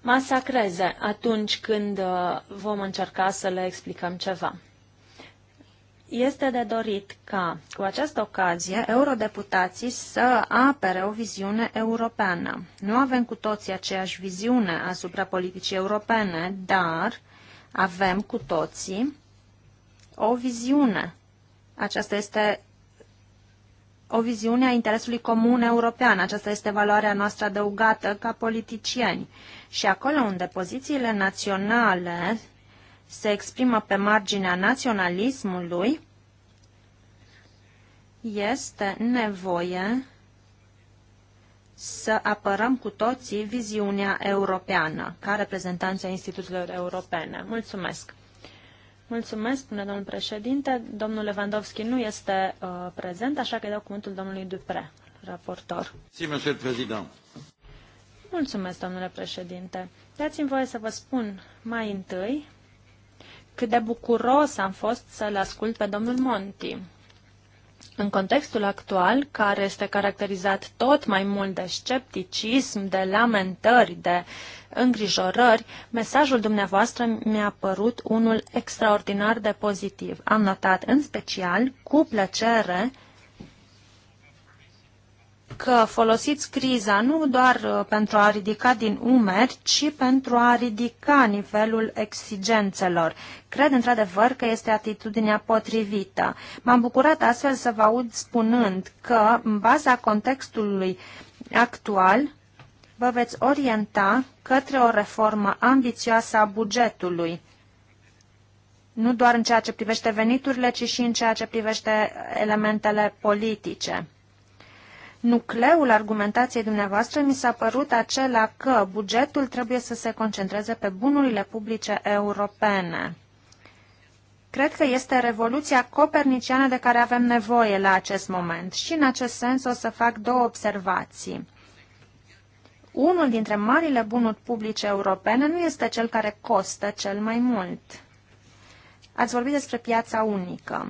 masacreze atunci când uh, vom încerca să le explicăm ceva. Este de dorit ca, cu această ocazie, eurodeputații să apere o viziune europeană. Nu avem cu toții aceeași viziune asupra politicii europene, dar avem cu toții o viziune. Aceasta este o viziune a interesului comun european. Aceasta este valoarea noastră adăugată ca politicieni. Și acolo unde pozițiile naționale se exprimă pe marginea naționalismului, este nevoie să apărăm cu toții viziunea europeană ca reprezentanța instituțiilor europene. Mulțumesc! Mulțumesc, spune domnul președinte. Domnul Lewandowski nu este uh, prezent, așa că dau cuvântul domnului Dupre, raportor. Si, monsieur président. Mulțumesc, domnule președinte. Dați-mi voie să vă spun mai întâi cât de bucuros am fost să-l ascult pe domnul Monti. În contextul actual, care este caracterizat tot mai mult de scepticism, de lamentări, de îngrijorări, mesajul dumneavoastră mi-a părut unul extraordinar de pozitiv. Am notat în special, cu plăcere, că folosiți criza nu doar uh, pentru a ridica din umeri, ci pentru a ridica nivelul exigențelor. Cred într-adevăr că este atitudinea potrivită. M-am bucurat astfel să vă aud spunând că, în baza contextului actual, vă veți orienta către o reformă ambițioasă a bugetului nu doar în ceea ce privește veniturile, ci și în ceea ce privește elementele politice. Nucleul argumentației dumneavoastră mi s-a părut acela că bugetul trebuie să se concentreze pe bunurile publice europene. Cred că este revoluția coperniciană de care avem nevoie la acest moment și în acest sens o să fac două observații. Unul dintre marile bunuri publice europene nu este cel care costă cel mai mult. Ați vorbit despre piața unică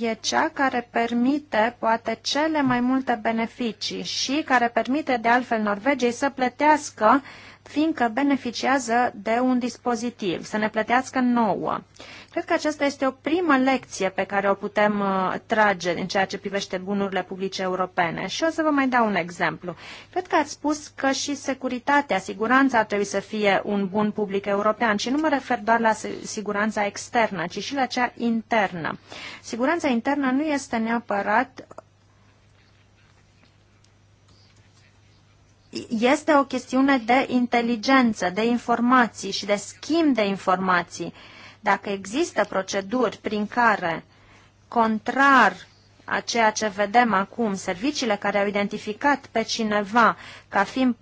e cea care permite poate cele mai multe beneficii și care permite de altfel Norvegiei să plătească fiindcă beneficiază de un dispozitiv, să ne plătească nouă. Cred că aceasta este o primă lecție pe care o putem uh, trage în ceea ce privește bunurile publice europene. Și o să vă mai dau un exemplu. Cred că ați spus că și securitatea, siguranța ar trebui să fie un bun public european și nu mă refer doar la siguranța externă, ci și la cea internă. Siguranța internă nu este neapărat este o chestiune de inteligență, de informații și de schimb de informații. Dacă există proceduri prin care, contrar a ceea ce vedem acum, serviciile care au identificat pe cineva ca fiind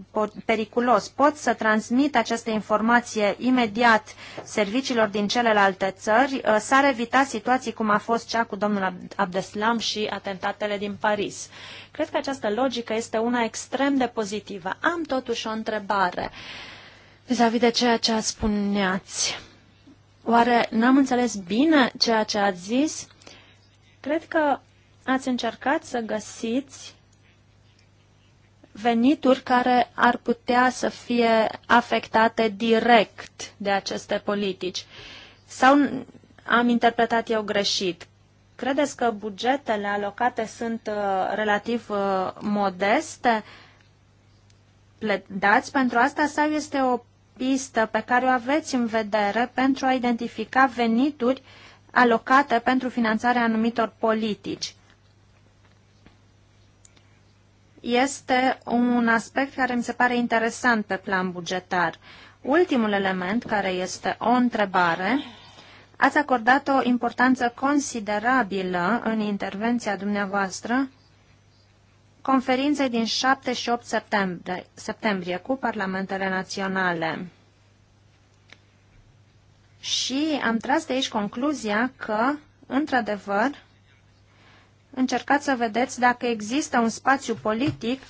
periculos pot să transmit această informație imediat serviciilor din celelalte țări, uh, s-ar evita situații cum a fost cea cu domnul Abdeslam și atentatele din Paris. Cred că această logică este una extrem de pozitivă. Am totuși o întrebare vis-a-vis -vis de ceea ce ați spuneați. Oare n-am înțeles bine ceea ce ați zis? Cred că ați încercat să găsiți venituri care ar putea să fie afectate direct de aceste politici. Sau am interpretat eu greșit? Credeți că bugetele alocate sunt uh, relativ uh, modeste? Dați pentru asta sau este o pistă pe care o aveți în vedere pentru a identifica venituri alocate pentru finanțarea anumitor politici? este un aspect care mi se pare interesant pe plan bugetar. Ultimul element, care este o întrebare, ați acordat o importanță considerabilă în intervenția dumneavoastră conferinței din 7 și 8 septembrie, septembrie cu parlamentele naționale. Și am tras de aici concluzia că, într-adevăr, încercați să vedeți dacă există un spațiu politic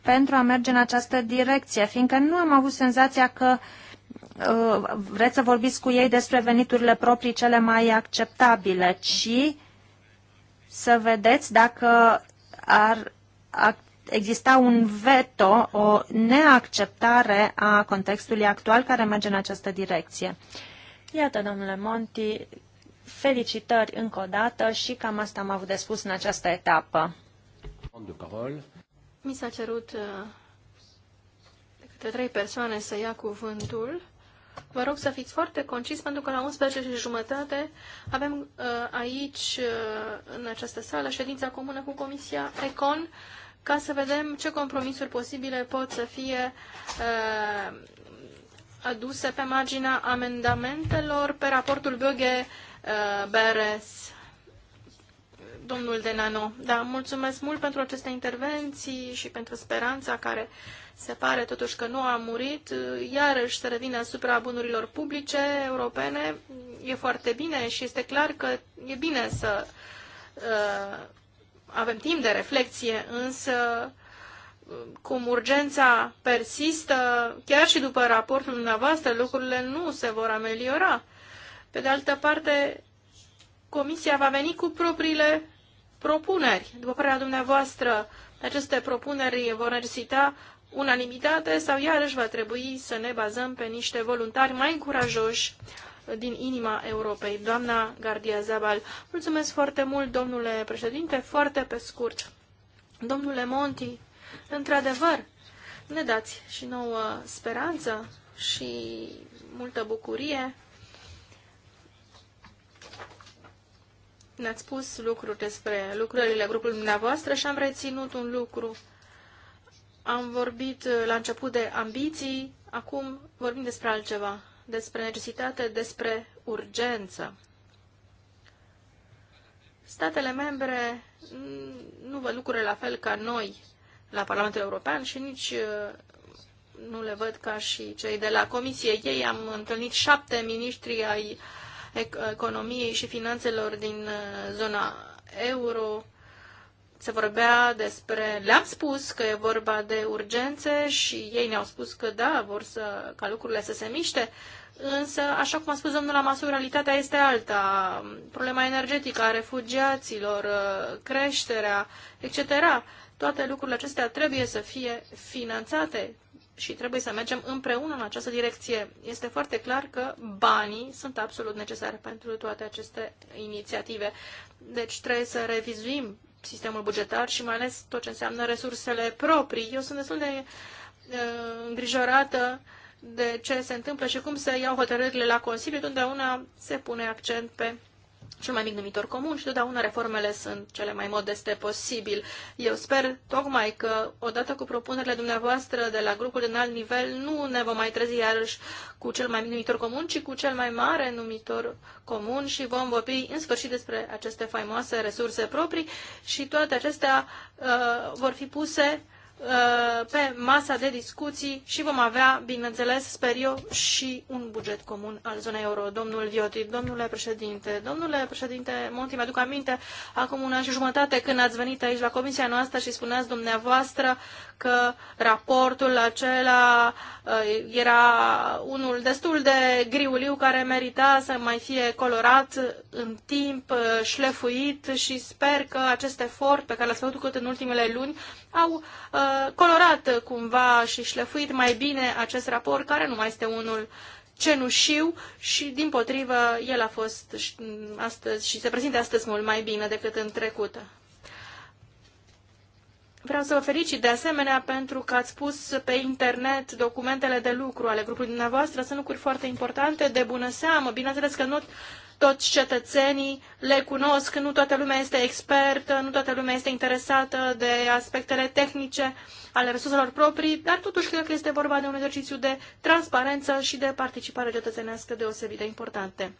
pentru a merge în această direcție, fiindcă nu am avut senzația că uh, vreți să vorbiți cu ei despre veniturile proprii cele mai acceptabile, ci să vedeți dacă ar exista un veto, o neacceptare a contextului actual care merge în această direcție. Iată, domnule Monti, Felicitări încă o dată și cam asta am avut de spus în această etapă. Mi s-a cerut uh, de către trei persoane să ia cuvântul. Vă rog să fiți foarte concis, pentru că la 11 și jumătate avem uh, aici, uh, în această sală, ședința comună cu Comisia ECON, ca să vedem ce compromisuri posibile pot să fie aduse pe marginea amendamentelor pe raportul Böge Uh, Beres, domnul Denano. Da, mulțumesc mult pentru aceste intervenții și pentru speranța care se pare totuși că nu a murit. Iarăși se revine asupra bunurilor publice europene. E foarte bine și este clar că e bine să uh, avem timp de reflexie, însă uh, cum urgența persistă, chiar și după raportul dumneavoastră, lucrurile nu se vor ameliora. Pe de altă parte, Comisia va veni cu propriile propuneri. După părerea dumneavoastră, aceste propuneri vor necesita unanimitate sau iarăși va trebui să ne bazăm pe niște voluntari mai încurajoși din inima Europei. Doamna Gardia Zabal, mulțumesc foarte mult, domnule președinte, foarte pe scurt. Domnule Monti, într-adevăr, ne dați și nouă speranță și multă bucurie ne-ați spus lucruri despre lucrările grupului dumneavoastră și am reținut un lucru. Am vorbit uh, la început de ambiții, acum vorbim despre altceva, despre necesitate, despre urgență. Statele membre nu văd lucrurile la fel ca noi la Parlamentul European și nici uh, nu le văd ca și cei de la Comisie. Ei am întâlnit șapte miniștri ai uh, economiei și finanțelor din uh, zona euro. Se vorbea despre, le-am spus că e vorba de urgențe și ei ne-au spus că da, vor să, ca lucrurile să se miște, însă, așa cum a spus domnul Amasur, realitatea este alta. Problema energetică a refugiaților, uh, creșterea, etc. Toate lucrurile acestea trebuie să fie finanțate și trebuie să mergem împreună în această direcție. Este foarte clar că banii sunt absolut necesari pentru toate aceste inițiative. Deci trebuie să revizuim sistemul bugetar și mai ales tot ce înseamnă resursele proprii. Eu sunt destul de uh, îngrijorată de ce se întâmplă și cum se iau hotărârile la Consiliu, unde una se pune accent pe cel mai mic numitor comun și totdeauna reformele sunt cele mai modeste posibil. Eu sper tocmai că odată cu propunerile dumneavoastră de la grupul de înalt nivel nu ne vom mai trezi iarăși cu cel mai mic numitor comun, ci cu cel mai mare numitor comun și vom vorbi în sfârșit despre aceste faimoase resurse proprii și toate acestea uh, vor fi puse uh, Uh, pe masa de discuții și vom avea, bineînțeles, sper eu, și un buget comun al zonei euro. Domnul Vioti, domnule președinte, domnule președinte Monti, mi-aduc aminte acum un an și jumătate când ați venit aici la comisia noastră și spuneați dumneavoastră că raportul acela uh, era unul destul de griuliu care merita să mai fie colorat în timp, uh, șlefuit și sper că acest efort pe care l-ați făcut în ultimele luni au uh, colorat cumva și șlefuit mai bine acest raport, care nu mai este unul cenușiu și, din potrivă, el a fost mm, astăzi și se prezintă astăzi mult mai bine decât în trecut. Vreau să vă felicit de asemenea pentru că ați pus pe internet documentele de lucru ale grupului dumneavoastră. Sunt lucruri foarte importante, de bună seamă. Bineînțeles că nu toți cetățenii le cunosc, nu toată lumea este expertă, nu toată lumea este interesată de aspectele tehnice ale resurselor proprii, dar totuși cred că este vorba de un exercițiu de transparență și de participare cetățenească deosebit de importante.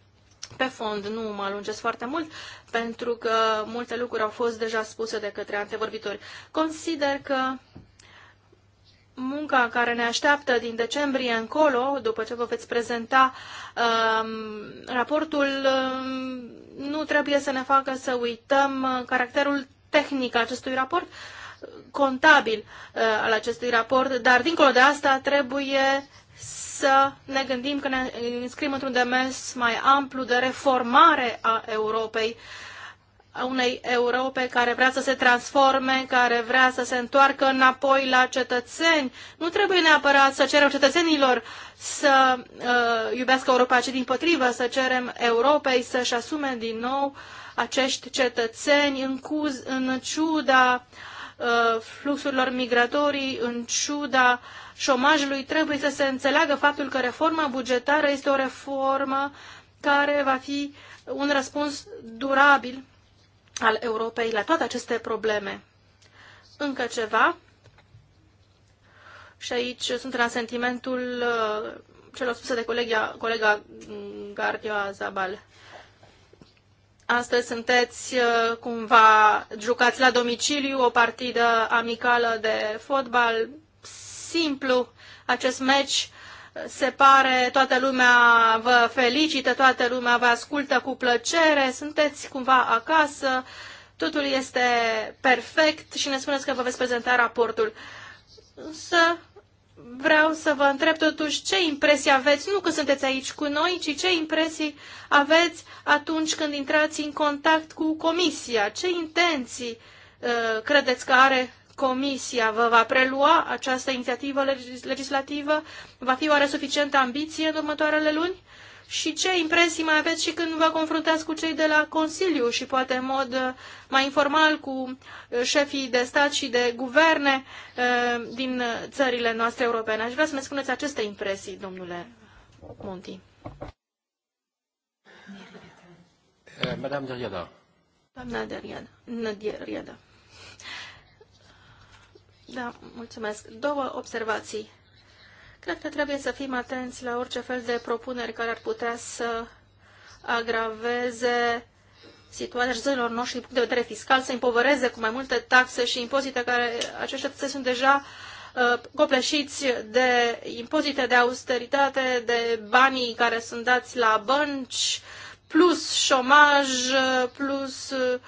Pe fond nu mă alungesc foarte mult, pentru că multe lucruri au fost deja spuse de către antevorbitori. Consider că munca care ne așteaptă din decembrie încolo, după ce vă veți prezenta um, raportul, um, nu trebuie să ne facă să uităm uh, caracterul tehnic al acestui raport, contabil uh, al acestui raport, dar dincolo de asta trebuie să ne gândim că ne înscrim într-un demers mai amplu de reformare a Europei uh, a unei Europe care vrea să se transforme, care vrea să se întoarcă înapoi la cetățeni. Nu trebuie neapărat să cerem cetățenilor să uh, iubească Europa, ci din potrivă să cerem Europei să-și asume din nou acești cetățeni în, cuz, în ciuda uh, fluxurilor migratorii, în ciuda șomajului. Trebuie să se înțeleagă faptul că reforma bugetară este o reformă care va fi un răspuns durabil al Europei la toate aceste probleme. Încă ceva, și aici sunt în sentimentul uh, celor spuse de colegia, colega Gardia Zabal. Astăzi sunteți uh, cumva, jucați la domiciliu o partidă amicală de fotbal simplu. Acest meci se pare, toată lumea vă felicită, toată lumea vă ascultă cu plăcere, sunteți cumva acasă, totul este perfect și ne spuneți că vă veți prezenta raportul. Însă vreau să vă întreb totuși ce impresii aveți, nu că sunteți aici cu noi, ci ce impresii aveți atunci când intrați în contact cu comisia, ce intenții uh, credeți că are Comisia vă va prelua această inițiativă legislativă? Va fi oare suficientă ambiție în următoarele luni? Și ce impresii mai aveți și când vă confruntați cu cei de la Consiliu și poate în mod uh, mai informal cu uh, șefii de stat și de guverne uh, din țările noastre europene? Aș vrea să ne spuneți aceste impresii, domnule Monti. Eh, Madame Deriada. Doamna Deriada. Da, mulțumesc. Două observații. Cred că trebuie să fim atenți la orice fel de propuneri care ar putea să agraveze situația țărilor noștri din punct de vedere fiscal, să împovăreze cu mai multe taxe și impozite, care aceștia se sunt deja uh, copleșiți de impozite de austeritate, de banii care sunt dați la bănci, plus șomaj, uh, plus uh,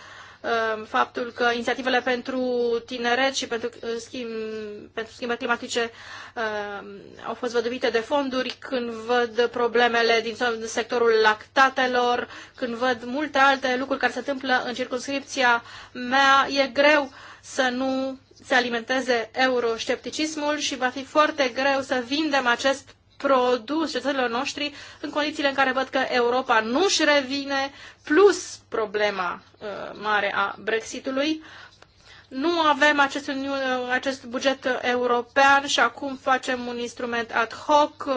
Um, faptul că inițiativele pentru tineret și pentru, uh, schimb, pentru schimbări climatice um, au fost văduvite de fonduri, când văd problemele din sectorul lactatelor, când văd multe alte lucruri care se întâmplă în circunscripția mea, e greu să nu se alimenteze euroscepticismul și va fi foarte greu să vindem acest produs cetățenilor noștri în condițiile în care văd că Europa nu își revine, plus problema uh, mare a Brexitului. Nu avem acest, uh, acest buget european și acum facem un instrument ad hoc, uh,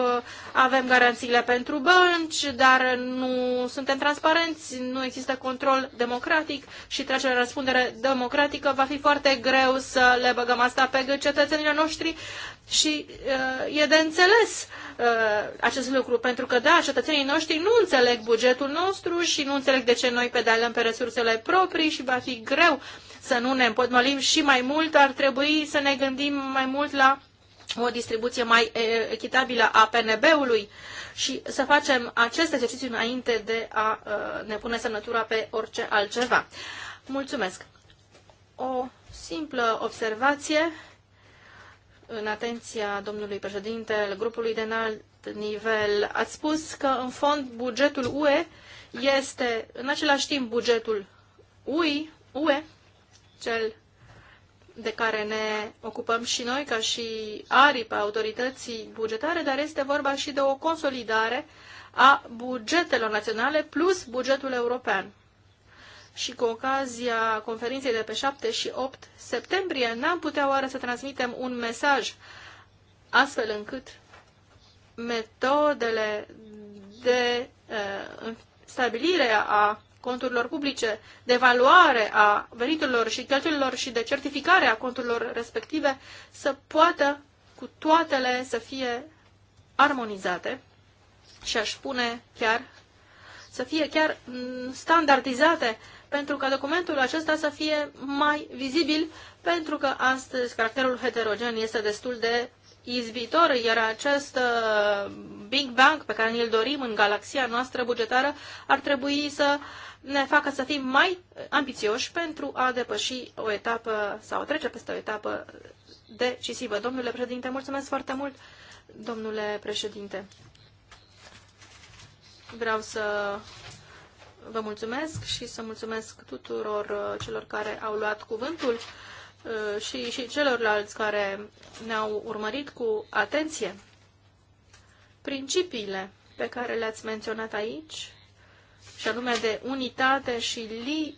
avem garanțiile pentru bănci, dar nu suntem transparenți, nu există control democratic și tracerea răspundere democratică. Va fi foarte greu să le băgăm asta pe cetățenilor noștri și uh, e de înțeles uh, acest lucru, pentru că, da, cetățenii noștri nu înțeleg bugetul nostru și nu înțeleg de ce noi pedalăm pe resursele proprii și va fi greu să nu ne împotmolim și mai mult, ar trebui să ne gândim mai mult la o distribuție mai echitabilă a PNB-ului și să facem acest exercițiu înainte de a uh, ne pune semnătura pe orice altceva. Mulțumesc! O simplă observație în atenția domnului președinte al grupului de înalt nivel. Ați spus că, în fond, bugetul UE este, în același timp, bugetul UI, UE, cel de care ne ocupăm și noi ca și aripa autorității bugetare, dar este vorba și de o consolidare a bugetelor naționale plus bugetul european și cu ocazia conferinței de pe 7 și 8 septembrie n-am putea oară să transmitem un mesaj astfel încât metodele de uh, stabilire a conturilor publice, de evaluare a veniturilor și cheltuielilor și de certificare a conturilor respective să poată cu toatele să fie armonizate și aș spune chiar să fie chiar standardizate uh, pentru ca documentul acesta să fie mai vizibil, pentru că astăzi caracterul heterogen este destul de izbitor, iar acest uh, Big Bang pe care ni-l dorim în galaxia noastră bugetară ar trebui să ne facă să fim mai ambițioși pentru a depăși o etapă sau a trece peste o etapă decisivă. Domnule președinte, mulțumesc foarte mult, domnule președinte. Vreau să Vă mulțumesc și să mulțumesc tuturor uh, celor care au luat cuvântul uh, și, și celorlalți care ne-au urmărit cu atenție. Principiile pe care le-ați menționat aici, și anume de unitate și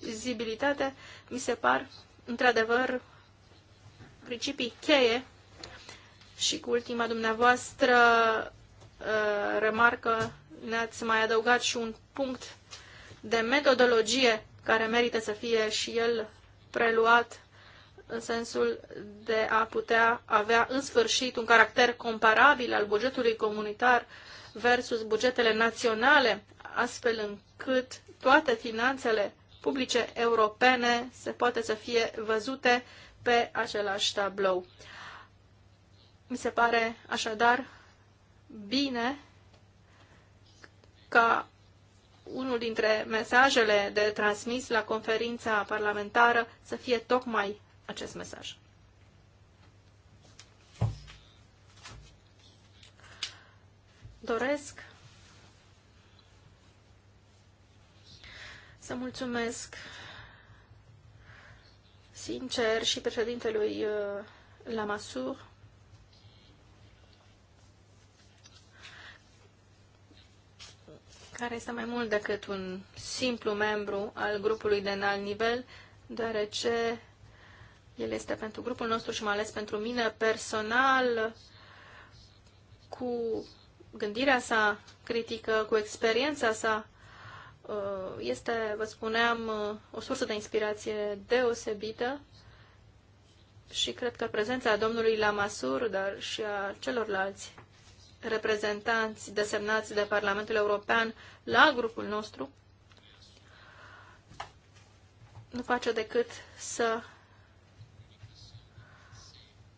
lizibilitate, mi se par într-adevăr principii cheie și cu ultima dumneavoastră uh, remarcă ne-ați mai adăugat și un punct de metodologie care merită să fie și el preluat în sensul de a putea avea în sfârșit un caracter comparabil al bugetului comunitar versus bugetele naționale, astfel încât toate finanțele publice europene se poate să fie văzute pe același tablou. Mi se pare așadar bine ca unul dintre mesajele de transmis la conferința parlamentară să fie tocmai acest mesaj. Doresc să mulțumesc sincer și președintelui uh, Lamassoure. care este mai mult decât un simplu membru al grupului de înalt nivel, deoarece el este pentru grupul nostru și mai ales pentru mine personal, cu gândirea sa critică, cu experiența sa, uh, este, vă spuneam, uh, o sursă de inspirație deosebită și cred că prezența domnului Lamasur, dar și a celorlalți reprezentanți desemnați de Parlamentul European la grupul nostru nu face decât să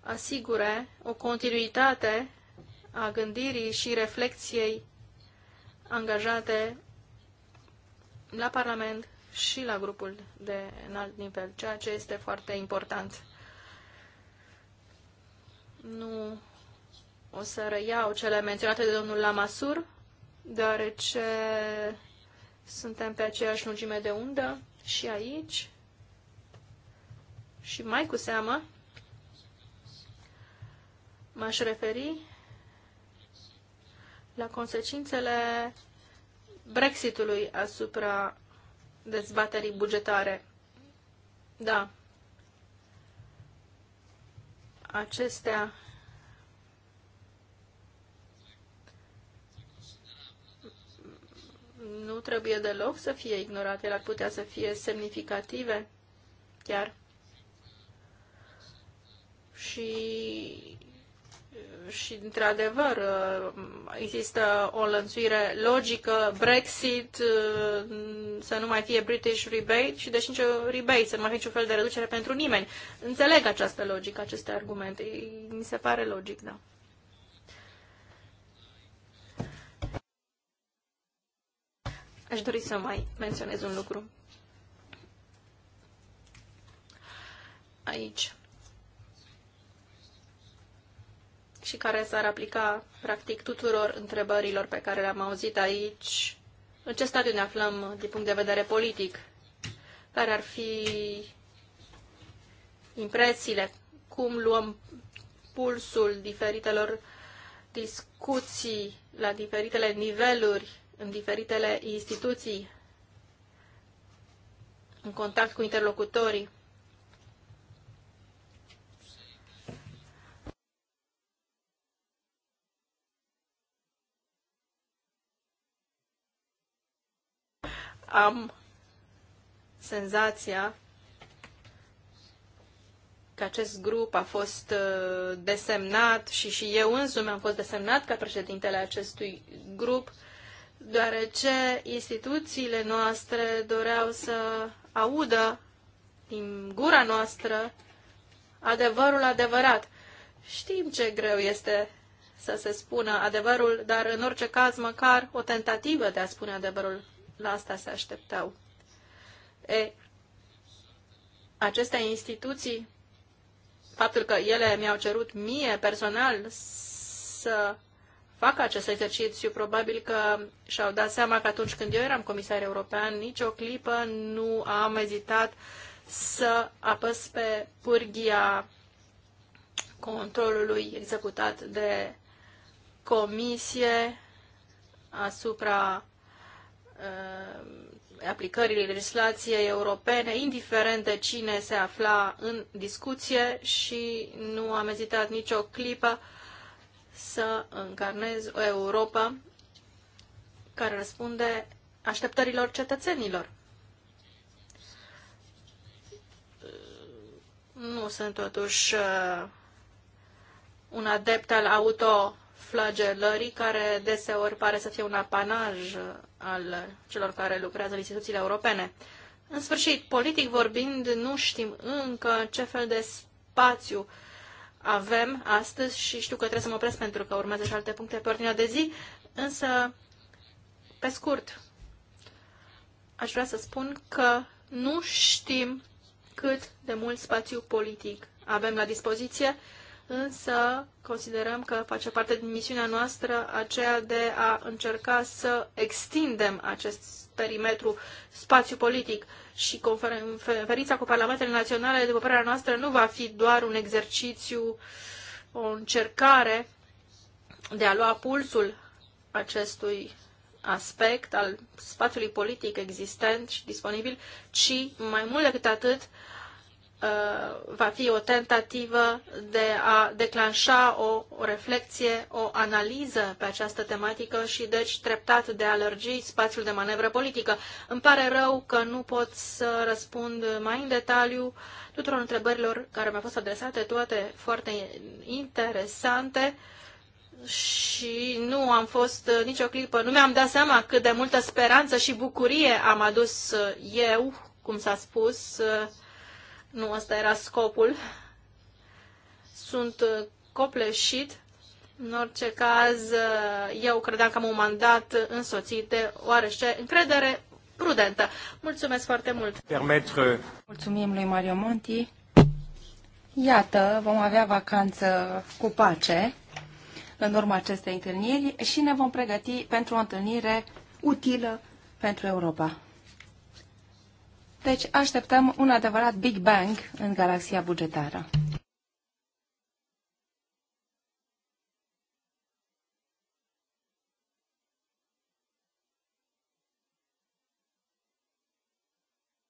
asigure o continuitate a gândirii și reflexiei angajate la Parlament și la grupul de înalt nivel, ceea ce este foarte important. Nu o să reiau cele menționate de domnul Lamasur, deoarece suntem pe aceeași lungime de undă și aici și mai cu seamă m-aș referi la consecințele Brexitului asupra dezbaterii bugetare. Da, acestea nu trebuie deloc să fie ignorate, ele ar putea să fie semnificative chiar. Și, și într-adevăr, există o lănțuire logică, Brexit, să nu mai fie British rebate și deci nicio rebate, să nu mai fie niciun fel de reducere pentru nimeni. Înțeleg această logică, aceste argumente. Mi se pare logic, da. Aș dori să mai menționez un lucru. Aici. Și care s-ar aplica, practic, tuturor întrebărilor pe care le-am auzit aici. În ce stadiu ne aflăm din punct de vedere politic? Care ar fi impresiile? Cum luăm pulsul diferitelor discuții la diferitele niveluri în diferitele instituții, în contact cu interlocutorii. Am senzația că acest grup a fost uh, desemnat și și eu însumi am fost desemnat ca președintele acestui grup deoarece instituțiile noastre doreau să audă din gura noastră adevărul adevărat. Știm ce greu este să se spună adevărul, dar în orice caz măcar o tentativă de a spune adevărul. La asta se așteptau. E, aceste instituții, faptul că ele mi-au cerut mie personal să fac acest exercițiu, probabil că și-au dat seama că atunci când eu eram comisar european, nicio clipă nu am ezitat să apăs pe pârghia controlului executat de comisie asupra uh, aplicării legislației europene, indiferent de cine se afla în discuție și nu am ezitat nicio clipă uh, să încarnez o Europa care răspunde așteptărilor cetățenilor. Nu sunt totuși uh, un adept al autoflagelării, care deseori pare să fie un apanaj uh, al celor care lucrează în instituțiile europene. În sfârșit, politic vorbind, nu știm încă ce fel de spațiu uh, avem astăzi și știu că trebuie să mă opresc pentru că urmează și alte puncte pe ordinea de zi, însă, pe scurt, aș vrea să spun că nu știm cât de mult spațiu politic avem la dispoziție, însă considerăm că face parte din misiunea noastră aceea de a încerca să extindem acest perimetru spațiu politic și conferința cu parlamentele naționale, după părerea noastră, nu va fi doar un exercițiu, o încercare de a lua pulsul acestui aspect al spațiului politic existent și disponibil, ci mai mult decât atât Uh, va fi o tentativă de a declanșa o, o reflexie, o analiză pe această tematică și deci treptat de a lărgi spațiul de manevră politică. Îmi pare rău că nu pot să răspund mai în detaliu tuturor întrebărilor care mi-au fost adresate, toate foarte interesante și nu am fost nicio clipă, nu mi-am dat seama cât de multă speranță și bucurie am adus eu, cum s-a spus, nu, asta era scopul. Sunt uh, copleșit. În orice caz, uh, eu credeam că am un mandat însoțit de oarește încredere prudentă. Mulțumesc foarte mult! Permetre... Mulțumim lui Mario Monti. Iată, vom avea vacanță cu pace în urma acestei întâlniri și ne vom pregăti pentru o întâlnire utilă pentru Europa. Deci așteptăm un adevărat Big Bang în galaxia bugetară.